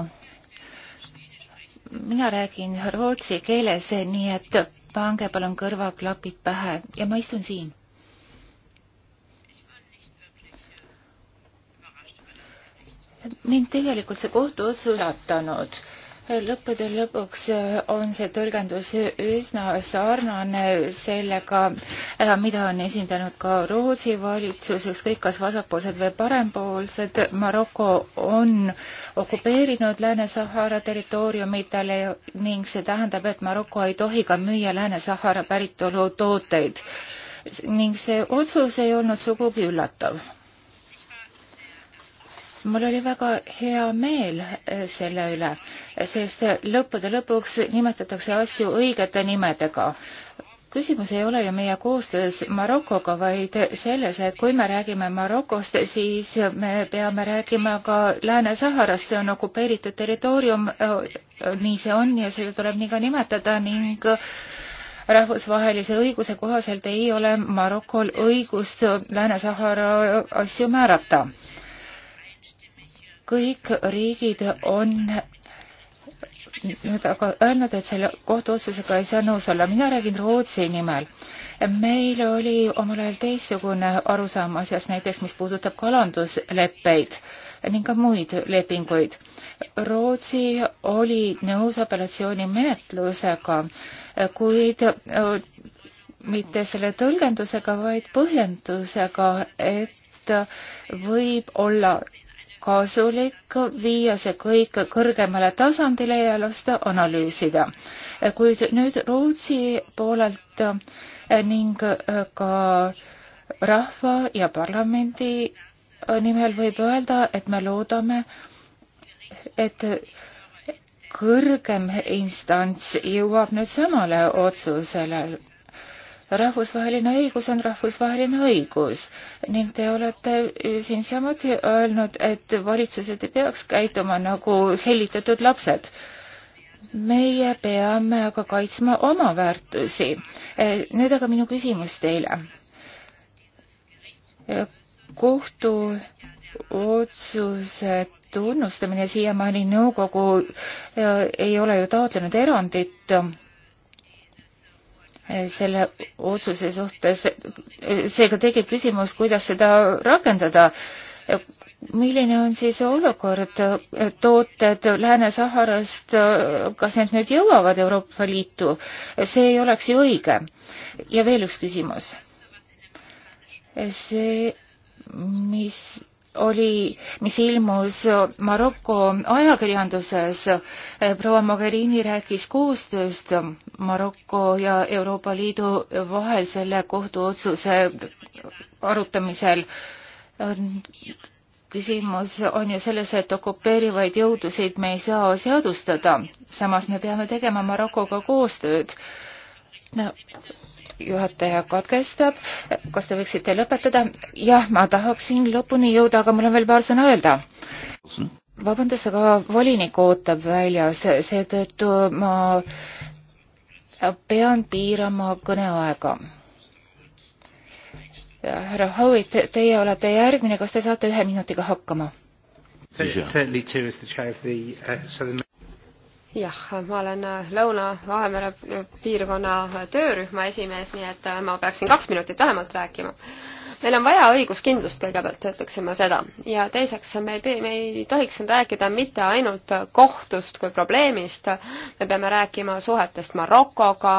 mina räägin rootsi keeles, nii et pange palun kõrvaklapid pähe ja ma istun siin mind tegelikult see kohtuotsus üllatanud lõppude lõpuks äh, on see tõlgendus üsna sarnane sellega, äh, mida on esindanud ka Rootsi valitsus, ükskõik kas vasakpoolsed või parempoolsed. Maroko on okupeerinud Lääne-Sahara territooriumi talle ning see tähendab, et Maroko ei tohi ka müüa Lääne-Sahara päritolu tooteid ning see otsus ei olnud sugugi üllatav mul oli väga hea meel eh, selle üle, sest lõppude lõpuks nimetatakse asju õigete nimedega küsimus ei ole ju meie koostöös Marokoga, vaid selles, et kui me räägime Marokost, siis me peame rääkima ka Lääne-Saharast, see on okupeeritud territoorium, eh, nii see on ja seda tuleb nii ka nimetada ning rahvusvahelise õiguse kohaselt ei ole Marokol õigust Lääne-Sahara asju määrata kõik riigid on nüüd aga öelnud, et selle kohtuotsusega ei saa nõus olla. mina räägin Rootsi nimel. meil oli omal ajal teistsugune arusaam asjast, näiteks mis puudutab kalandusleppeid ning ka muid lepinguid. Rootsi oli nõus apellatsioonimenetlusega, kuid äh, mitte selle tõlgendusega, vaid põhjendusega, et võib olla kasulik viia see kõik kõrgemale tasandile ja lasta analüüsida. kuid nüüd Rootsi poolelt eh, ning eh, ka rahva ja parlamendi eh, nimel võib öelda, et me loodame, et kõrgem instants jõuab nüüd samale otsusele rahvusvaheline õigus on rahvusvaheline õigus ning te olete siin samuti öelnud, et valitsused ei peaks käituma nagu hellitatud lapsed meie peame aga kaitsma oma väärtusi. E, need aga minu küsimus teile. E, kohtu otsuse tunnustamine siiamaani nõukogu e, ei ole ju taotlenud erandit selle otsuse suhtes. seega tekib küsimus, kuidas seda rakendada. milline on siis olukord, tooted Lääne-Saharast, kas need nüüd jõuavad Euroopa Liitu? see ei oleks ju õige. ja veel üks küsimus. see, mis oli, mis ilmus Maroko ajakirjanduses. proua Mogherini rääkis koostööst Maroko ja Euroopa Liidu vahel selle kohtuotsuse arutamisel. küsimus on ju selles, et okupeerivaid jõudusid me ei saa seadustada, samas me peame tegema Marokoga koostööd no, juhataja katkestab. kas te võiksite lõpetada? jah, ma tahaksin lõpuni jõuda, aga mul on veel paar sõna öelda. vabandust, aga volinik ootab väljas, seetõttu ma pean piirama kõneaega. härra Howitt, teie olete järgmine, kas te saate ühe minutiga hakkama? jah, ma olen äh, Lõuna-Vahemere äh, piirkonna äh, töörühma esimees, nii et ma peaksin kaks minutit vähemalt rääkima. meil on vaja õiguskindlust kõigepealt, ütleksin ma seda. ja teiseks, me ei, me ei tohiks siin rääkida mitte ainult kohtust kui probleemist, me peame rääkima suhetest Marokoga,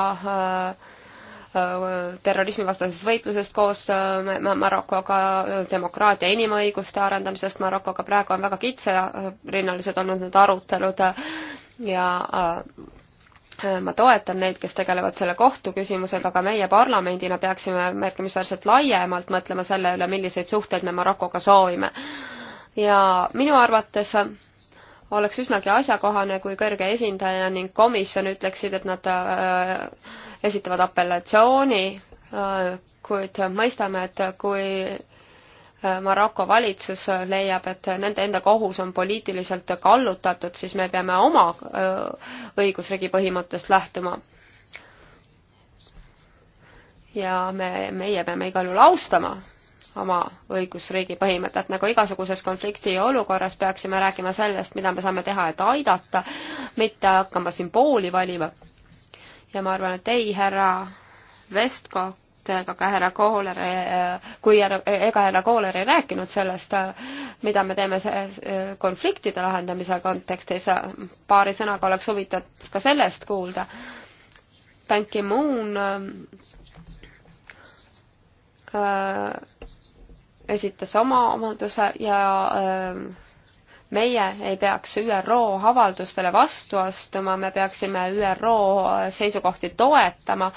terrorismivastasest võitlusest koos Marokoga, demokraatia inimõiguste arendamisest Marokoga, praegu on väga kitsarinnalised olnud need arutelud ja äh, ma toetan neid, kes tegelevad selle kohtuküsimusega, aga meie parlamendina peaksime märkimisväärselt laiemalt mõtlema selle üle, milliseid suhteid me Marokoga soovime. ja minu arvates oleks üsnagi asjakohane, kui kõrge esindaja ning komisjon ütleksid, et nad äh, esitavad apellatsiooni, äh, kuid mõistame, et kui Maroko valitsus leiab, et nende enda kohus on poliitiliselt kallutatud, siis me peame oma õigusriigi põhimõttest lähtuma. ja me, meie peame igal juhul austama oma õigusriigi põhimõtet, nagu igasuguses konflikti olukorras peaksime rääkima sellest, mida me saame teha, et aidata, mitte hakkama sümbooli valima. ja ma arvan, et ei, härra Vestko et ega ka härra Kohler, kui härra, ega härra Kohler ei rääkinud sellest, mida me teeme konfliktide lahendamise kontekstis, paari sõnaga oleks huvitav ka sellest kuulda. Ban Ki-moon äh, esitas oma omanduse ja öö, äh, meie ei peaks ÜRO avaldustele vastu astuma, me peaksime ÜRO seisukohti toetama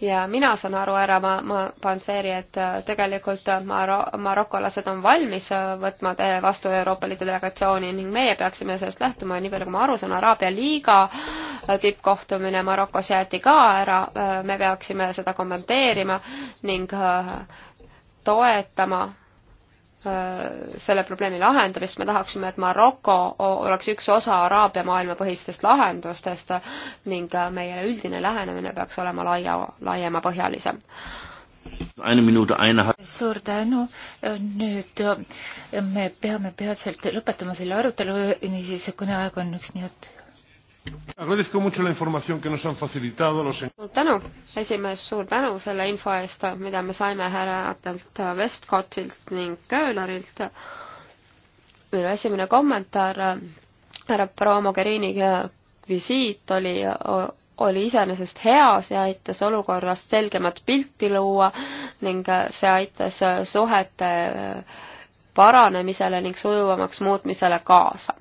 ja mina saan aru, härra ma-, ma-, Panseri, et äh, tegelikult Maro-, marokolased on valmis äh, võtma vastu Euroopa Liidu delegatsiooni ning meie peaksime sellest lähtuma, nii palju kui ma aru saan, Araabia liiga äh, tippkohtumine Marokos jäeti ka ära, me peaksime seda kommenteerima ning toetama Äh, selle probleemi lahendamist, me tahaksime, et Maroko oleks üks osa Araabia maailma põhistest lahendustest ning äh, meie üldine lähenemine peaks olema laia, laiemapõhjalisem. suur tänu, nüüd äh, me peame peatselt lõpetama selle arutelu, niisiis kõneaeg on üks minut suur tänu, esimees, suur tänu selle info eest, mida me saime härradelt Westcottilt ning Köölerilt. minu esimene kommentaar härra proua Mogherini visiit oli, oli iseenesest hea, see aitas olukorrast selgemat pilti luua ning see aitas suhete paranemisele ning sujuvamaks muutmisele kaasa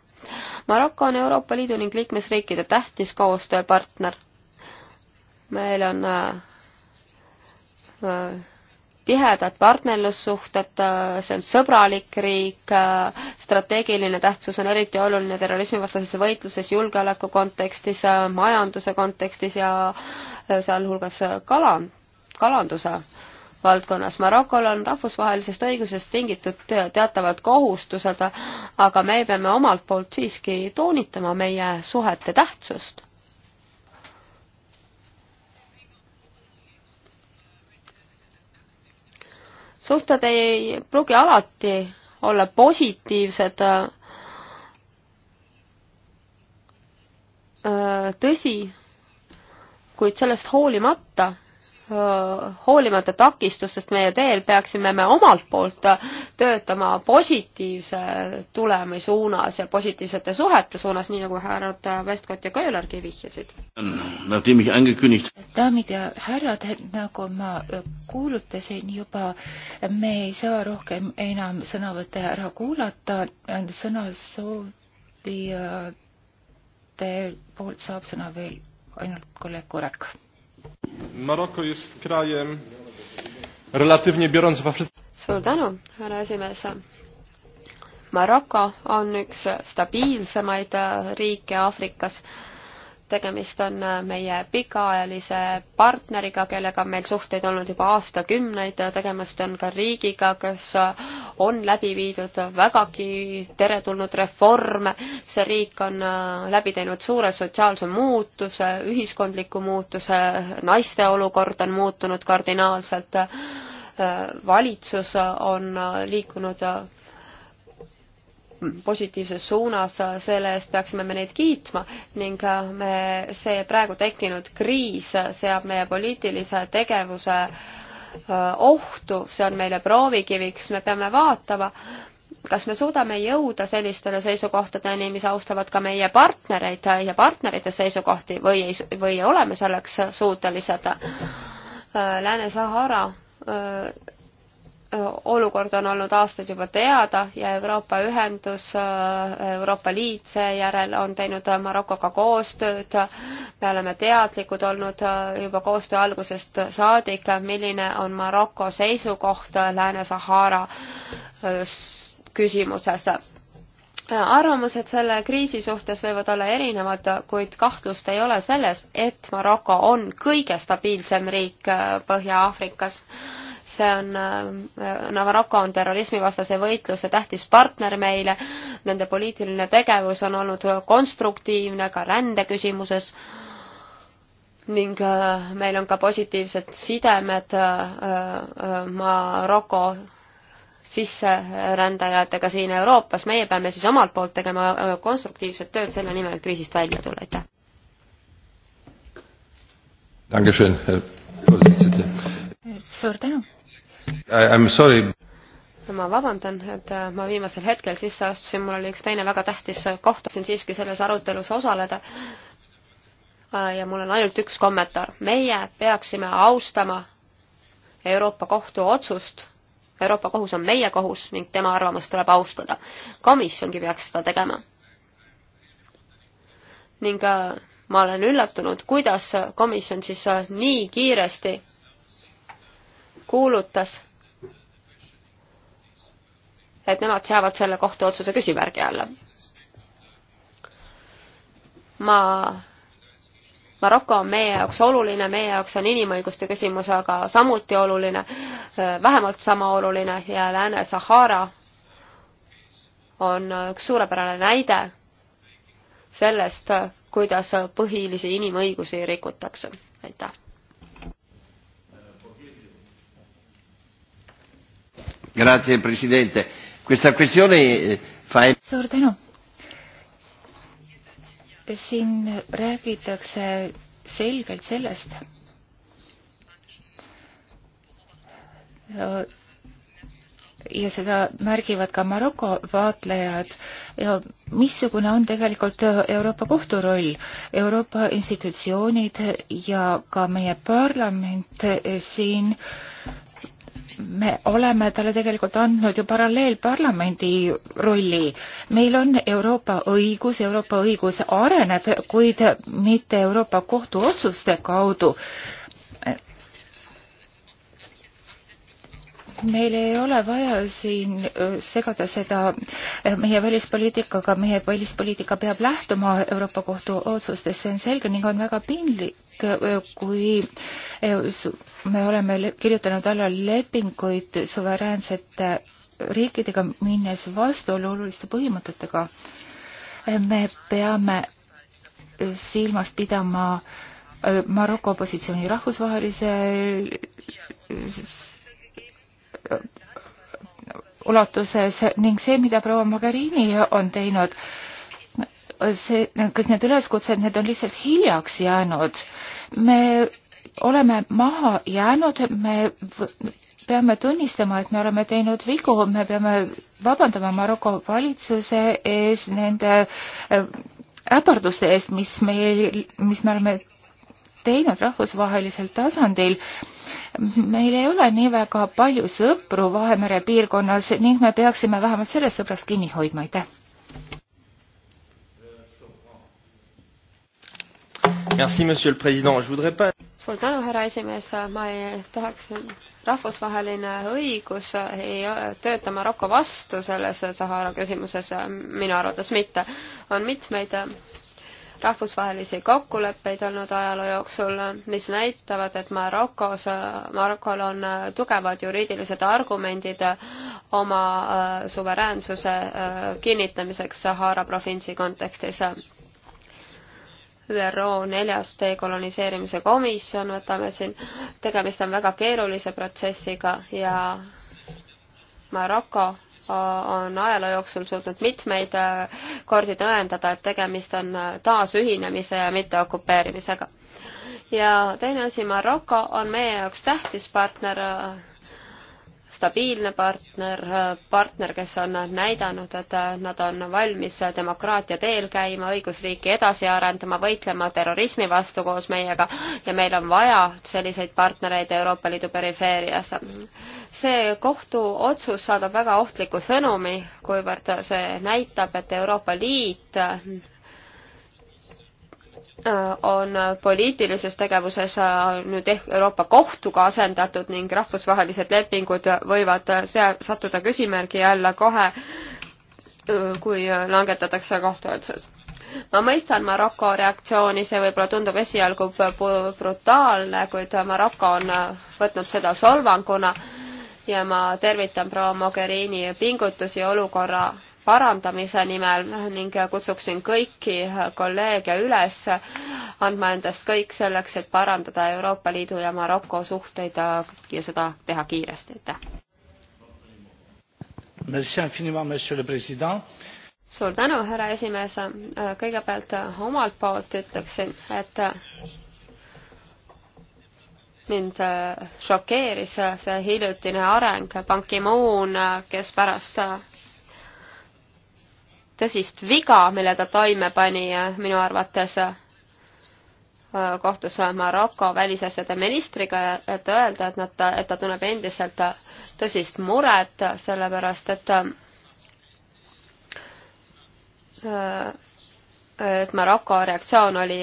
Maroko on Euroopa Liidu ning liikmesriikide tähtis koostööpartner. meil on äh, äh, tihedad partnerlussuhted, äh, see on sõbralik riik, strateegiline tähtsus on eriti oluline terrorismivastases võitluses, julgeoleku kontekstis, majanduse kontekstis ja sealhulgas kala, kalanduse valdkonnas. Marokol on rahvusvahelisest õigusest tingitud teatavad kohustused, aga me peame omalt poolt siiski toonitama meie suhete tähtsust. suhted ei pruugi alati olla positiivsed. Äh, tõsi, kuid sellest hoolimata hoolimata takistustest meie teel peaksime me omalt poolt töötama positiivse tulemi suunas ja positiivsete suhete suunas, nii nagu härrad Westcott ja Köhlergi vihjasid. daamid ja härrad, nagu ma kuulutasin juba, me ei saa rohkem enam sõnavõtte ära kuulata, sõnasoovijate poolt saab sõna veel ainult kolleeg Kurek Maroko jest krajem relatywnie biorąc w Afryce. suur tänu, härra esimees. Maroko on üks stabiilsemaid riike Aafrikas tegemist on äh, meie pikaajalise partneriga, kellega on meil suhteid olnud juba aastakümneid, tegemist on ka riigiga, kes äh, on läbi viidud vägagi teretulnud reforme, see riik on äh, läbi teinud suure sotsiaalse muutuse, ühiskondliku muutuse, naiste olukord on muutunud kardinaalselt, valitsus on liikunud positiivses suunas, selle eest peaksime me neid kiitma ning me, see praegu tekkinud kriis seab meie poliitilise tegevuse ohtu, see on meile proovikiviks, me peame vaatama, kas me suudame jõuda sellistele seisukohtadeni, mis austavad ka meie partnereid ja partnerite seisukohti või ei, või oleme selleks suutelised. Lääne-Sahara Äh, olukord on olnud aastaid juba teada ja Euroopa Ühendus, äh, Euroopa Liit seejärel on teinud äh, Marokoga koostööd. me oleme teadlikud olnud juba koostöö algusest saadik, milline on Maroko seisukoht Lääne-Sahara küsimuses. arvamused selle kriisi suhtes võivad olla erinevad, kuid kahtlust ei ole selles, et Maroko on kõige stabiilsem riik Põhja-Aafrikas see on, äh, Navaroko on terrorismivastase võitluse tähtis partner meile, nende poliitiline tegevus on olnud konstruktiivne ka rändeküsimuses ning äh, meil on ka positiivsed sidemed äh, Maroko sisserändajatega siin Euroopas, meie peame siis omalt poolt tegema konstruktiivset tööd selle nimel, et kriisist välja tulla, aitäh! suur tänu! I m sorry ma vabandan, et äh, ma viimasel hetkel sisse astusin, mul oli üks teine väga tähtis koht, tahtsin siiski selles arutelus osaleda. Äh, ja mul on ainult üks kommentaar. meie peaksime austama Euroopa Kohtu otsust. Euroopa Kohus on meie kohus ning tema arvamust tuleb austada. komisjongi peaks seda tegema. ning äh, ma olen üllatunud, kuidas komisjon siis nii kiiresti kuulutas, et nemad seavad selle kohtuotsuse küsimärgi alla. ma, Maroko on meie jaoks oluline, meie jaoks on inimõiguste küsimus aga samuti oluline, vähemalt sama oluline ja Lääne-Sahara on üks suurepärane näide sellest, kuidas põhilisi inimõigusi rikutakse. aitäh! Grazie, president. Questa questione eh, fa... suur tänu. siin räägitakse selgelt sellest, ja seda märgivad ka Maroko vaatlejad ja missugune on tegelikult Euroopa kohtu roll. Euroopa institutsioonid ja ka meie parlament siin äh, me oleme talle tegelikult andnud ju paralleelparlamendi rolli. meil on Euroopa õigus, Euroopa õigus areneb, kuid mitte Euroopa kohtuotsuste kaudu meil ei ole vaja siin äh, segada seda äh, meie välispoliitikaga, meie välispoliitika peab lähtuma Euroopa Kohtu otsustest, see on selge ning on väga piinlik, äh, kui me oleme kirjutanud alla lepinguid suveräänsete riikidega, minnes vastuollu oluliste põhimõtetega. me peame silmas pidama Maroko opositsiooni rahvusvahelisel ulatuses ning see, mida proua Mogherini on teinud, see, kõik need üleskutsed, need on lihtsalt hiljaks jäänud. me oleme maha jäänud, me peame tunnistama, et me oleme teinud vigu, me peame vabandama Maroko valitsuse ees nende äh, äparduste eest, mis meil, mis me oleme teinud rahvusvahelisel tasandil. meil ei ole nii väga palju sõpru Vahemere piirkonnas ning me peaksime vähemalt sellest sõbrast kinni hoidma, aitäh! Merci, monsieur le président. Je voudrais pas... suur tänu, härra esimees, ma ei tahaks, rahvusvaheline õigus ei tööta Maroko vastu selles Sahara küsimuses, minu arvates mitte. on mitmeid rahvusvahelisi kokkuleppeid olnud ajaloo jooksul, mis näitavad, et Marokos, Marokol on äh, tugevad juriidilised argumendid äh, oma äh, suveräänsuse kinnitamiseks Sahara provintsi kontekstis. ÜRO neljas dekoloniseerimise komisjon, võtame siin, tegemist on väga keerulise protsessiga ja Maroko on ajaloo jooksul suutnud mitmeid äh, kordi tõendada, et tegemist on äh, taasühinemise ja mitte okupeerimisega. ja teine asi, Maroko on meie jaoks tähtis partner, äh, stabiilne partner, partner, kes on näidanud, et nad on valmis demokraatia teel käima, õigusriiki edasi arendama, võitlema terrorismi vastu koos meiega ja meil on vaja selliseid partnereid Euroopa Liidu perifeerias see kohtuotsus saadab väga ohtliku sõnumi, kuivõrd see näitab, et Euroopa Liit äh, on poliitilises tegevuses äh, nüüd ehk Euroopa Kohtuga asendatud ning rahvusvahelised lepingud võivad sea-, sattuda küsimärgi alla kohe, äh, kui langetatakse kohtuotsus. ma mõistan Maroko reaktsiooni, see võib-olla tundub esialgu brutaalne, kuid Maroko on võtnud seda solvanguna ja ma tervitan proua Mogherini pingutusi olukorra parandamise nimel ning kutsuksin kõiki kolleege üles andma endast kõik selleks, et parandada Euroopa Liidu ja Maroko suhteid ja seda teha kiiresti, aitäh! suur tänu, härra esimees, kõigepealt omalt poolt ütleksin, et mind äh, šokeeris äh, see hiljutine areng, Ban Ki-moon, äh, kes pärast tõsist viga, mille ta toime pani minu arvates, kohtus Maroko välisasjade ministriga, et öelda, et nad, et ta tunneb endiselt tõsist muret, sellepärast et et Maroko reaktsioon oli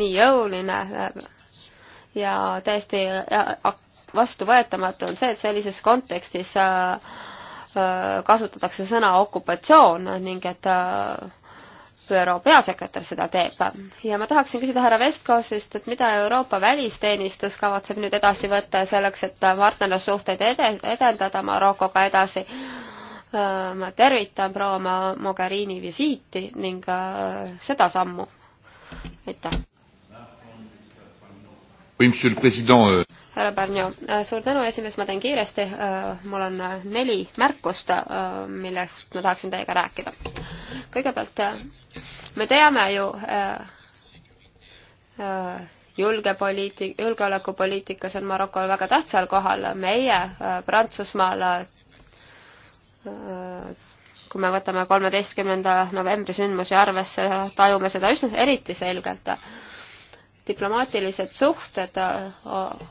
nii jõuline ja täiesti vastuvõetamatu on see, et sellises kontekstis äh, äh, kasutatakse sõna okupatsioon ning et äh, ÜRO peasekretär seda teeb. ja ma tahaksin küsida härra Vestkoosist, et mida Euroopa välisteenistus kavatseb nüüd edasi võtta selleks, et partnerlussuhteid ede-, edendada Marokoga edasi. ma tervitan proua Mogherini visiiti ning seda sammu. aitäh! Euh. härra Pärnio, äh, suur tänu, esimees, ma teen kiiresti, äh, mul on äh, neli märkust, millest ma tahaksin teiega rääkida. kõigepealt, me teame ju julgepoliitik, julgeolekupoliitikas on Marokol väga tähtsal kohal, meie Prantsusmaal kui me võtame kolmeteistkümnenda novembri sündmusi arvesse, tajume seda üsna eriti selgelt diplomaatilised suhted äh, äh,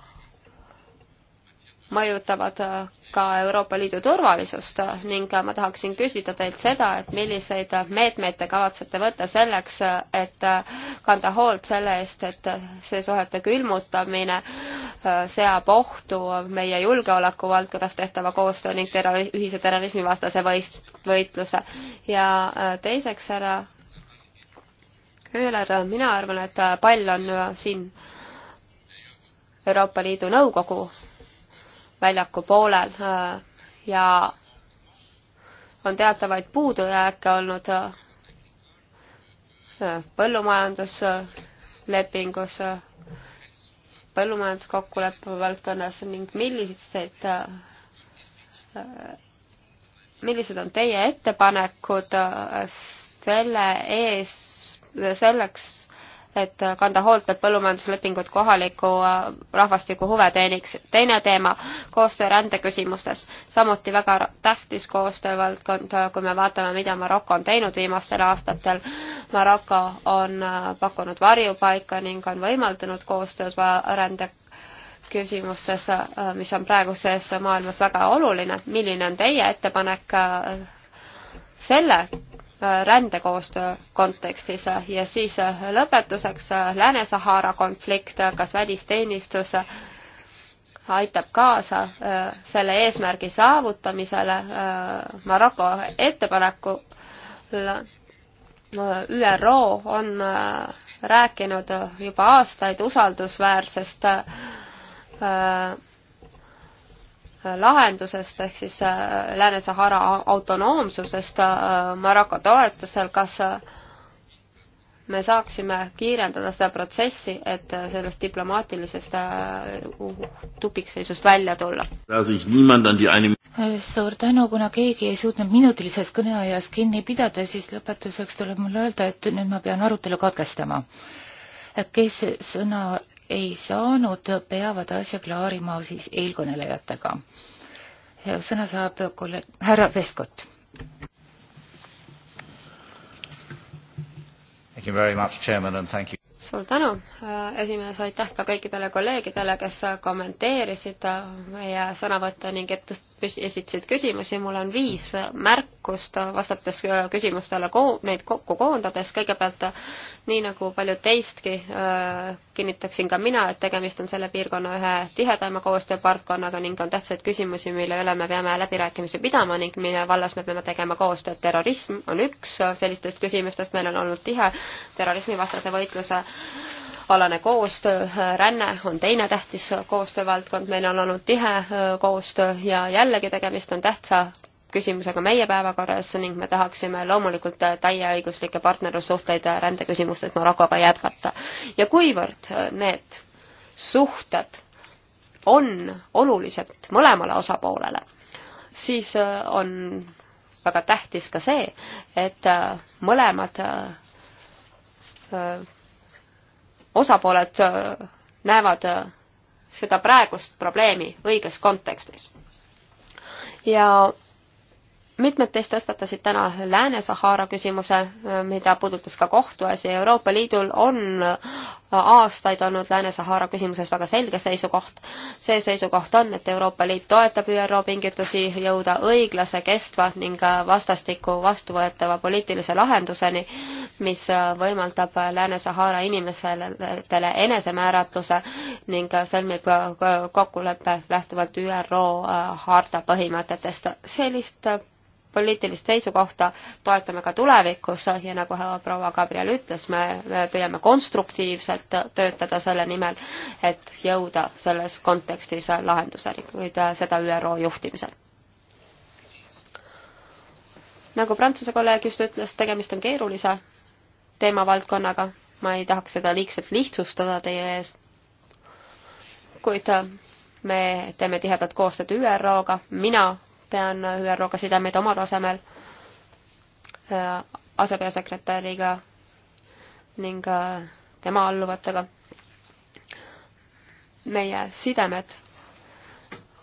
mõjutavad äh, ka Euroopa Liidu turvalisust ning ma tahaksin küsida teilt seda, et milliseid meetmeid te kavatsete võtta selleks, et kanda hoolt selle eest, et see suhete külmutamine seab ohtu meie julgeoleku valdkonnas tehtava koostöö ning terrori-, ühise terrorismivastase võist-, võitluse. ja teiseks, härra Köhler, mina arvan, et pall on äh, siin Euroopa Liidu Nõukogu väljaku poolel äh, ja on teatavaid puudujääke olnud äh, põllumajanduslepingus, põllumajanduskokkuleppe valdkonnas ning millised, millised on teie ettepanekud selle ees selleks, et kanda hoolt, et põllumajanduslepingud kohaliku äh, rahvastiku huve teeniksid. teine teema, koostöö rändeküsimustes. samuti väga tähtis koostöövaldkond, äh, kui me vaatame, mida Maroko on teinud viimastel aastatel. Maroko on äh, pakkunud varjupaika ning on võimaldanud koostööd rände küsimustes, mis on praeguses maailmas väga oluline. milline on teie ettepanek selle rändekoostöö kontekstis ja siis lõpetuseks Lääne-Sahara konflikt, kas välisteenistus aitab kaasa äh, selle eesmärgi saavutamisele äh, Maroko ettepanekul. ÜRO on äh, rääkinud juba aastaid usaldusväärsest lahendusest ehk siis äh, Lääne-Sahara autonoomsusest. Äh, Maroko toetusel, kas äh, me saaksime kiirendada seda protsessi, et sellest diplomaatilisest tupikseisust välja tulla? suur tänu, kuna keegi ei suutnud minutilisest kõneajast kinni pidada, siis lõpetuseks tuleb mul öelda, et nüüd ma pean arutelu katkestama. kes sõna ei saanud, peavad asja klaarima siis eelkõnelejatega. sõna saab kolleeg härra Vestkott. Thank you very much, Chairman, and thank you suur tänu, äh, esimees, aitäh ka kõikidele kolleegidele, kes äh, kommenteerisid äh, meie sõnavõtte ning et esitasid küsimusi. mul on viis märkust, vastates küsimustele ko-, neid kokku koondades. kõigepealt, nii nagu paljud teistki, kinnitaksin ka mina, et tegemist on selle piirkonna ühe tihedama koostööpartkonnaga ning on tähtsaid küsimusi, mille üle me peame läbirääkimisi pidama ning mille vallas me peame tegema koostööd. terrorism on üks sellistest küsimustest, meil on olnud tihe terrorismivastase võitluse alane koostöö, ränne on teine tähtis koostöövaldkond, meil on olnud tihe koostöö ja jällegi tegemist on tähtsa küsimusega meie päevakorras ning me tahaksime loomulikult täieõiguslikke partnerlussuhteid rändeküsimustes Marokoga jätkata. ja kuivõrd need suhted on olulised mõlemale osapoolele, siis on väga tähtis ka see, et mõlemad osapooled äh, näevad äh, seda praegust probleemi õiges kontekstis. ja mitmed teist tõstatasid täna Lääne-Sahara küsimuse, mida puudutas ka kohtuasi. Euroopa Liidul on aastaid olnud Lääne-Sahara küsimuses väga selge seisukoht. see seisukoht on, et Euroopa Liit toetab ÜRO pingutusi jõuda õiglase, kestva ning vastastikku vastuvõetava poliitilise lahenduseni, mis võimaldab Lääne-Sahara inimestele enesemääratluse ning sõlmib kokkuleppe lähtuvalt ÜRO harta põhimõtetest. sellist poliitilist seisukohta toetame ka tulevikus ja nagu proua Gabriel ütles, me püüame konstruktiivselt töötada selle nimel, et jõuda selles kontekstis lahenduseni, kuid äh, seda ÜRO juhtimisel. nagu Prantsuse kolleeg just ütles, tegemist on keerulise teemavaldkonnaga, ma ei tahaks seda liigselt lihtsustada teie ees, kuid äh, me teeme tihedat koostööd ÜRO-ga, mina pean ÜRO-ga sidemeid oma tasemel äh, asepeasekretäriga ning äh, tema alluvatega. meie sidemed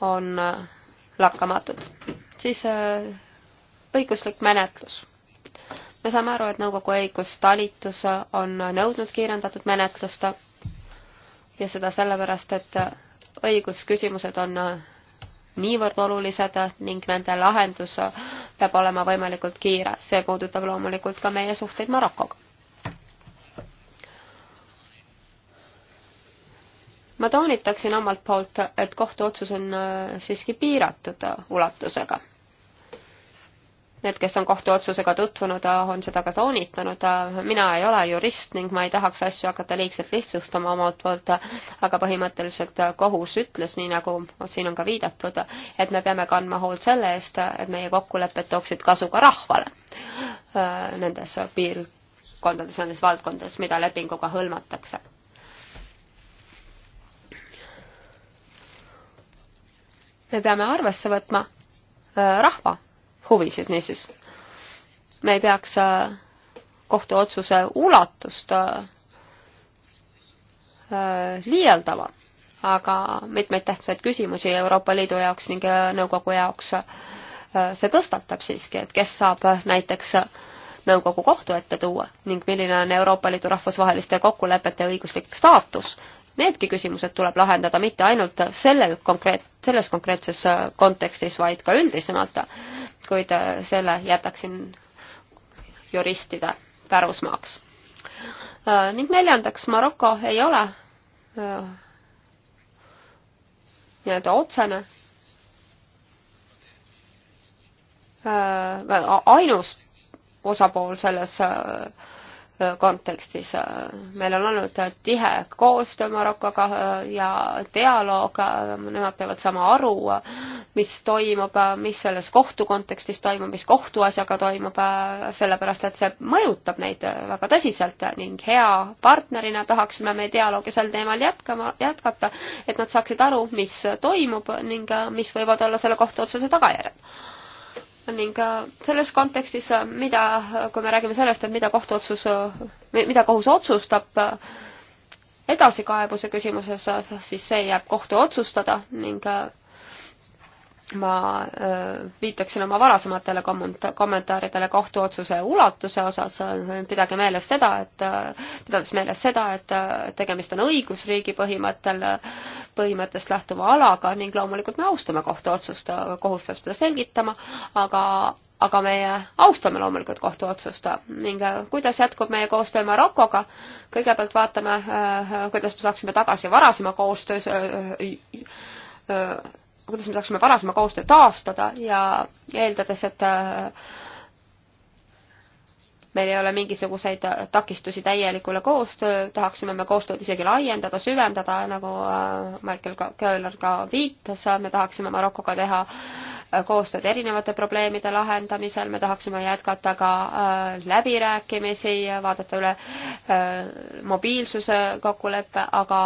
on äh, lakkamatud. siis õiguslik menetlus. me saame aru, et nõukogu õigustalitus on nõudnud kiirendatud menetlust ja seda sellepärast, et õigusküsimused on niivõrd olulised ning nende lahendus peab olema võimalikult kiire. see puudutab loomulikult ka meie suhteid Marokoga. ma toonitaksin omalt poolt, et kohtuotsus on äh, siiski piiratud ulatusega Need, kes on kohtuotsusega tutvunud, äh, on seda ka toonitanud. Äh, mina ei ole jurist ning ma ei tahaks asju hakata liigselt lihtsustama omalt poolt, äh, aga põhimõtteliselt kohus ütles, nii nagu siin on ka viidatud, et me peame kandma hoolt selle eest, et meie kokkulepped tooksid kasu ka rahvale nendes piirkondades, nendes valdkondades, mida lepinguga hõlmatakse. me peame arvesse võtma rahva huvisid niisiis. me ei peaks äh, kohtuotsuse ulatust äh, äh, liialdama, aga mitmeid tähtsaid küsimusi Euroopa Liidu jaoks ning nõukogu jaoks see tõstatab siiski, et kes saab näiteks nõukogu kohtu ette tuua ning milline on Euroopa Liidu rahvusvaheliste kokkulepete õiguslik staatus. Needki küsimused tuleb lahendada mitte ainult sellel konkreet-, selles konkreetses kontekstis, vaid ka üldisemalt kuid äh, selle jätaksin juristide pärusmaaks. Äh, ning neljandaks, Maroko ei ole äh, nii-öelda otsene ainus osapool selles Äh, kontekstis. Äh, meil on olnud tihe koostöö Marokoga äh, ja dialoog, nemad peavad saama aru, mis toimub, mis selles kohtu kontekstis toimub, mis kohtuasjaga toimub, sellepärast et see mõjutab neid väga tõsiselt ning hea partnerina tahaksime me dialoogi sel teemal jätkama, jätkata, et nad saaksid aru, mis toimub ning mis võivad olla selle kohtuotsuse tagajärjed ning äh, selles kontekstis, äh, mida, kui me räägime sellest, et mida kohtuotsus, äh, mida kohus otsustab edasikaebuse küsimuses, siis see jääb kohtu otsustada ning ma äh, viitaksin oma varasematele kommenta-, kommentaaridele kohtuotsuse ulatuse osas, pidage meeles seda, et, pidades meeles seda, et tegemist on õigusriigi põhimõttel, põhimõttest lähtuva alaga ning loomulikult me austame kohtuotsust, kohus peab seda selgitama, aga aga meie austame loomulikult kohtuotsust ning äh, kuidas jätkub meie koostöö Marokoga, kõigepealt vaatame, äh, kuidas me saaksime tagasi varasema koostöö kuidas me saaksime varasema koostöö taastada ja eeldades, et äh, meil ei ole mingisuguseid takistusi täielikule koostöö, tahaksime me koostööd isegi laiendada, süvendada, nagu äh, Michael Köhler ka viitas, me tahaksime Marokoga teha äh, koostööd erinevate probleemide lahendamisel, me tahaksime jätkata ka läbirääkimisi, vaadata üle mobiilsuse kokkuleppe, aga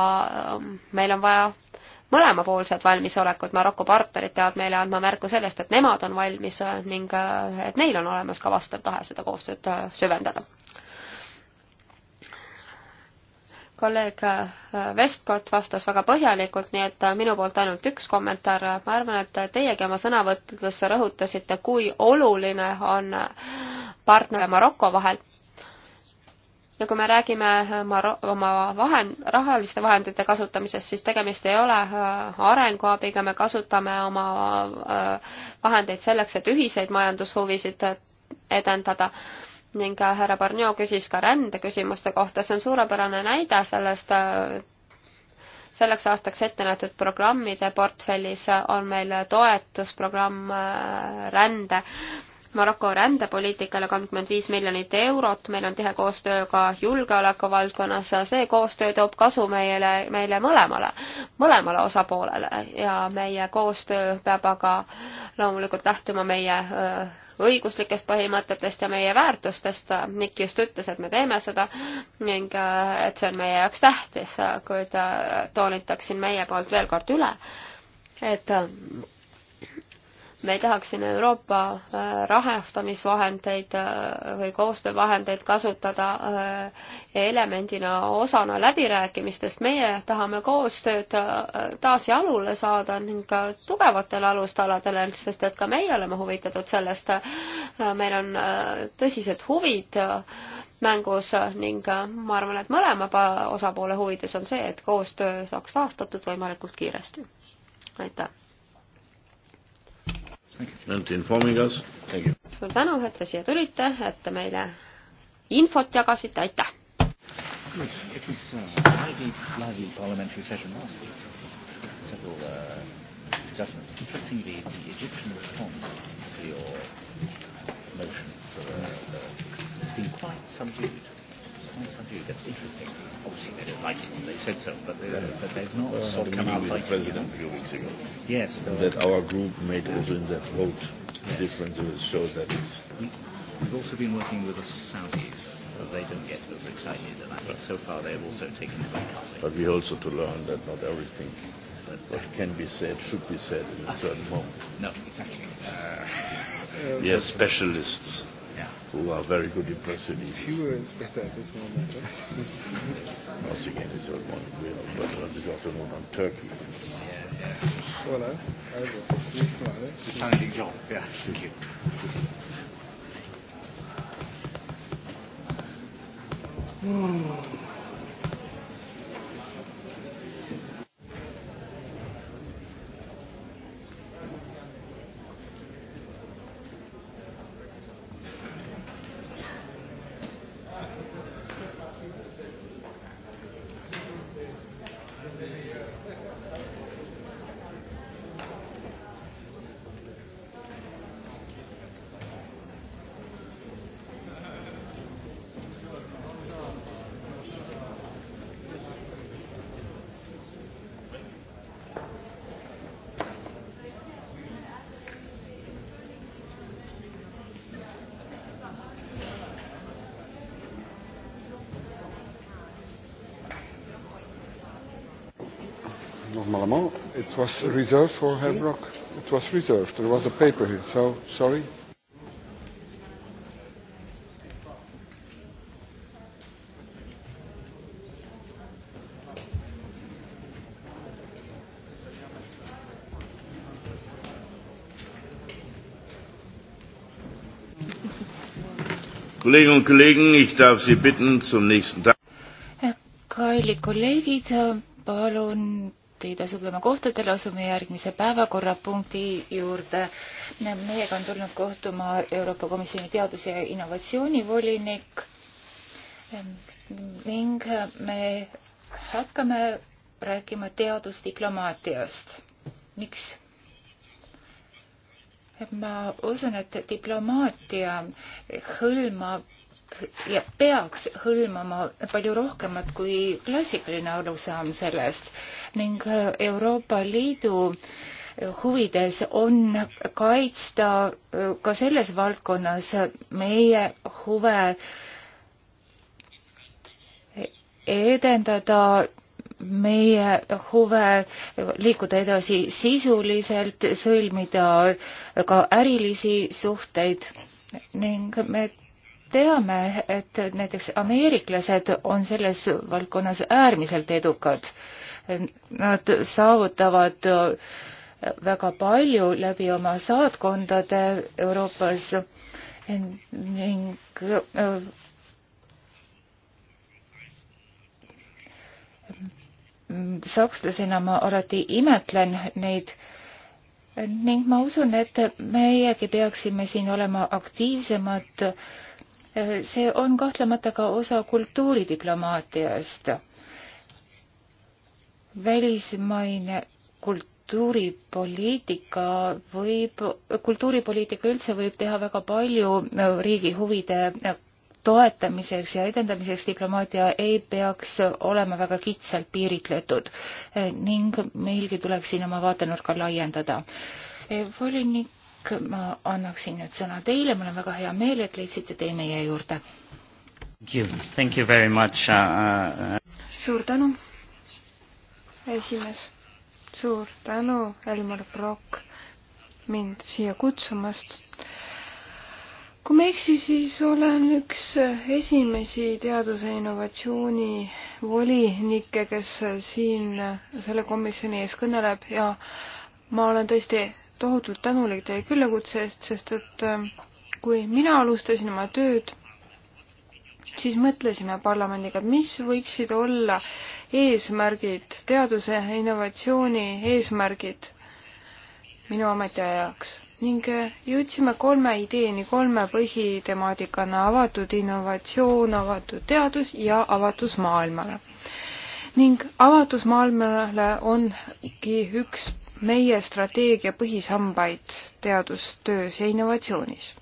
meil on vaja mõlemapoolsed valmisolekud, Maroko partnerid peavad meile andma märku sellest, et nemad on valmis äh, ning äh, et neil on olemas ka vastav tahe seda koostööd äh, süvendada. kolleeg Vestkott vastas väga põhjalikult, nii et minu poolt ainult üks kommentaar. ma arvan, et teiegi oma sõnavõttudes rõhutasite, kui oluline on partner Maroko vahel ja kui me räägime oma, äh, oma vahend, rahaliste vahendite kasutamisest, siis tegemist ei ole äh, arenguabiga, me kasutame oma äh, vahendeid selleks, et ühiseid majandushuvisid edendada ning härra Barnio küsis ka rändeküsimuste kohta, see on suurepärane näide sellest, selleks aastaks ette nähtud programmide portfellis on meil toetusprogramm rände Maroko rändepoliitikale kolmkümmend viis miljonit eurot, meil on tihe koostöö ka julgeoleku valdkonnas, see koostöö toob kasu meile, meile mõlemale, mõlemale osapoolele ja meie koostöö peab aga loomulikult lähtuma meie õiguslikest põhimõtetest ja meie väärtustest. Nick just ütles, et me teeme seda ning et see on meie jaoks tähtis, kuid toonitaksin meie poolt veel kord üle, et me tahaksime Euroopa äh, rahastamisvahendeid äh, või koostöövahendeid kasutada äh, elemendina, osana läbirääkimistest. meie tahame koostööd taas jalule saada ning ka tugevatele alustaladele, sest et ka meie oleme huvitatud sellest. meil on tõsised huvid mängus ning ma arvan, et mõlema osapoole huvides on see, et koostöö saaks taastatud võimalikult kiiresti. aitäh! suur tänu, et te siia tulite, et te meile infot jagasite, aitäh! Good. It was uh, a lively, lively parliamentary session last week. Several uh, judgments. Interestingly, the Egyptian response to your motion for, uh, uh, has been quite subdued find somebody that's interesting. Obviously, they don't like him. They said so, but, they, yeah. but they've not well, sort of come out like the president him, you know. a few weeks ago. Yes. But that our group made yeah. also in that vote. Yes. The difference shows that it's. We, we've also been working with the Saudis, so they don't get overexcited, and I think so far they've also taken it very calmly. But we also to learn that not everything what can be said should be said in a certain moment. No, exactly. Uh, yes, specialists who are very good impressionists. Fewer is better at this moment. Eh? Once again, it's all morning. We have better this afternoon on Turkey. Voilà, also bis zum nächsten Mal. Ne? Sozusagen Job, ja. Hmm. It was reserved for Herr Brock. It was reserved. There was a paper here, so sorry. Kolleginnen und Kollegen, ich darf Sie bitten, zum nächsten Tag. Kallid kolleegid, palun kõnetiides õppima kohtadele, asume järgmise päevakorrapunkti juurde. meiega on tulnud kohtuma Euroopa Komisjoni teadus- ja innovatsioonivolinik ning me hakkame rääkima teadusdiplomaatiast. miks? ma usun, et diplomaatia hõlmab ja peaks hõlmama palju rohkemat kui klassikaline arusaam sellest ning äh, Euroopa Liidu huvides on kaitsta äh, ka selles valdkonnas meie huve edendada meie huve liikuda edasi sisuliselt, sõlmida ka ärilisi suhteid ning me teame, et näiteks ameeriklased on selles valdkonnas äärmiselt edukad. Nad saavutavad väga palju läbi oma saatkondade Euroopas ning äh, sakslasena ma alati imetlen neid ning ma usun, et meiegi peaksime siin olema aktiivsemad äh, see on kahtlemata ka osa kultuuridiplomaatiast. välismaine kultuuripoliitika võib, kultuuripoliitika üldse võib teha väga palju riigi huvide toetamiseks ja edendamiseks diplomaatia ei peaks olema väga kitsalt piiritletud ning meilgi tuleks siin oma vaatenurka laiendada. volinik ma annaksin nüüd sõna teile, mul on väga hea meel, et leidsite tee meie juurde. Thank you very much uh,. Uh... suur tänu, esimees. suur tänu, Elmar Brok, mind siia kutsumast. kui ma ei eksi, siis olen üks esimesi teaduse innovatsiooni volinikke, kes siin selle komisjoni ees kõneleb ja uh, ma olen tõesti tohutult tänulik teie küllakutse eest, sest et ähm, kui mina alustasin oma tööd, siis mõtlesime parlamendiga, et mis võiksid olla eesmärgid, teaduse ja innovatsiooni eesmärgid minu ametiajaks ning äh, jõudsime kolme ideeni, kolme põhitemaatikana avatud innovatsioon, avatud teadus ja avatus maailmale ning avatus maailmale ongi üks meie strateegia põhisambaid teadustöös ja innovatsioonis.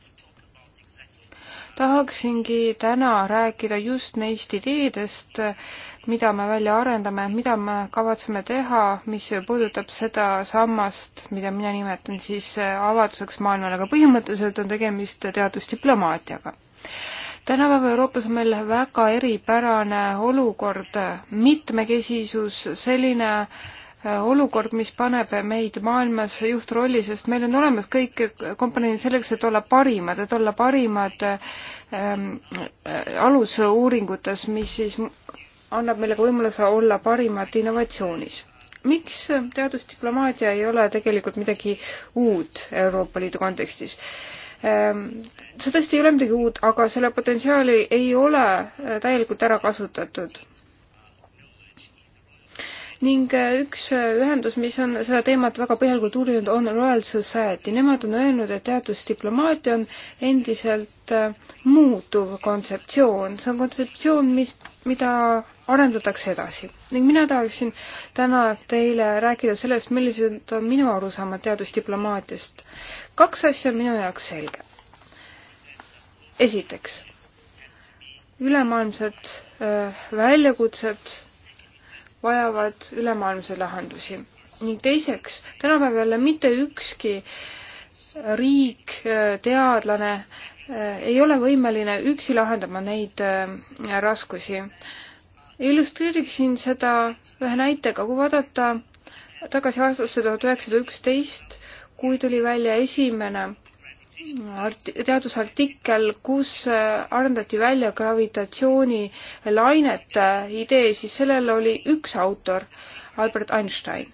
tahaksingi täna rääkida just neist ideedest, mida me välja arendame, mida me kavatseme teha, mis puudutab seda sammast, mida mina nimetan siis avatuseks maailmale, aga põhimõtteliselt on tegemist teadusdiplomaatiaga tänapäeva Euroopas on meil väga eripärane olukord, mitmekesisus, selline äh, olukord, mis paneb meid maailmas juhtrolli, sest meil on olemas kõik komponendid selleks, et olla parimad, et olla parimad ähm, äh, alusuuringutes, mis siis annab meile ka võimaluse olla parimad innovatsioonis. miks teadusdiplomaatia ei ole tegelikult midagi uut Euroopa Liidu kontekstis? Ehm, see tõesti ei ole midagi uut, aga selle potentsiaali ei ole eh, täielikult ära kasutatud. ning eh, üks eh, ühendus, mis on seda teemat väga põhjalikult uurinud, on Royal Society. Nemad on öelnud, et teadusdiplomaatia on endiselt muutuv kontseptsioon. see on kontseptsioon, mis, mida arendatakse edasi. ning mina tahaksin täna teile rääkida sellest, millised on minu arusaamad teadusdiplomaatiast kaks asja on minu jaoks selge. esiteks, ülemaailmsed äh, väljakutsed vajavad ülemaailmse lahendusi ning teiseks, tänapäeval jälle mitte ükski riik, äh, teadlane äh, ei ole võimeline üksi lahendama neid raskusi. illustreeriksin seda ühe näitega, kui vaadata tagasi aastasse tuhat üheksasada üksteist, kui tuli välja esimene art-, teadusartikkel, kus äh, arendati välja gravitatsioonilainete idee, siis sellel oli üks autor, Albert Einstein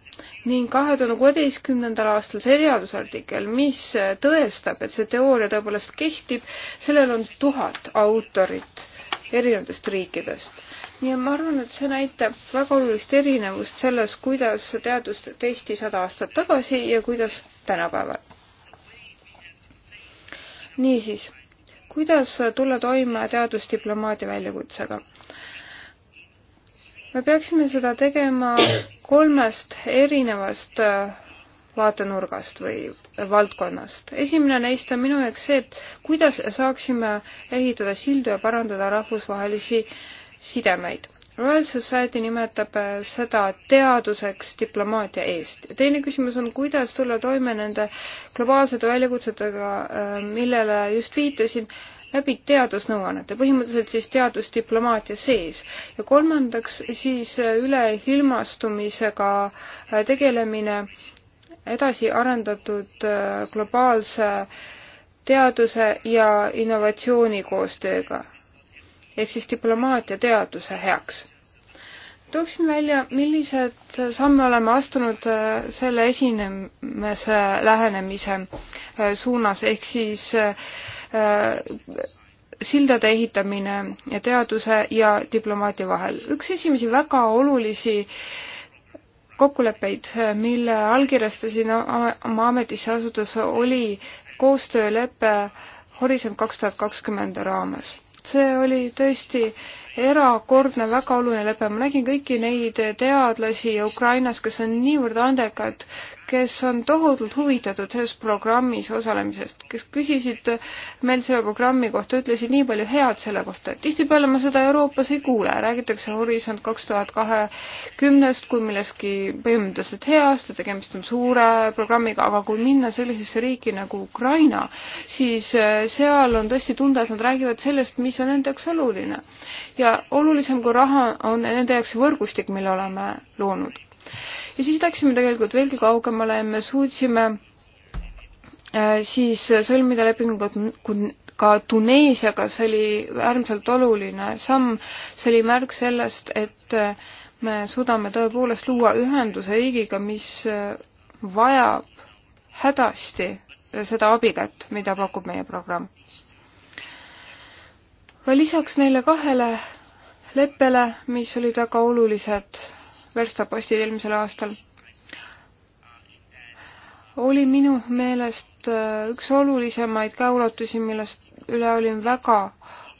ning kahe tuhande kuueteistkümnendal aastal see teadusartikkel, mis äh, tõestab, et see teooria tõepoolest kehtib, sellel on tuhat autorit erinevatest riikidest ja ma arvan, et see näitab väga olulist erinevust selles, kuidas teadust tehti sada aastat tagasi ja kuidas tänapäeval. niisiis, kuidas tulla toime teadusdiplomaatia väljakutsega? me peaksime seda tegema kolmest erinevast äh, vaatenurgast või äh, valdkonnast. esimene neist on minu jaoks see, et kuidas saaksime ehitada sildu ja parandada rahvusvahelisi äh, sidemeid. Royal Society nimetab äh, seda teaduseks diplomaatia eest. teine küsimus on, kuidas tulla toime nende globaalsete väljakutsetega, äh, millele just viitasin, läbi teadusnõuannete, põhimõtteliselt siis teadusdiplomaatia sees. ja kolmandaks siis äh, üleilmastumisega tegelemine edasi arendatud globaalse teaduse ja innovatsiooni koostööga ehk siis diplomaatia teaduse heaks. tooksin välja, millised samme oleme astunud äh, selle esinemise lähenemise äh, suunas, ehk siis äh, sildade ehitamine ja teaduse ja diplomaatia vahel. üks esimesi väga olulisi kokkuleppeid, mille allkirjastasin oma ametisse asudes, oli koostöölepe Horisont kaks tuhat kakskümmend raames see oli tõesti erakordne, väga oluline lepe. ma nägin kõiki neid teadlasi Ukrainas, kes on niivõrd andekad, kes on tohutult huvitatud selles programmis osalemisest, kes küsisid meilt selle programmi kohta, ütlesid nii palju head selle kohta. tihtipeale ma seda Euroopas ei kuule, räägitakse Horisont kaks tuhat kahekümnest kui millestki põhimõtteliselt heast ja tegemist on suure programmiga, aga kui minna sellisesse riiki nagu Ukraina, siis eh, seal on tõesti tunda, et nad räägivad sellest, mis on nende jaoks oluline. ja ja olulisem kui raha on nende jaoks võrgustik, mille oleme loonud. ja siis läksime tegelikult veelgi kaugemale ja me suutsime äh, siis sõlmida lepingut ka Tuneesiaga, see oli äärmiselt oluline samm, see oli märk sellest, et äh, me suudame tõepoolest luua ühenduse riigiga, mis äh, vajab hädasti seda abikätt, mida pakub meie programm aga lisaks neile kahele leppele, mis olid väga olulised verstapostid eelmisel aastal, oli minu meelest äh, üks olulisemaid käeulatusi, millest üle olin väga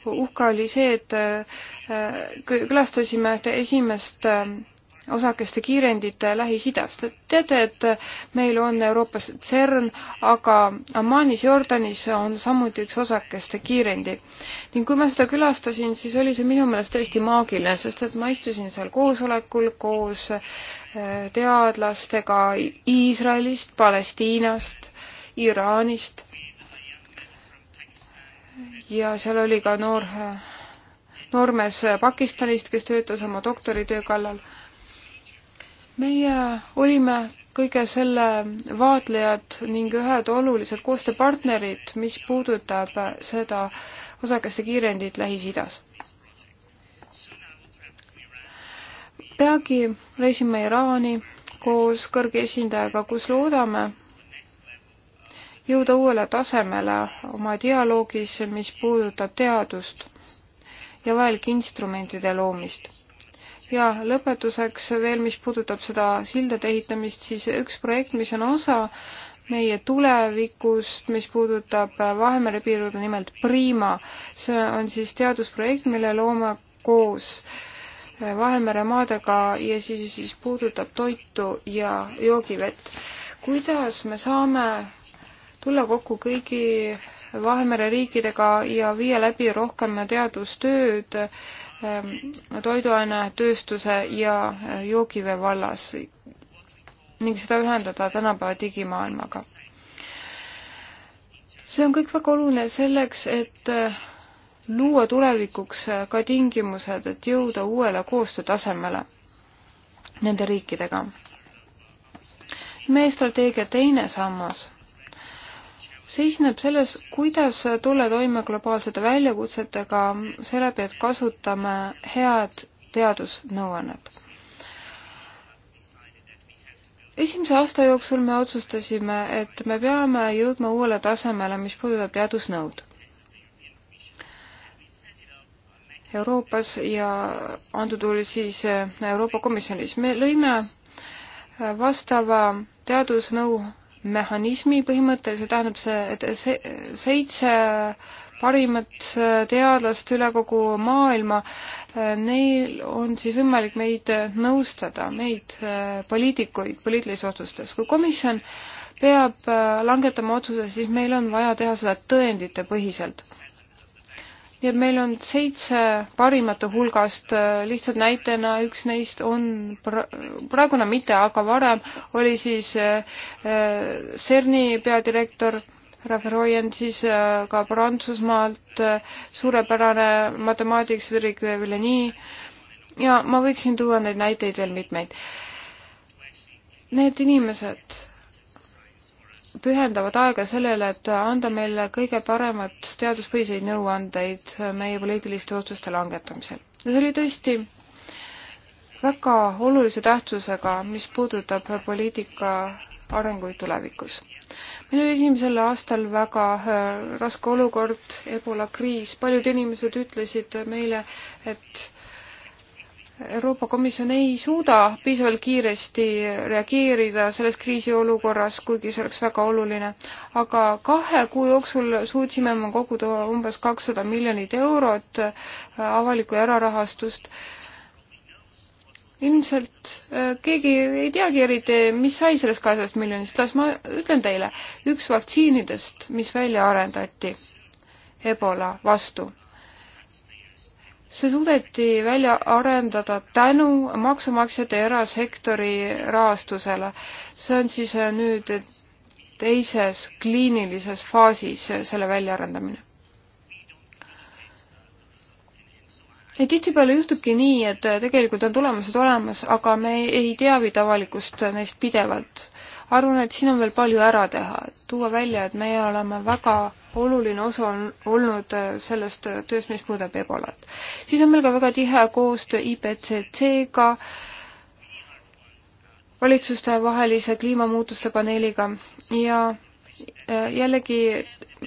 uhke, oli see, et äh, külastasime esimest äh, osakeste kiirendite Lähis-Idast. teate, et meil on Euroopas CERN, aga Ammanis, Jordanis on samuti üks osakeste kiirendi. ning kui ma seda külastasin, siis oli see minu meelest tõesti maagiline, sest et ma istusin seal koosolekul koos äh, teadlastega Iisraelist, Palestiinast, Iraanist ja seal oli ka noor äh, noormees Pakistanist, kes töötas oma doktoritöö kallal meie olime kõige selle vaatlejad ning ühed olulised koostööpartnerid, mis puudutab seda osakeste kiirendit Lähis-Idas. peagi reisime Iraani koos kõrge esindajaga, kus loodame jõuda uuele tasemele oma dialoogis, mis puudutab teadust ja vajalike instrumentide loomist ja lõpetuseks veel, mis puudutab seda sildade ehitamist, siis üks projekt, mis on osa meie tulevikust, mis puudutab Vahemere piirkonda, nimelt Prima. see on siis teadusprojekt, mille loome koos Vahemere maadega ja siis, siis puudutab toitu ja joogivett. kuidas me saame tulla kokku kõigi Vahemere riikidega ja viia läbi rohkem teadustööd Ähm, toiduainetööstuse ja äh, joogivee vallas ning seda ühendada tänapäeva digimaailmaga. see on kõik väga oluline selleks, et äh, luua tulevikuks äh, ka tingimused, et jõuda uuele koostöötasemele nende riikidega. meie strateegia teine sammas seisneb selles, kuidas tulla toime globaalsete väljakutsetega seeläbi, et kasutame head teadusnõuannet. esimese aasta jooksul me otsustasime, et me peame jõudma uuele tasemele, mis puudutab teadusnõud. Euroopas ja antud juhul siis Euroopa Komisjonis. me lõime vastava teadusnõu mehhanismi põhimõte, see tähendab see, et see seitse parimat äh, teadlast üle kogu maailma, äh, neil on siis võimalik meid äh, nõustada, meid poliitikuid poliitilistes otsustes. kui komisjon peab langetama otsuse, siis meil on vaja teha seda tõenditepõhiselt ja meil on seitse parimate hulgast, äh, lihtsalt näitena üks neist on pra-, praegune mitte, aga varem oli siis äh, äh, CERN-i peadirektor härra Verhoien, siis ka Prantsusmaalt suurepärane matemaatik Cedric Villeni ja ma võiksin tuua neid näiteid veel mitmeid. Need inimesed pühendavad aega sellele, et anda meile kõige paremat teaduspõhiseid nõuandeid meie poliitiliste otsuste langetamisel. ja see oli tõesti väga olulise tähtsusega, mis puudutab poliitika arenguid tulevikus. meil oli esimesel aastal väga äh, raske olukord, ebola kriis, paljud inimesed ütlesid meile, et Euroopa Komisjon ei suuda piisavalt kiiresti reageerida selles kriisiolukorras, kuigi see oleks väga oluline. aga kahe kuu jooksul suutsime me koguda umbes kakssada miljonit eurot äh, avalikku erarahastust. ilmselt äh, keegi ei teagi eriti, mis sai sellest kahesajast miljonist, las ma ütlen teile, üks vaktsiinidest, mis välja arendati Ebola vastu see suudeti välja arendada tänu maksumaksjate erasektori rahastusele. see on siis äh, nüüd teises kliinilises faasis äh, selle väljaarendamine. ja tihtipeale juhtubki nii, et äh, tegelikult on tulemused olemas, aga me ei teavita avalikkust neist pidevalt arvan, et siin on veel palju ära teha, et tuua välja, et meie oleme väga oluline osa on olnud äh, sellest äh, tööst, mis puudutab ebolat. siis on meil ka väga tihe koostöö IPCC-ga, valitsustevahelise kliimamuutuste paneeliga ja äh, jällegi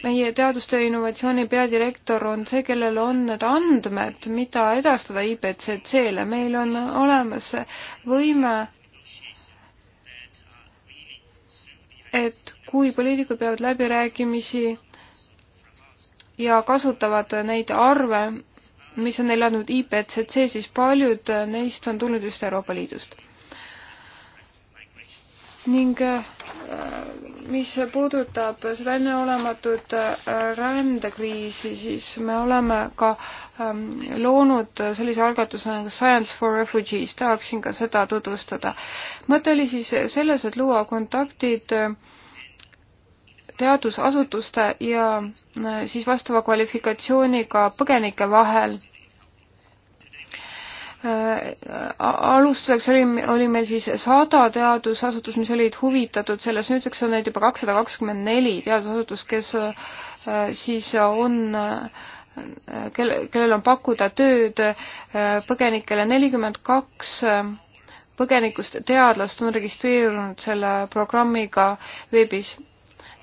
meie teadustöö innovatsiooni peadirektor on see, kellel on need andmed, mida edastada IPCC-le. meil on olemas võime et kui poliitikud peavad läbirääkimisi ja kasutavad neid arve, mis on neile andnud IPCC, siis paljud neist on tulnud just Euroopa Liidust ning äh, mis puudutab seda enneolematut äh, rändekriisi, siis me oleme ka ähm, loonud sellise algatuse nagu Science for Refugees, tahaksin ka seda tutvustada. mõte oli siis selles, et luua kontaktid äh, teadusasutuste ja siis vastava kvalifikatsiooniga põgenike vahel Äh, alustuseks oli, oli meil siis sada teadusasutust, mis olid huvitatud selles, nüüdseks on neid juba kakssada kakskümmend neli teadusasutust, kes äh, siis on äh, kelle, kellel on pakkuda tööd põgenikele nelikümmend kaks põgenikust teadlast on registreerunud selle programmiga veebis.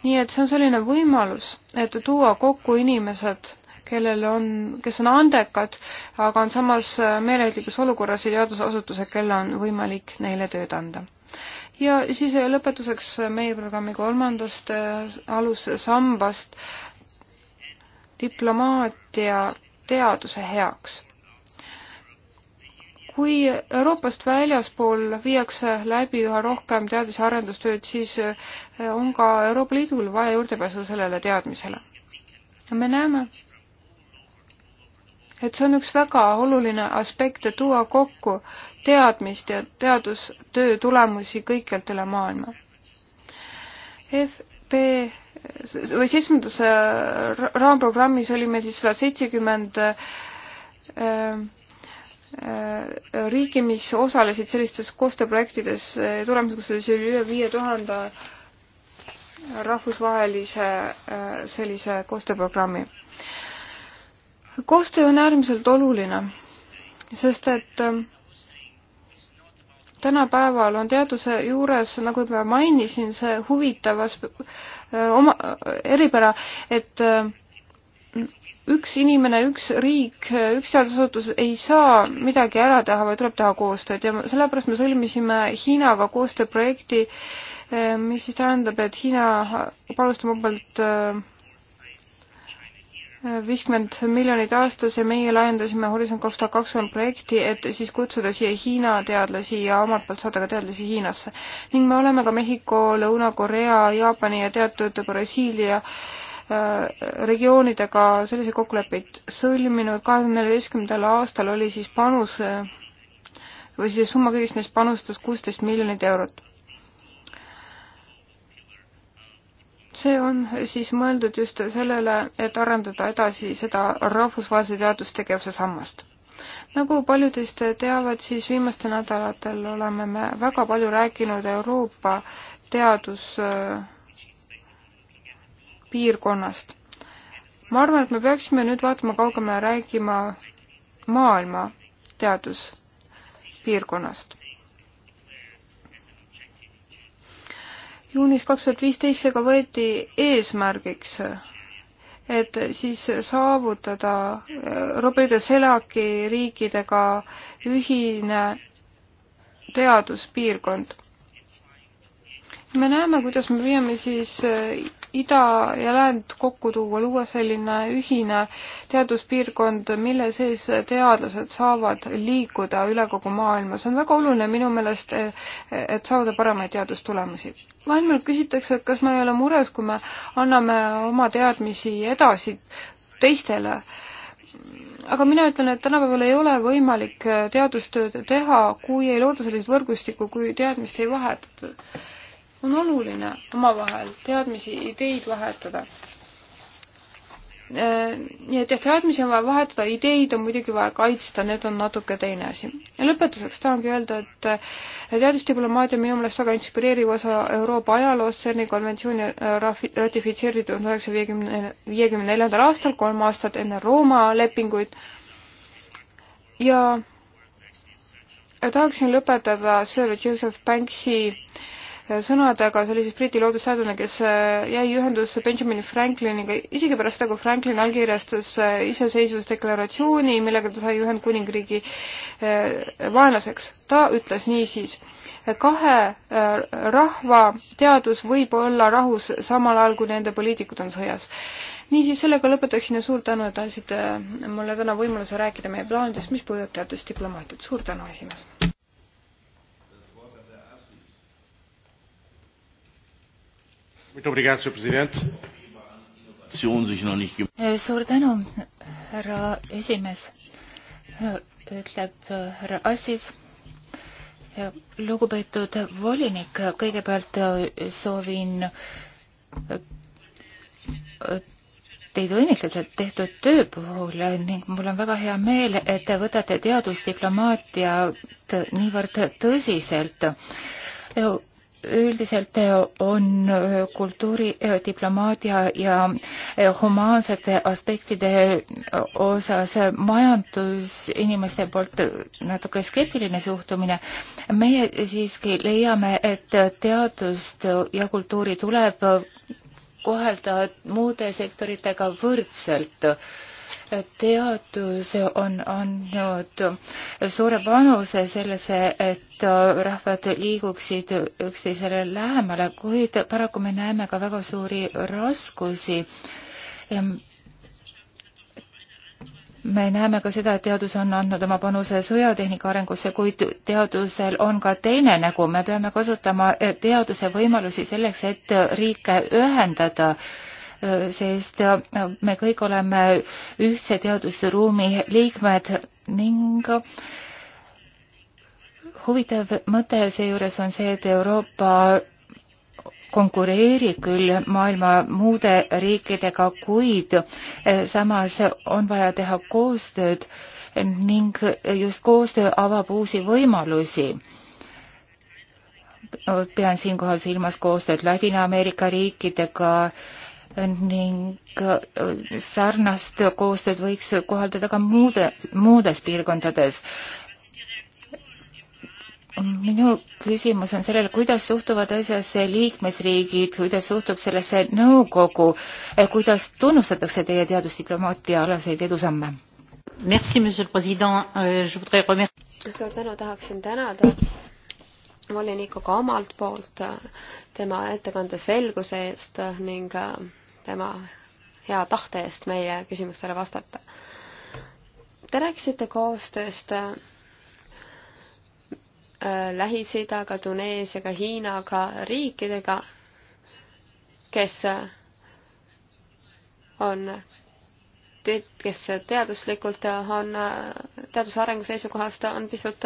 nii et see on selline võimalus, et tuua kokku inimesed kellel on, kes on andekad, aga on samas meeleheitlikus olukorras ja teadusasutused, kelle on võimalik neile tööd anda. ja siis lõpetuseks meie programmi kolmandast äh, alussambast diplomaatia teaduse heaks. kui Euroopast väljaspool viiakse läbi üha rohkem teadus- ja arendustööd, siis äh, on ka Euroopa Liidul vaja juurdepääsu sellele teadmisele. me näeme, et see on üks väga oluline aspekt, et tuua kokku teadmist ja teadustöö tulemusi kõikjalt üle maailma. FP või seitsmendas äh, raamprogrammis oli meil siis sada seitsekümmend äh, äh, riiki, mis osalesid sellistes koostööprojektides, tulemuseks oli see üle viie tuhande rahvusvahelise sellise koostööprogrammi koostöö on äärmiselt oluline, sest et ähm, tänapäeval on teaduse juures, nagu juba mainisin, see huvitav äh, oma, äh, eripära, et äh, üks inimene, üks riik, üks teadusasutus ei saa midagi ära teha, vaid tuleb teha koostööd ja sellepärast me sõlmisime Hiinaga koostööprojekti, mis siis tähendab, et Hiina panustab omalt viiskümmend miljonit aastas ja meie laiendasime Horisont kaks tuhat kakskümmend projekti, et siis kutsuda siia Hiina teadlasi ja omalt poolt saada ka teadlasi Hiinasse. ning me oleme ka Mehhiko, Lõuna-Korea, Jaapani ja teatud Brasiilia äh, regioonidega selliseid kokkuleppeid sõlminud. kahe tuhande neljateistkümnendal aastal oli siis panus äh, või siis summa kõigist neist panustas kuusteist miljonit eurot see on siis mõeldud just sellele, et arendada edasi seda rahvusvahelise teadustegevuse sammast. nagu paljud teist teavad, siis viimastel nädalatel oleme me väga palju rääkinud Euroopa teaduspiirkonnast. Äh, ma arvan, et me peaksime nüüd vaatama kaugemale ja rääkima maailma teaduspiirkonnast juunis kaks tuhat viisteist seega võeti eesmärgiks, et siis saavutada Euroopa äh, Liidu CELAC-i riikidega ühine teaduspiirkond. me näeme, kuidas me püüame siis äh, ida ja läänd kokku tuua, luua selline ühine teaduspiirkond, mille sees teadlased saavad liikuda üle kogu maailma. see on väga oluline minu meelest, et saada paremaid teadustulemusi. vahel küsitakse, et kas me ei ole mures, kui me anname oma teadmisi edasi teistele aga mina ütlen, et tänapäeval ei ole võimalik teadustööd teha, kui ei looda sellist võrgustikku, kui teadmist ei vahetata on oluline omavahel teadmisi, ideid vahetada. Äh, nii et jah, teadmisi on vaja vahetada, ideid on muidugi vaja kaitsta, need on natuke teine asi. ja lõpetuseks tahangi öelda, et teadusdiplomaatia on minu meelest väga inspireeriv osa Euroopa ajaloost, CERN-i konventsiooni ratifitseeriti tuhande üheksasaja viiekümne, viiekümne neljandal aastal, kolm aastat enne Rooma lepinguid ja tahaksin lõpetada Sir Joseph Banksi sõnadega, see oli siis Briti loodusteadlane, kes äh, jäi ühendusse Benjamin Frankliniga isegi pärast seda, kui Franklin allkirjastas äh, iseseisvusdeklaratsiooni, millega ta sai Ühendkuningriigi äh, vaenlaseks. ta ütles niisiis, kahe rahva teadus võib olla rahus samal ajal, kui nende poliitikud on sõjas. niisiis, sellega lõpetaksin ja suur tänu, et andsite mulle täna võimaluse rääkida meie plaanidest, mis puudutab teadusdiplomaatiat. suur tänu, esimees! Eh, suur tänu, härra esimees, eh, ütleb härra Assis. Eh, lugupeetud volinik, kõigepealt soovin teid õnnitleda tehtud töö puhul ning mul on väga hea meel, et te võtate teadusdiplomaatiat niivõrd tõsiselt üldiselt on äh, kultuuridiplomaatia äh, ja äh, humaansete aspektide osas majandusinimeste poolt natuke skeptiline suhtumine. meie siiski leiame, et teadust ja kultuuri tuleb kohelda muude sektoritega võrdselt teadus on andnud suure panuse sellesse, et rahvad liiguksid üksteisele lähemale, kuid paraku me näeme ka väga suuri raskusi me näeme ka seda, et teadus on andnud oma panuse sõjatehnika arengusse, kuid teadusel on ka teine nägu, me peame kasutama teaduse võimalusi selleks, et riike ühendada sest me kõik oleme ühtse teadusruumi liikmed ning huvitav mõte seejuures on see, et Euroopa konkureerib küll maailma muude riikidega, kuid samas on vaja teha koostööd ning just koostöö avab uusi võimalusi. pean siinkohal silmas koostööd Ladina-Ameerika riikidega, ning äh, sarnast koostööd võiks kohaldada ka muude, muudes piirkondades. minu küsimus on sellele, kuidas suhtuvad asjasse liikmesriigid, kuidas suhtub sellesse nõukogu, äh, kuidas tunnustatakse teie teadusdiplomaatia alaseid edusamme? Euh, suur tänu, tahaksin tänada volinikuga omalt poolt tema ettekande selguse eest ning äh, tema hea tahte eest meie küsimustele vastata. Te rääkisite koostööst äh, Lähis-Idaga, Tuneesiaga, Hiinaga, riikidega, kes äh, on kes teaduslikult on, teaduse arengu seisukohast on pisut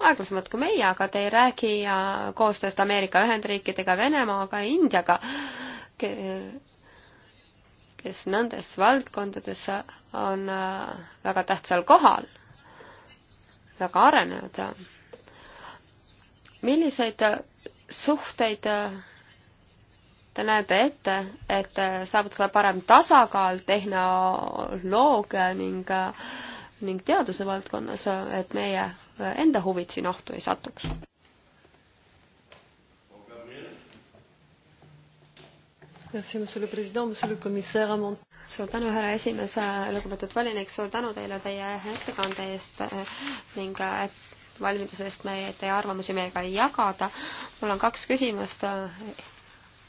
aeglasemalt kui meie, aga te ei räägi koostööst Ameerika Ühendriikidega, Venemaaga, Indiaga, kes nendes valdkondades on äh, väga tähtsal kohal, väga arenenud. milliseid äh, suhteid äh, te näete ette, et saavutada parem tasakaal tehnoloogia ning, ning teaduse valdkonnas, et meie enda huvid siin ohtu ei satuks. suur tänu, härra esimees, lugupeetud volinik, suur tänu teile teie ettekande eest eh, ning eh, valmiduse eest meie, teie arvamusi meiega jagada. mul on kaks küsimust eh,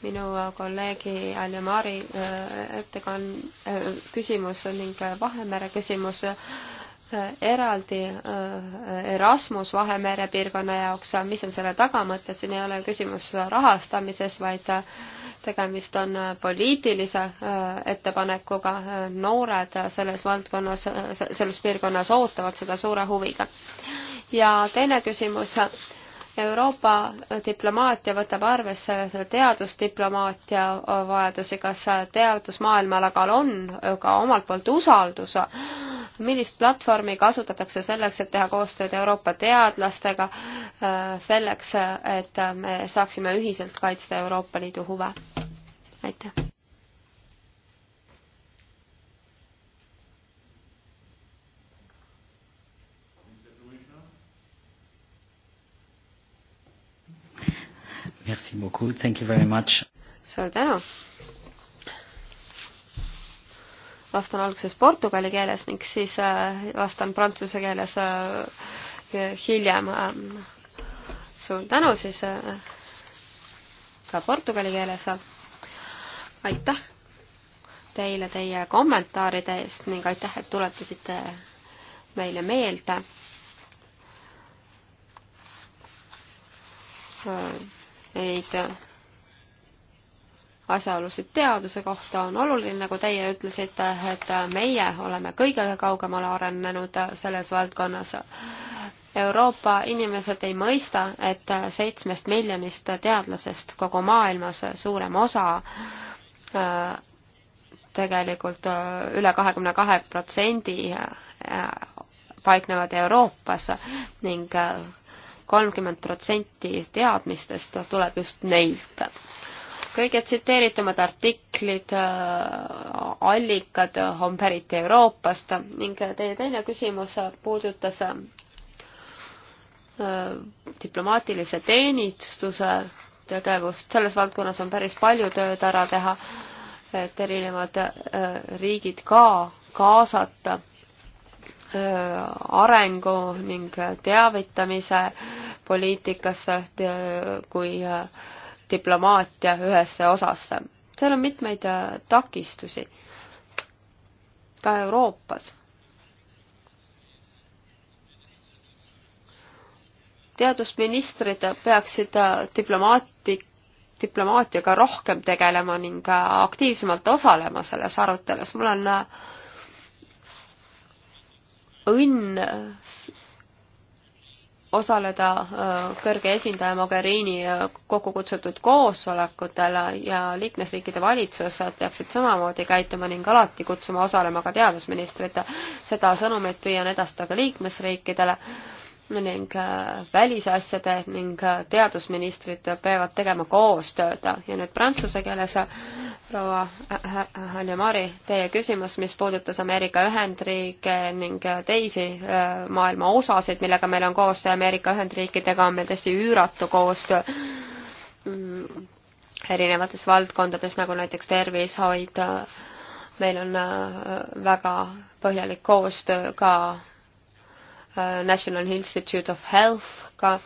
minu kolleegi Aljamari ettekann-, küsimus ning Vahemere küsimus eraldi äh, Erasmus Vahemere piirkonna jaoks, mis on selle tagamõte, siin ei ole küsimus rahastamises, vaid äh, tegemist on äh, poliitilise ettepanekuga, noored selles valdkonnas, selles piirkonnas ootavad seda suure huviga. ja teine küsimus Euroopa diplomaatia võtab arvesse teadusdiplomaatia vajadusi, kas teadus maailmalagal on ka omalt poolt usaldus, millist platvormi kasutatakse selleks, et teha koostööd Euroopa teadlastega, selleks, et me saaksime ühiselt kaitsta Euroopa Liidu huve. aitäh! Merci beaucoup, thank you very much. suur tänu. vastan alguses portugali keeles ning siis äh, vastan prantsuse keeles äh, hiljem. suur tänu siis äh, ka portugali keeles. aitäh teile teie kommentaaride eest ning aitäh, et tuletasite meile meelde neid asjaolusid teaduse kohta on oluline, nagu teie ütlesite, et meie oleme kõige kaugemale arenenud selles valdkonnas. Euroopa inimesed ei mõista, et seitsmest miljonist teadlasest kogu maailmas suurem osa äh, tegelikult äh, üle kahekümne kahe protsendi äh, paiknevad Euroopas ning kolmkümmend protsenti teadmistest tuleb just neilt. kõige tsiteeritumad artiklid, äh, allikad on pärit Euroopast ning teie teine küsimus puudutas äh, diplomaatilise teenistuse tegevust, selles valdkonnas on päris palju tööd ära teha, et erinevad äh, riigid ka kaasata Äh, arengu ning teavitamise poliitikasse äh, kui äh, diplomaatia ühesse osasse. seal on mitmeid takistusi ka Euroopas. teadusministrid peaksid diplomaatik-, diplomaatiaga rohkem tegelema ning aktiivsemalt osalema selles arutelus. mul on äh, õnn osaleda äh, kõrge esindaja Mogherini äh, kokku kutsutud koosolekutel ja liikmesriikide valitsused peaksid samamoodi käituma ning alati kutsuma osalema ka teadusministrit. seda sõnumit püüan edastada ka liikmesriikidele ning äh, välisasjade ning äh, teadusministrid peavad tegema koostööd ja nüüd prantsuse keeles äh, proua Haljamari, teie küsimus, mis puudutas Ameerika Ühendriike ning teisi maailma osasid, millega meil on koostöö Ameerika Ühendriikidega, on meil täiesti üüratu koostöö mm, erinevates valdkondades, nagu näiteks tervishoid, meil on väga põhjalik koostöö ka Äh, National Institute of Health'ga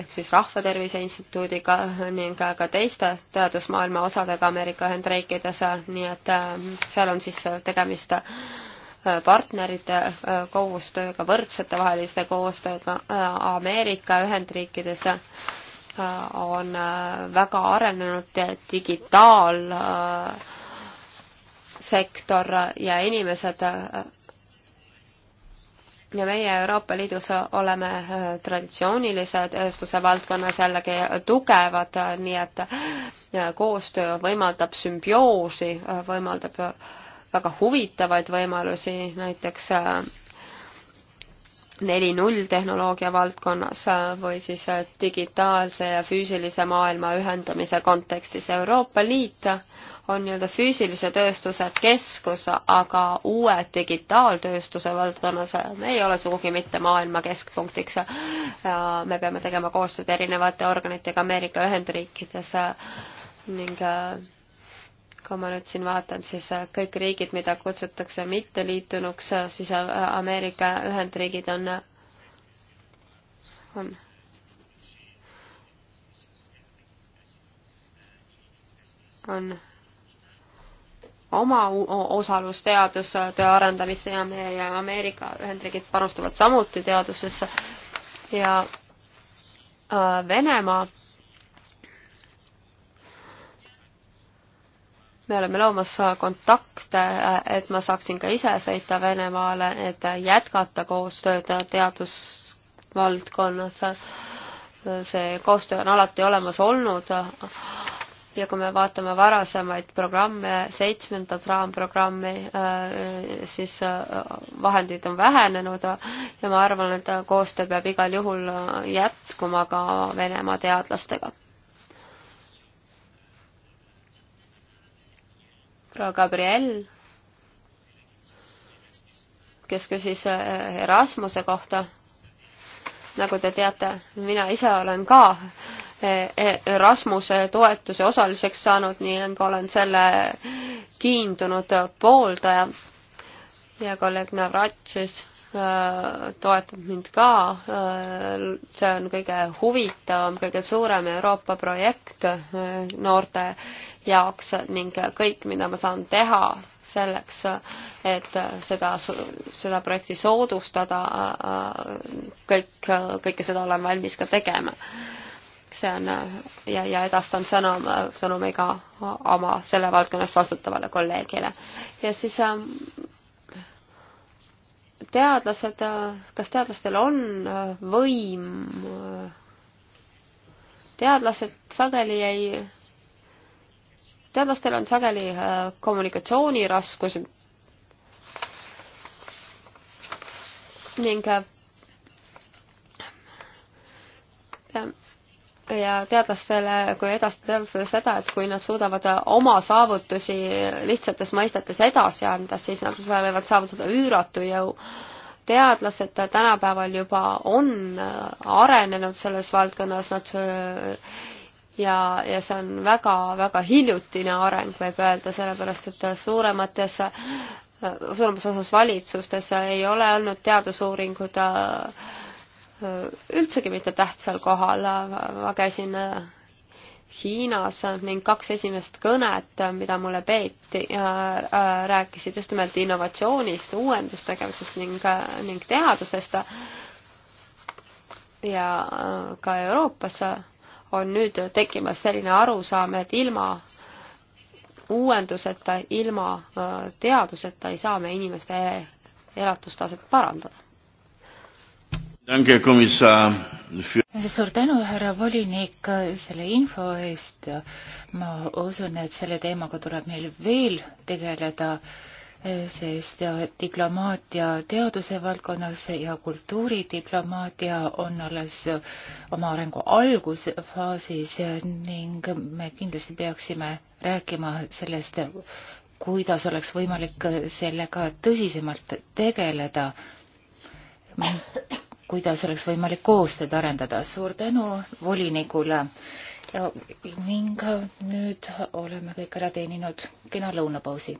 ehk siis Rahvatervise Instituudiga ning ka teiste teadusmaailma osadega Ameerika Ühendriikides, nii et äh, seal on siis tegemist äh, partnerite koostööga, võrdsetevaheliste koostööga Ameerika Ühendriikides on väga arenenud digitaalsektor ja inimesed ja meie Euroopa Liidus oleme äh, traditsioonilise äh, tööstuse valdkonnas jällegi äh, tugevad, nii et koostöö võimaldab sümbioosi, võimaldab väga huvitavaid võimalusi, näiteks neli null tehnoloogia valdkonnas või siis digitaalse ja füüsilise maailma ühendamise kontekstis Euroopa Liit on nii-öelda füüsilise tööstuse keskus, aga uue digitaaltööstuse valdkonnas me ei ole sugugi mitte maailma keskpunktiks. ja me peame tegema koostööd erinevate organitega Ameerika Ühendriikides ning äh, kui ma nüüd siin vaatan, siis äh, kõik riigid, mida kutsutakse mitteliitunuks, äh, siis Ameerika Ühendriigid on, on on oma osalus teadustöö arendamisse ja meie ja Ameerika Ühendriigid panustavad samuti teadusesse ja äh, Venemaa me oleme loomas kontakte, äh, et ma saaksin ka ise sõita Venemaale, et jätkata koostööd teadusvaldkonnas. Äh, see koostöö on alati olemas olnud, ja kui me vaatame varasemaid programme, seitsmendat raamprogrammi, äh, siis äh, vahendid on vähenenud ja ma arvan, et koostöö peab igal juhul äh, jätkuma ka Venemaa teadlastega. proua Gabriel, kes küsis Erasmuse kohta, nagu te teate, mina ise olen ka äh, E, e, Rasmuse toetuse osaliseks saanud, nii et ma olen selle kiindunud pooldaja ja kolleeg Navratšis e, toetab mind ka. see on kõige huvitavam, kõige suurem Euroopa projekt noorte jaoks ning kõik, mida ma saan teha selleks, et seda, seda projekti soodustada, kõik, kõike seda olen valmis ka tegema see on ja, ja edastan sõnum, sõnumi ka oma selle valdkonnast vastutavale kolleegile. ja siis ähm, teadlased, kas teadlastel on äh, võim? teadlased sageli ei, teadlastel on sageli äh, kommunikatsiooniraskusi ning äh, ja teadlastele, kui edastada teadlastele seda, et kui nad suudavad oma saavutusi lihtsates mõistetes edasi anda, siis nad võivad saavutada üüratu jõu. teadlased tänapäeval juba on arenenud selles valdkonnas, nad ja, ja see on väga-väga hiljutine areng, võib öelda, sellepärast et suuremates suuremas osas valitsustes ei ole olnud teadusuuringud äh, üldsegi mitte tähtsal kohal, ma käisin äh, Hiinas ning kaks esimest kõnet, mida mulle peeti, äh, äh, rääkisid just nimelt innovatsioonist, uuendustegevusest ning, ning teadusest. ja ka Euroopas on nüüd tekkimas selline arusaam, et ilma uuenduseta, ilma teaduseta ei saa me inimeste elatustaset parandada suur tänu, härra volinik, selle info eest. ma usun, et selle teemaga tuleb meil veel tegeleda, sest diplomaatia teaduse valdkonnas ja kultuuridiplomaatia on alles oma arengu algusfaasis ning me kindlasti peaksime rääkima sellest, kuidas oleks võimalik sellega tõsisemalt tegeleda kuidas oleks võimalik koostööd arendada. suur tänu volinikule ja ning nüüd oleme kõik ära teeninud kena lõunapausi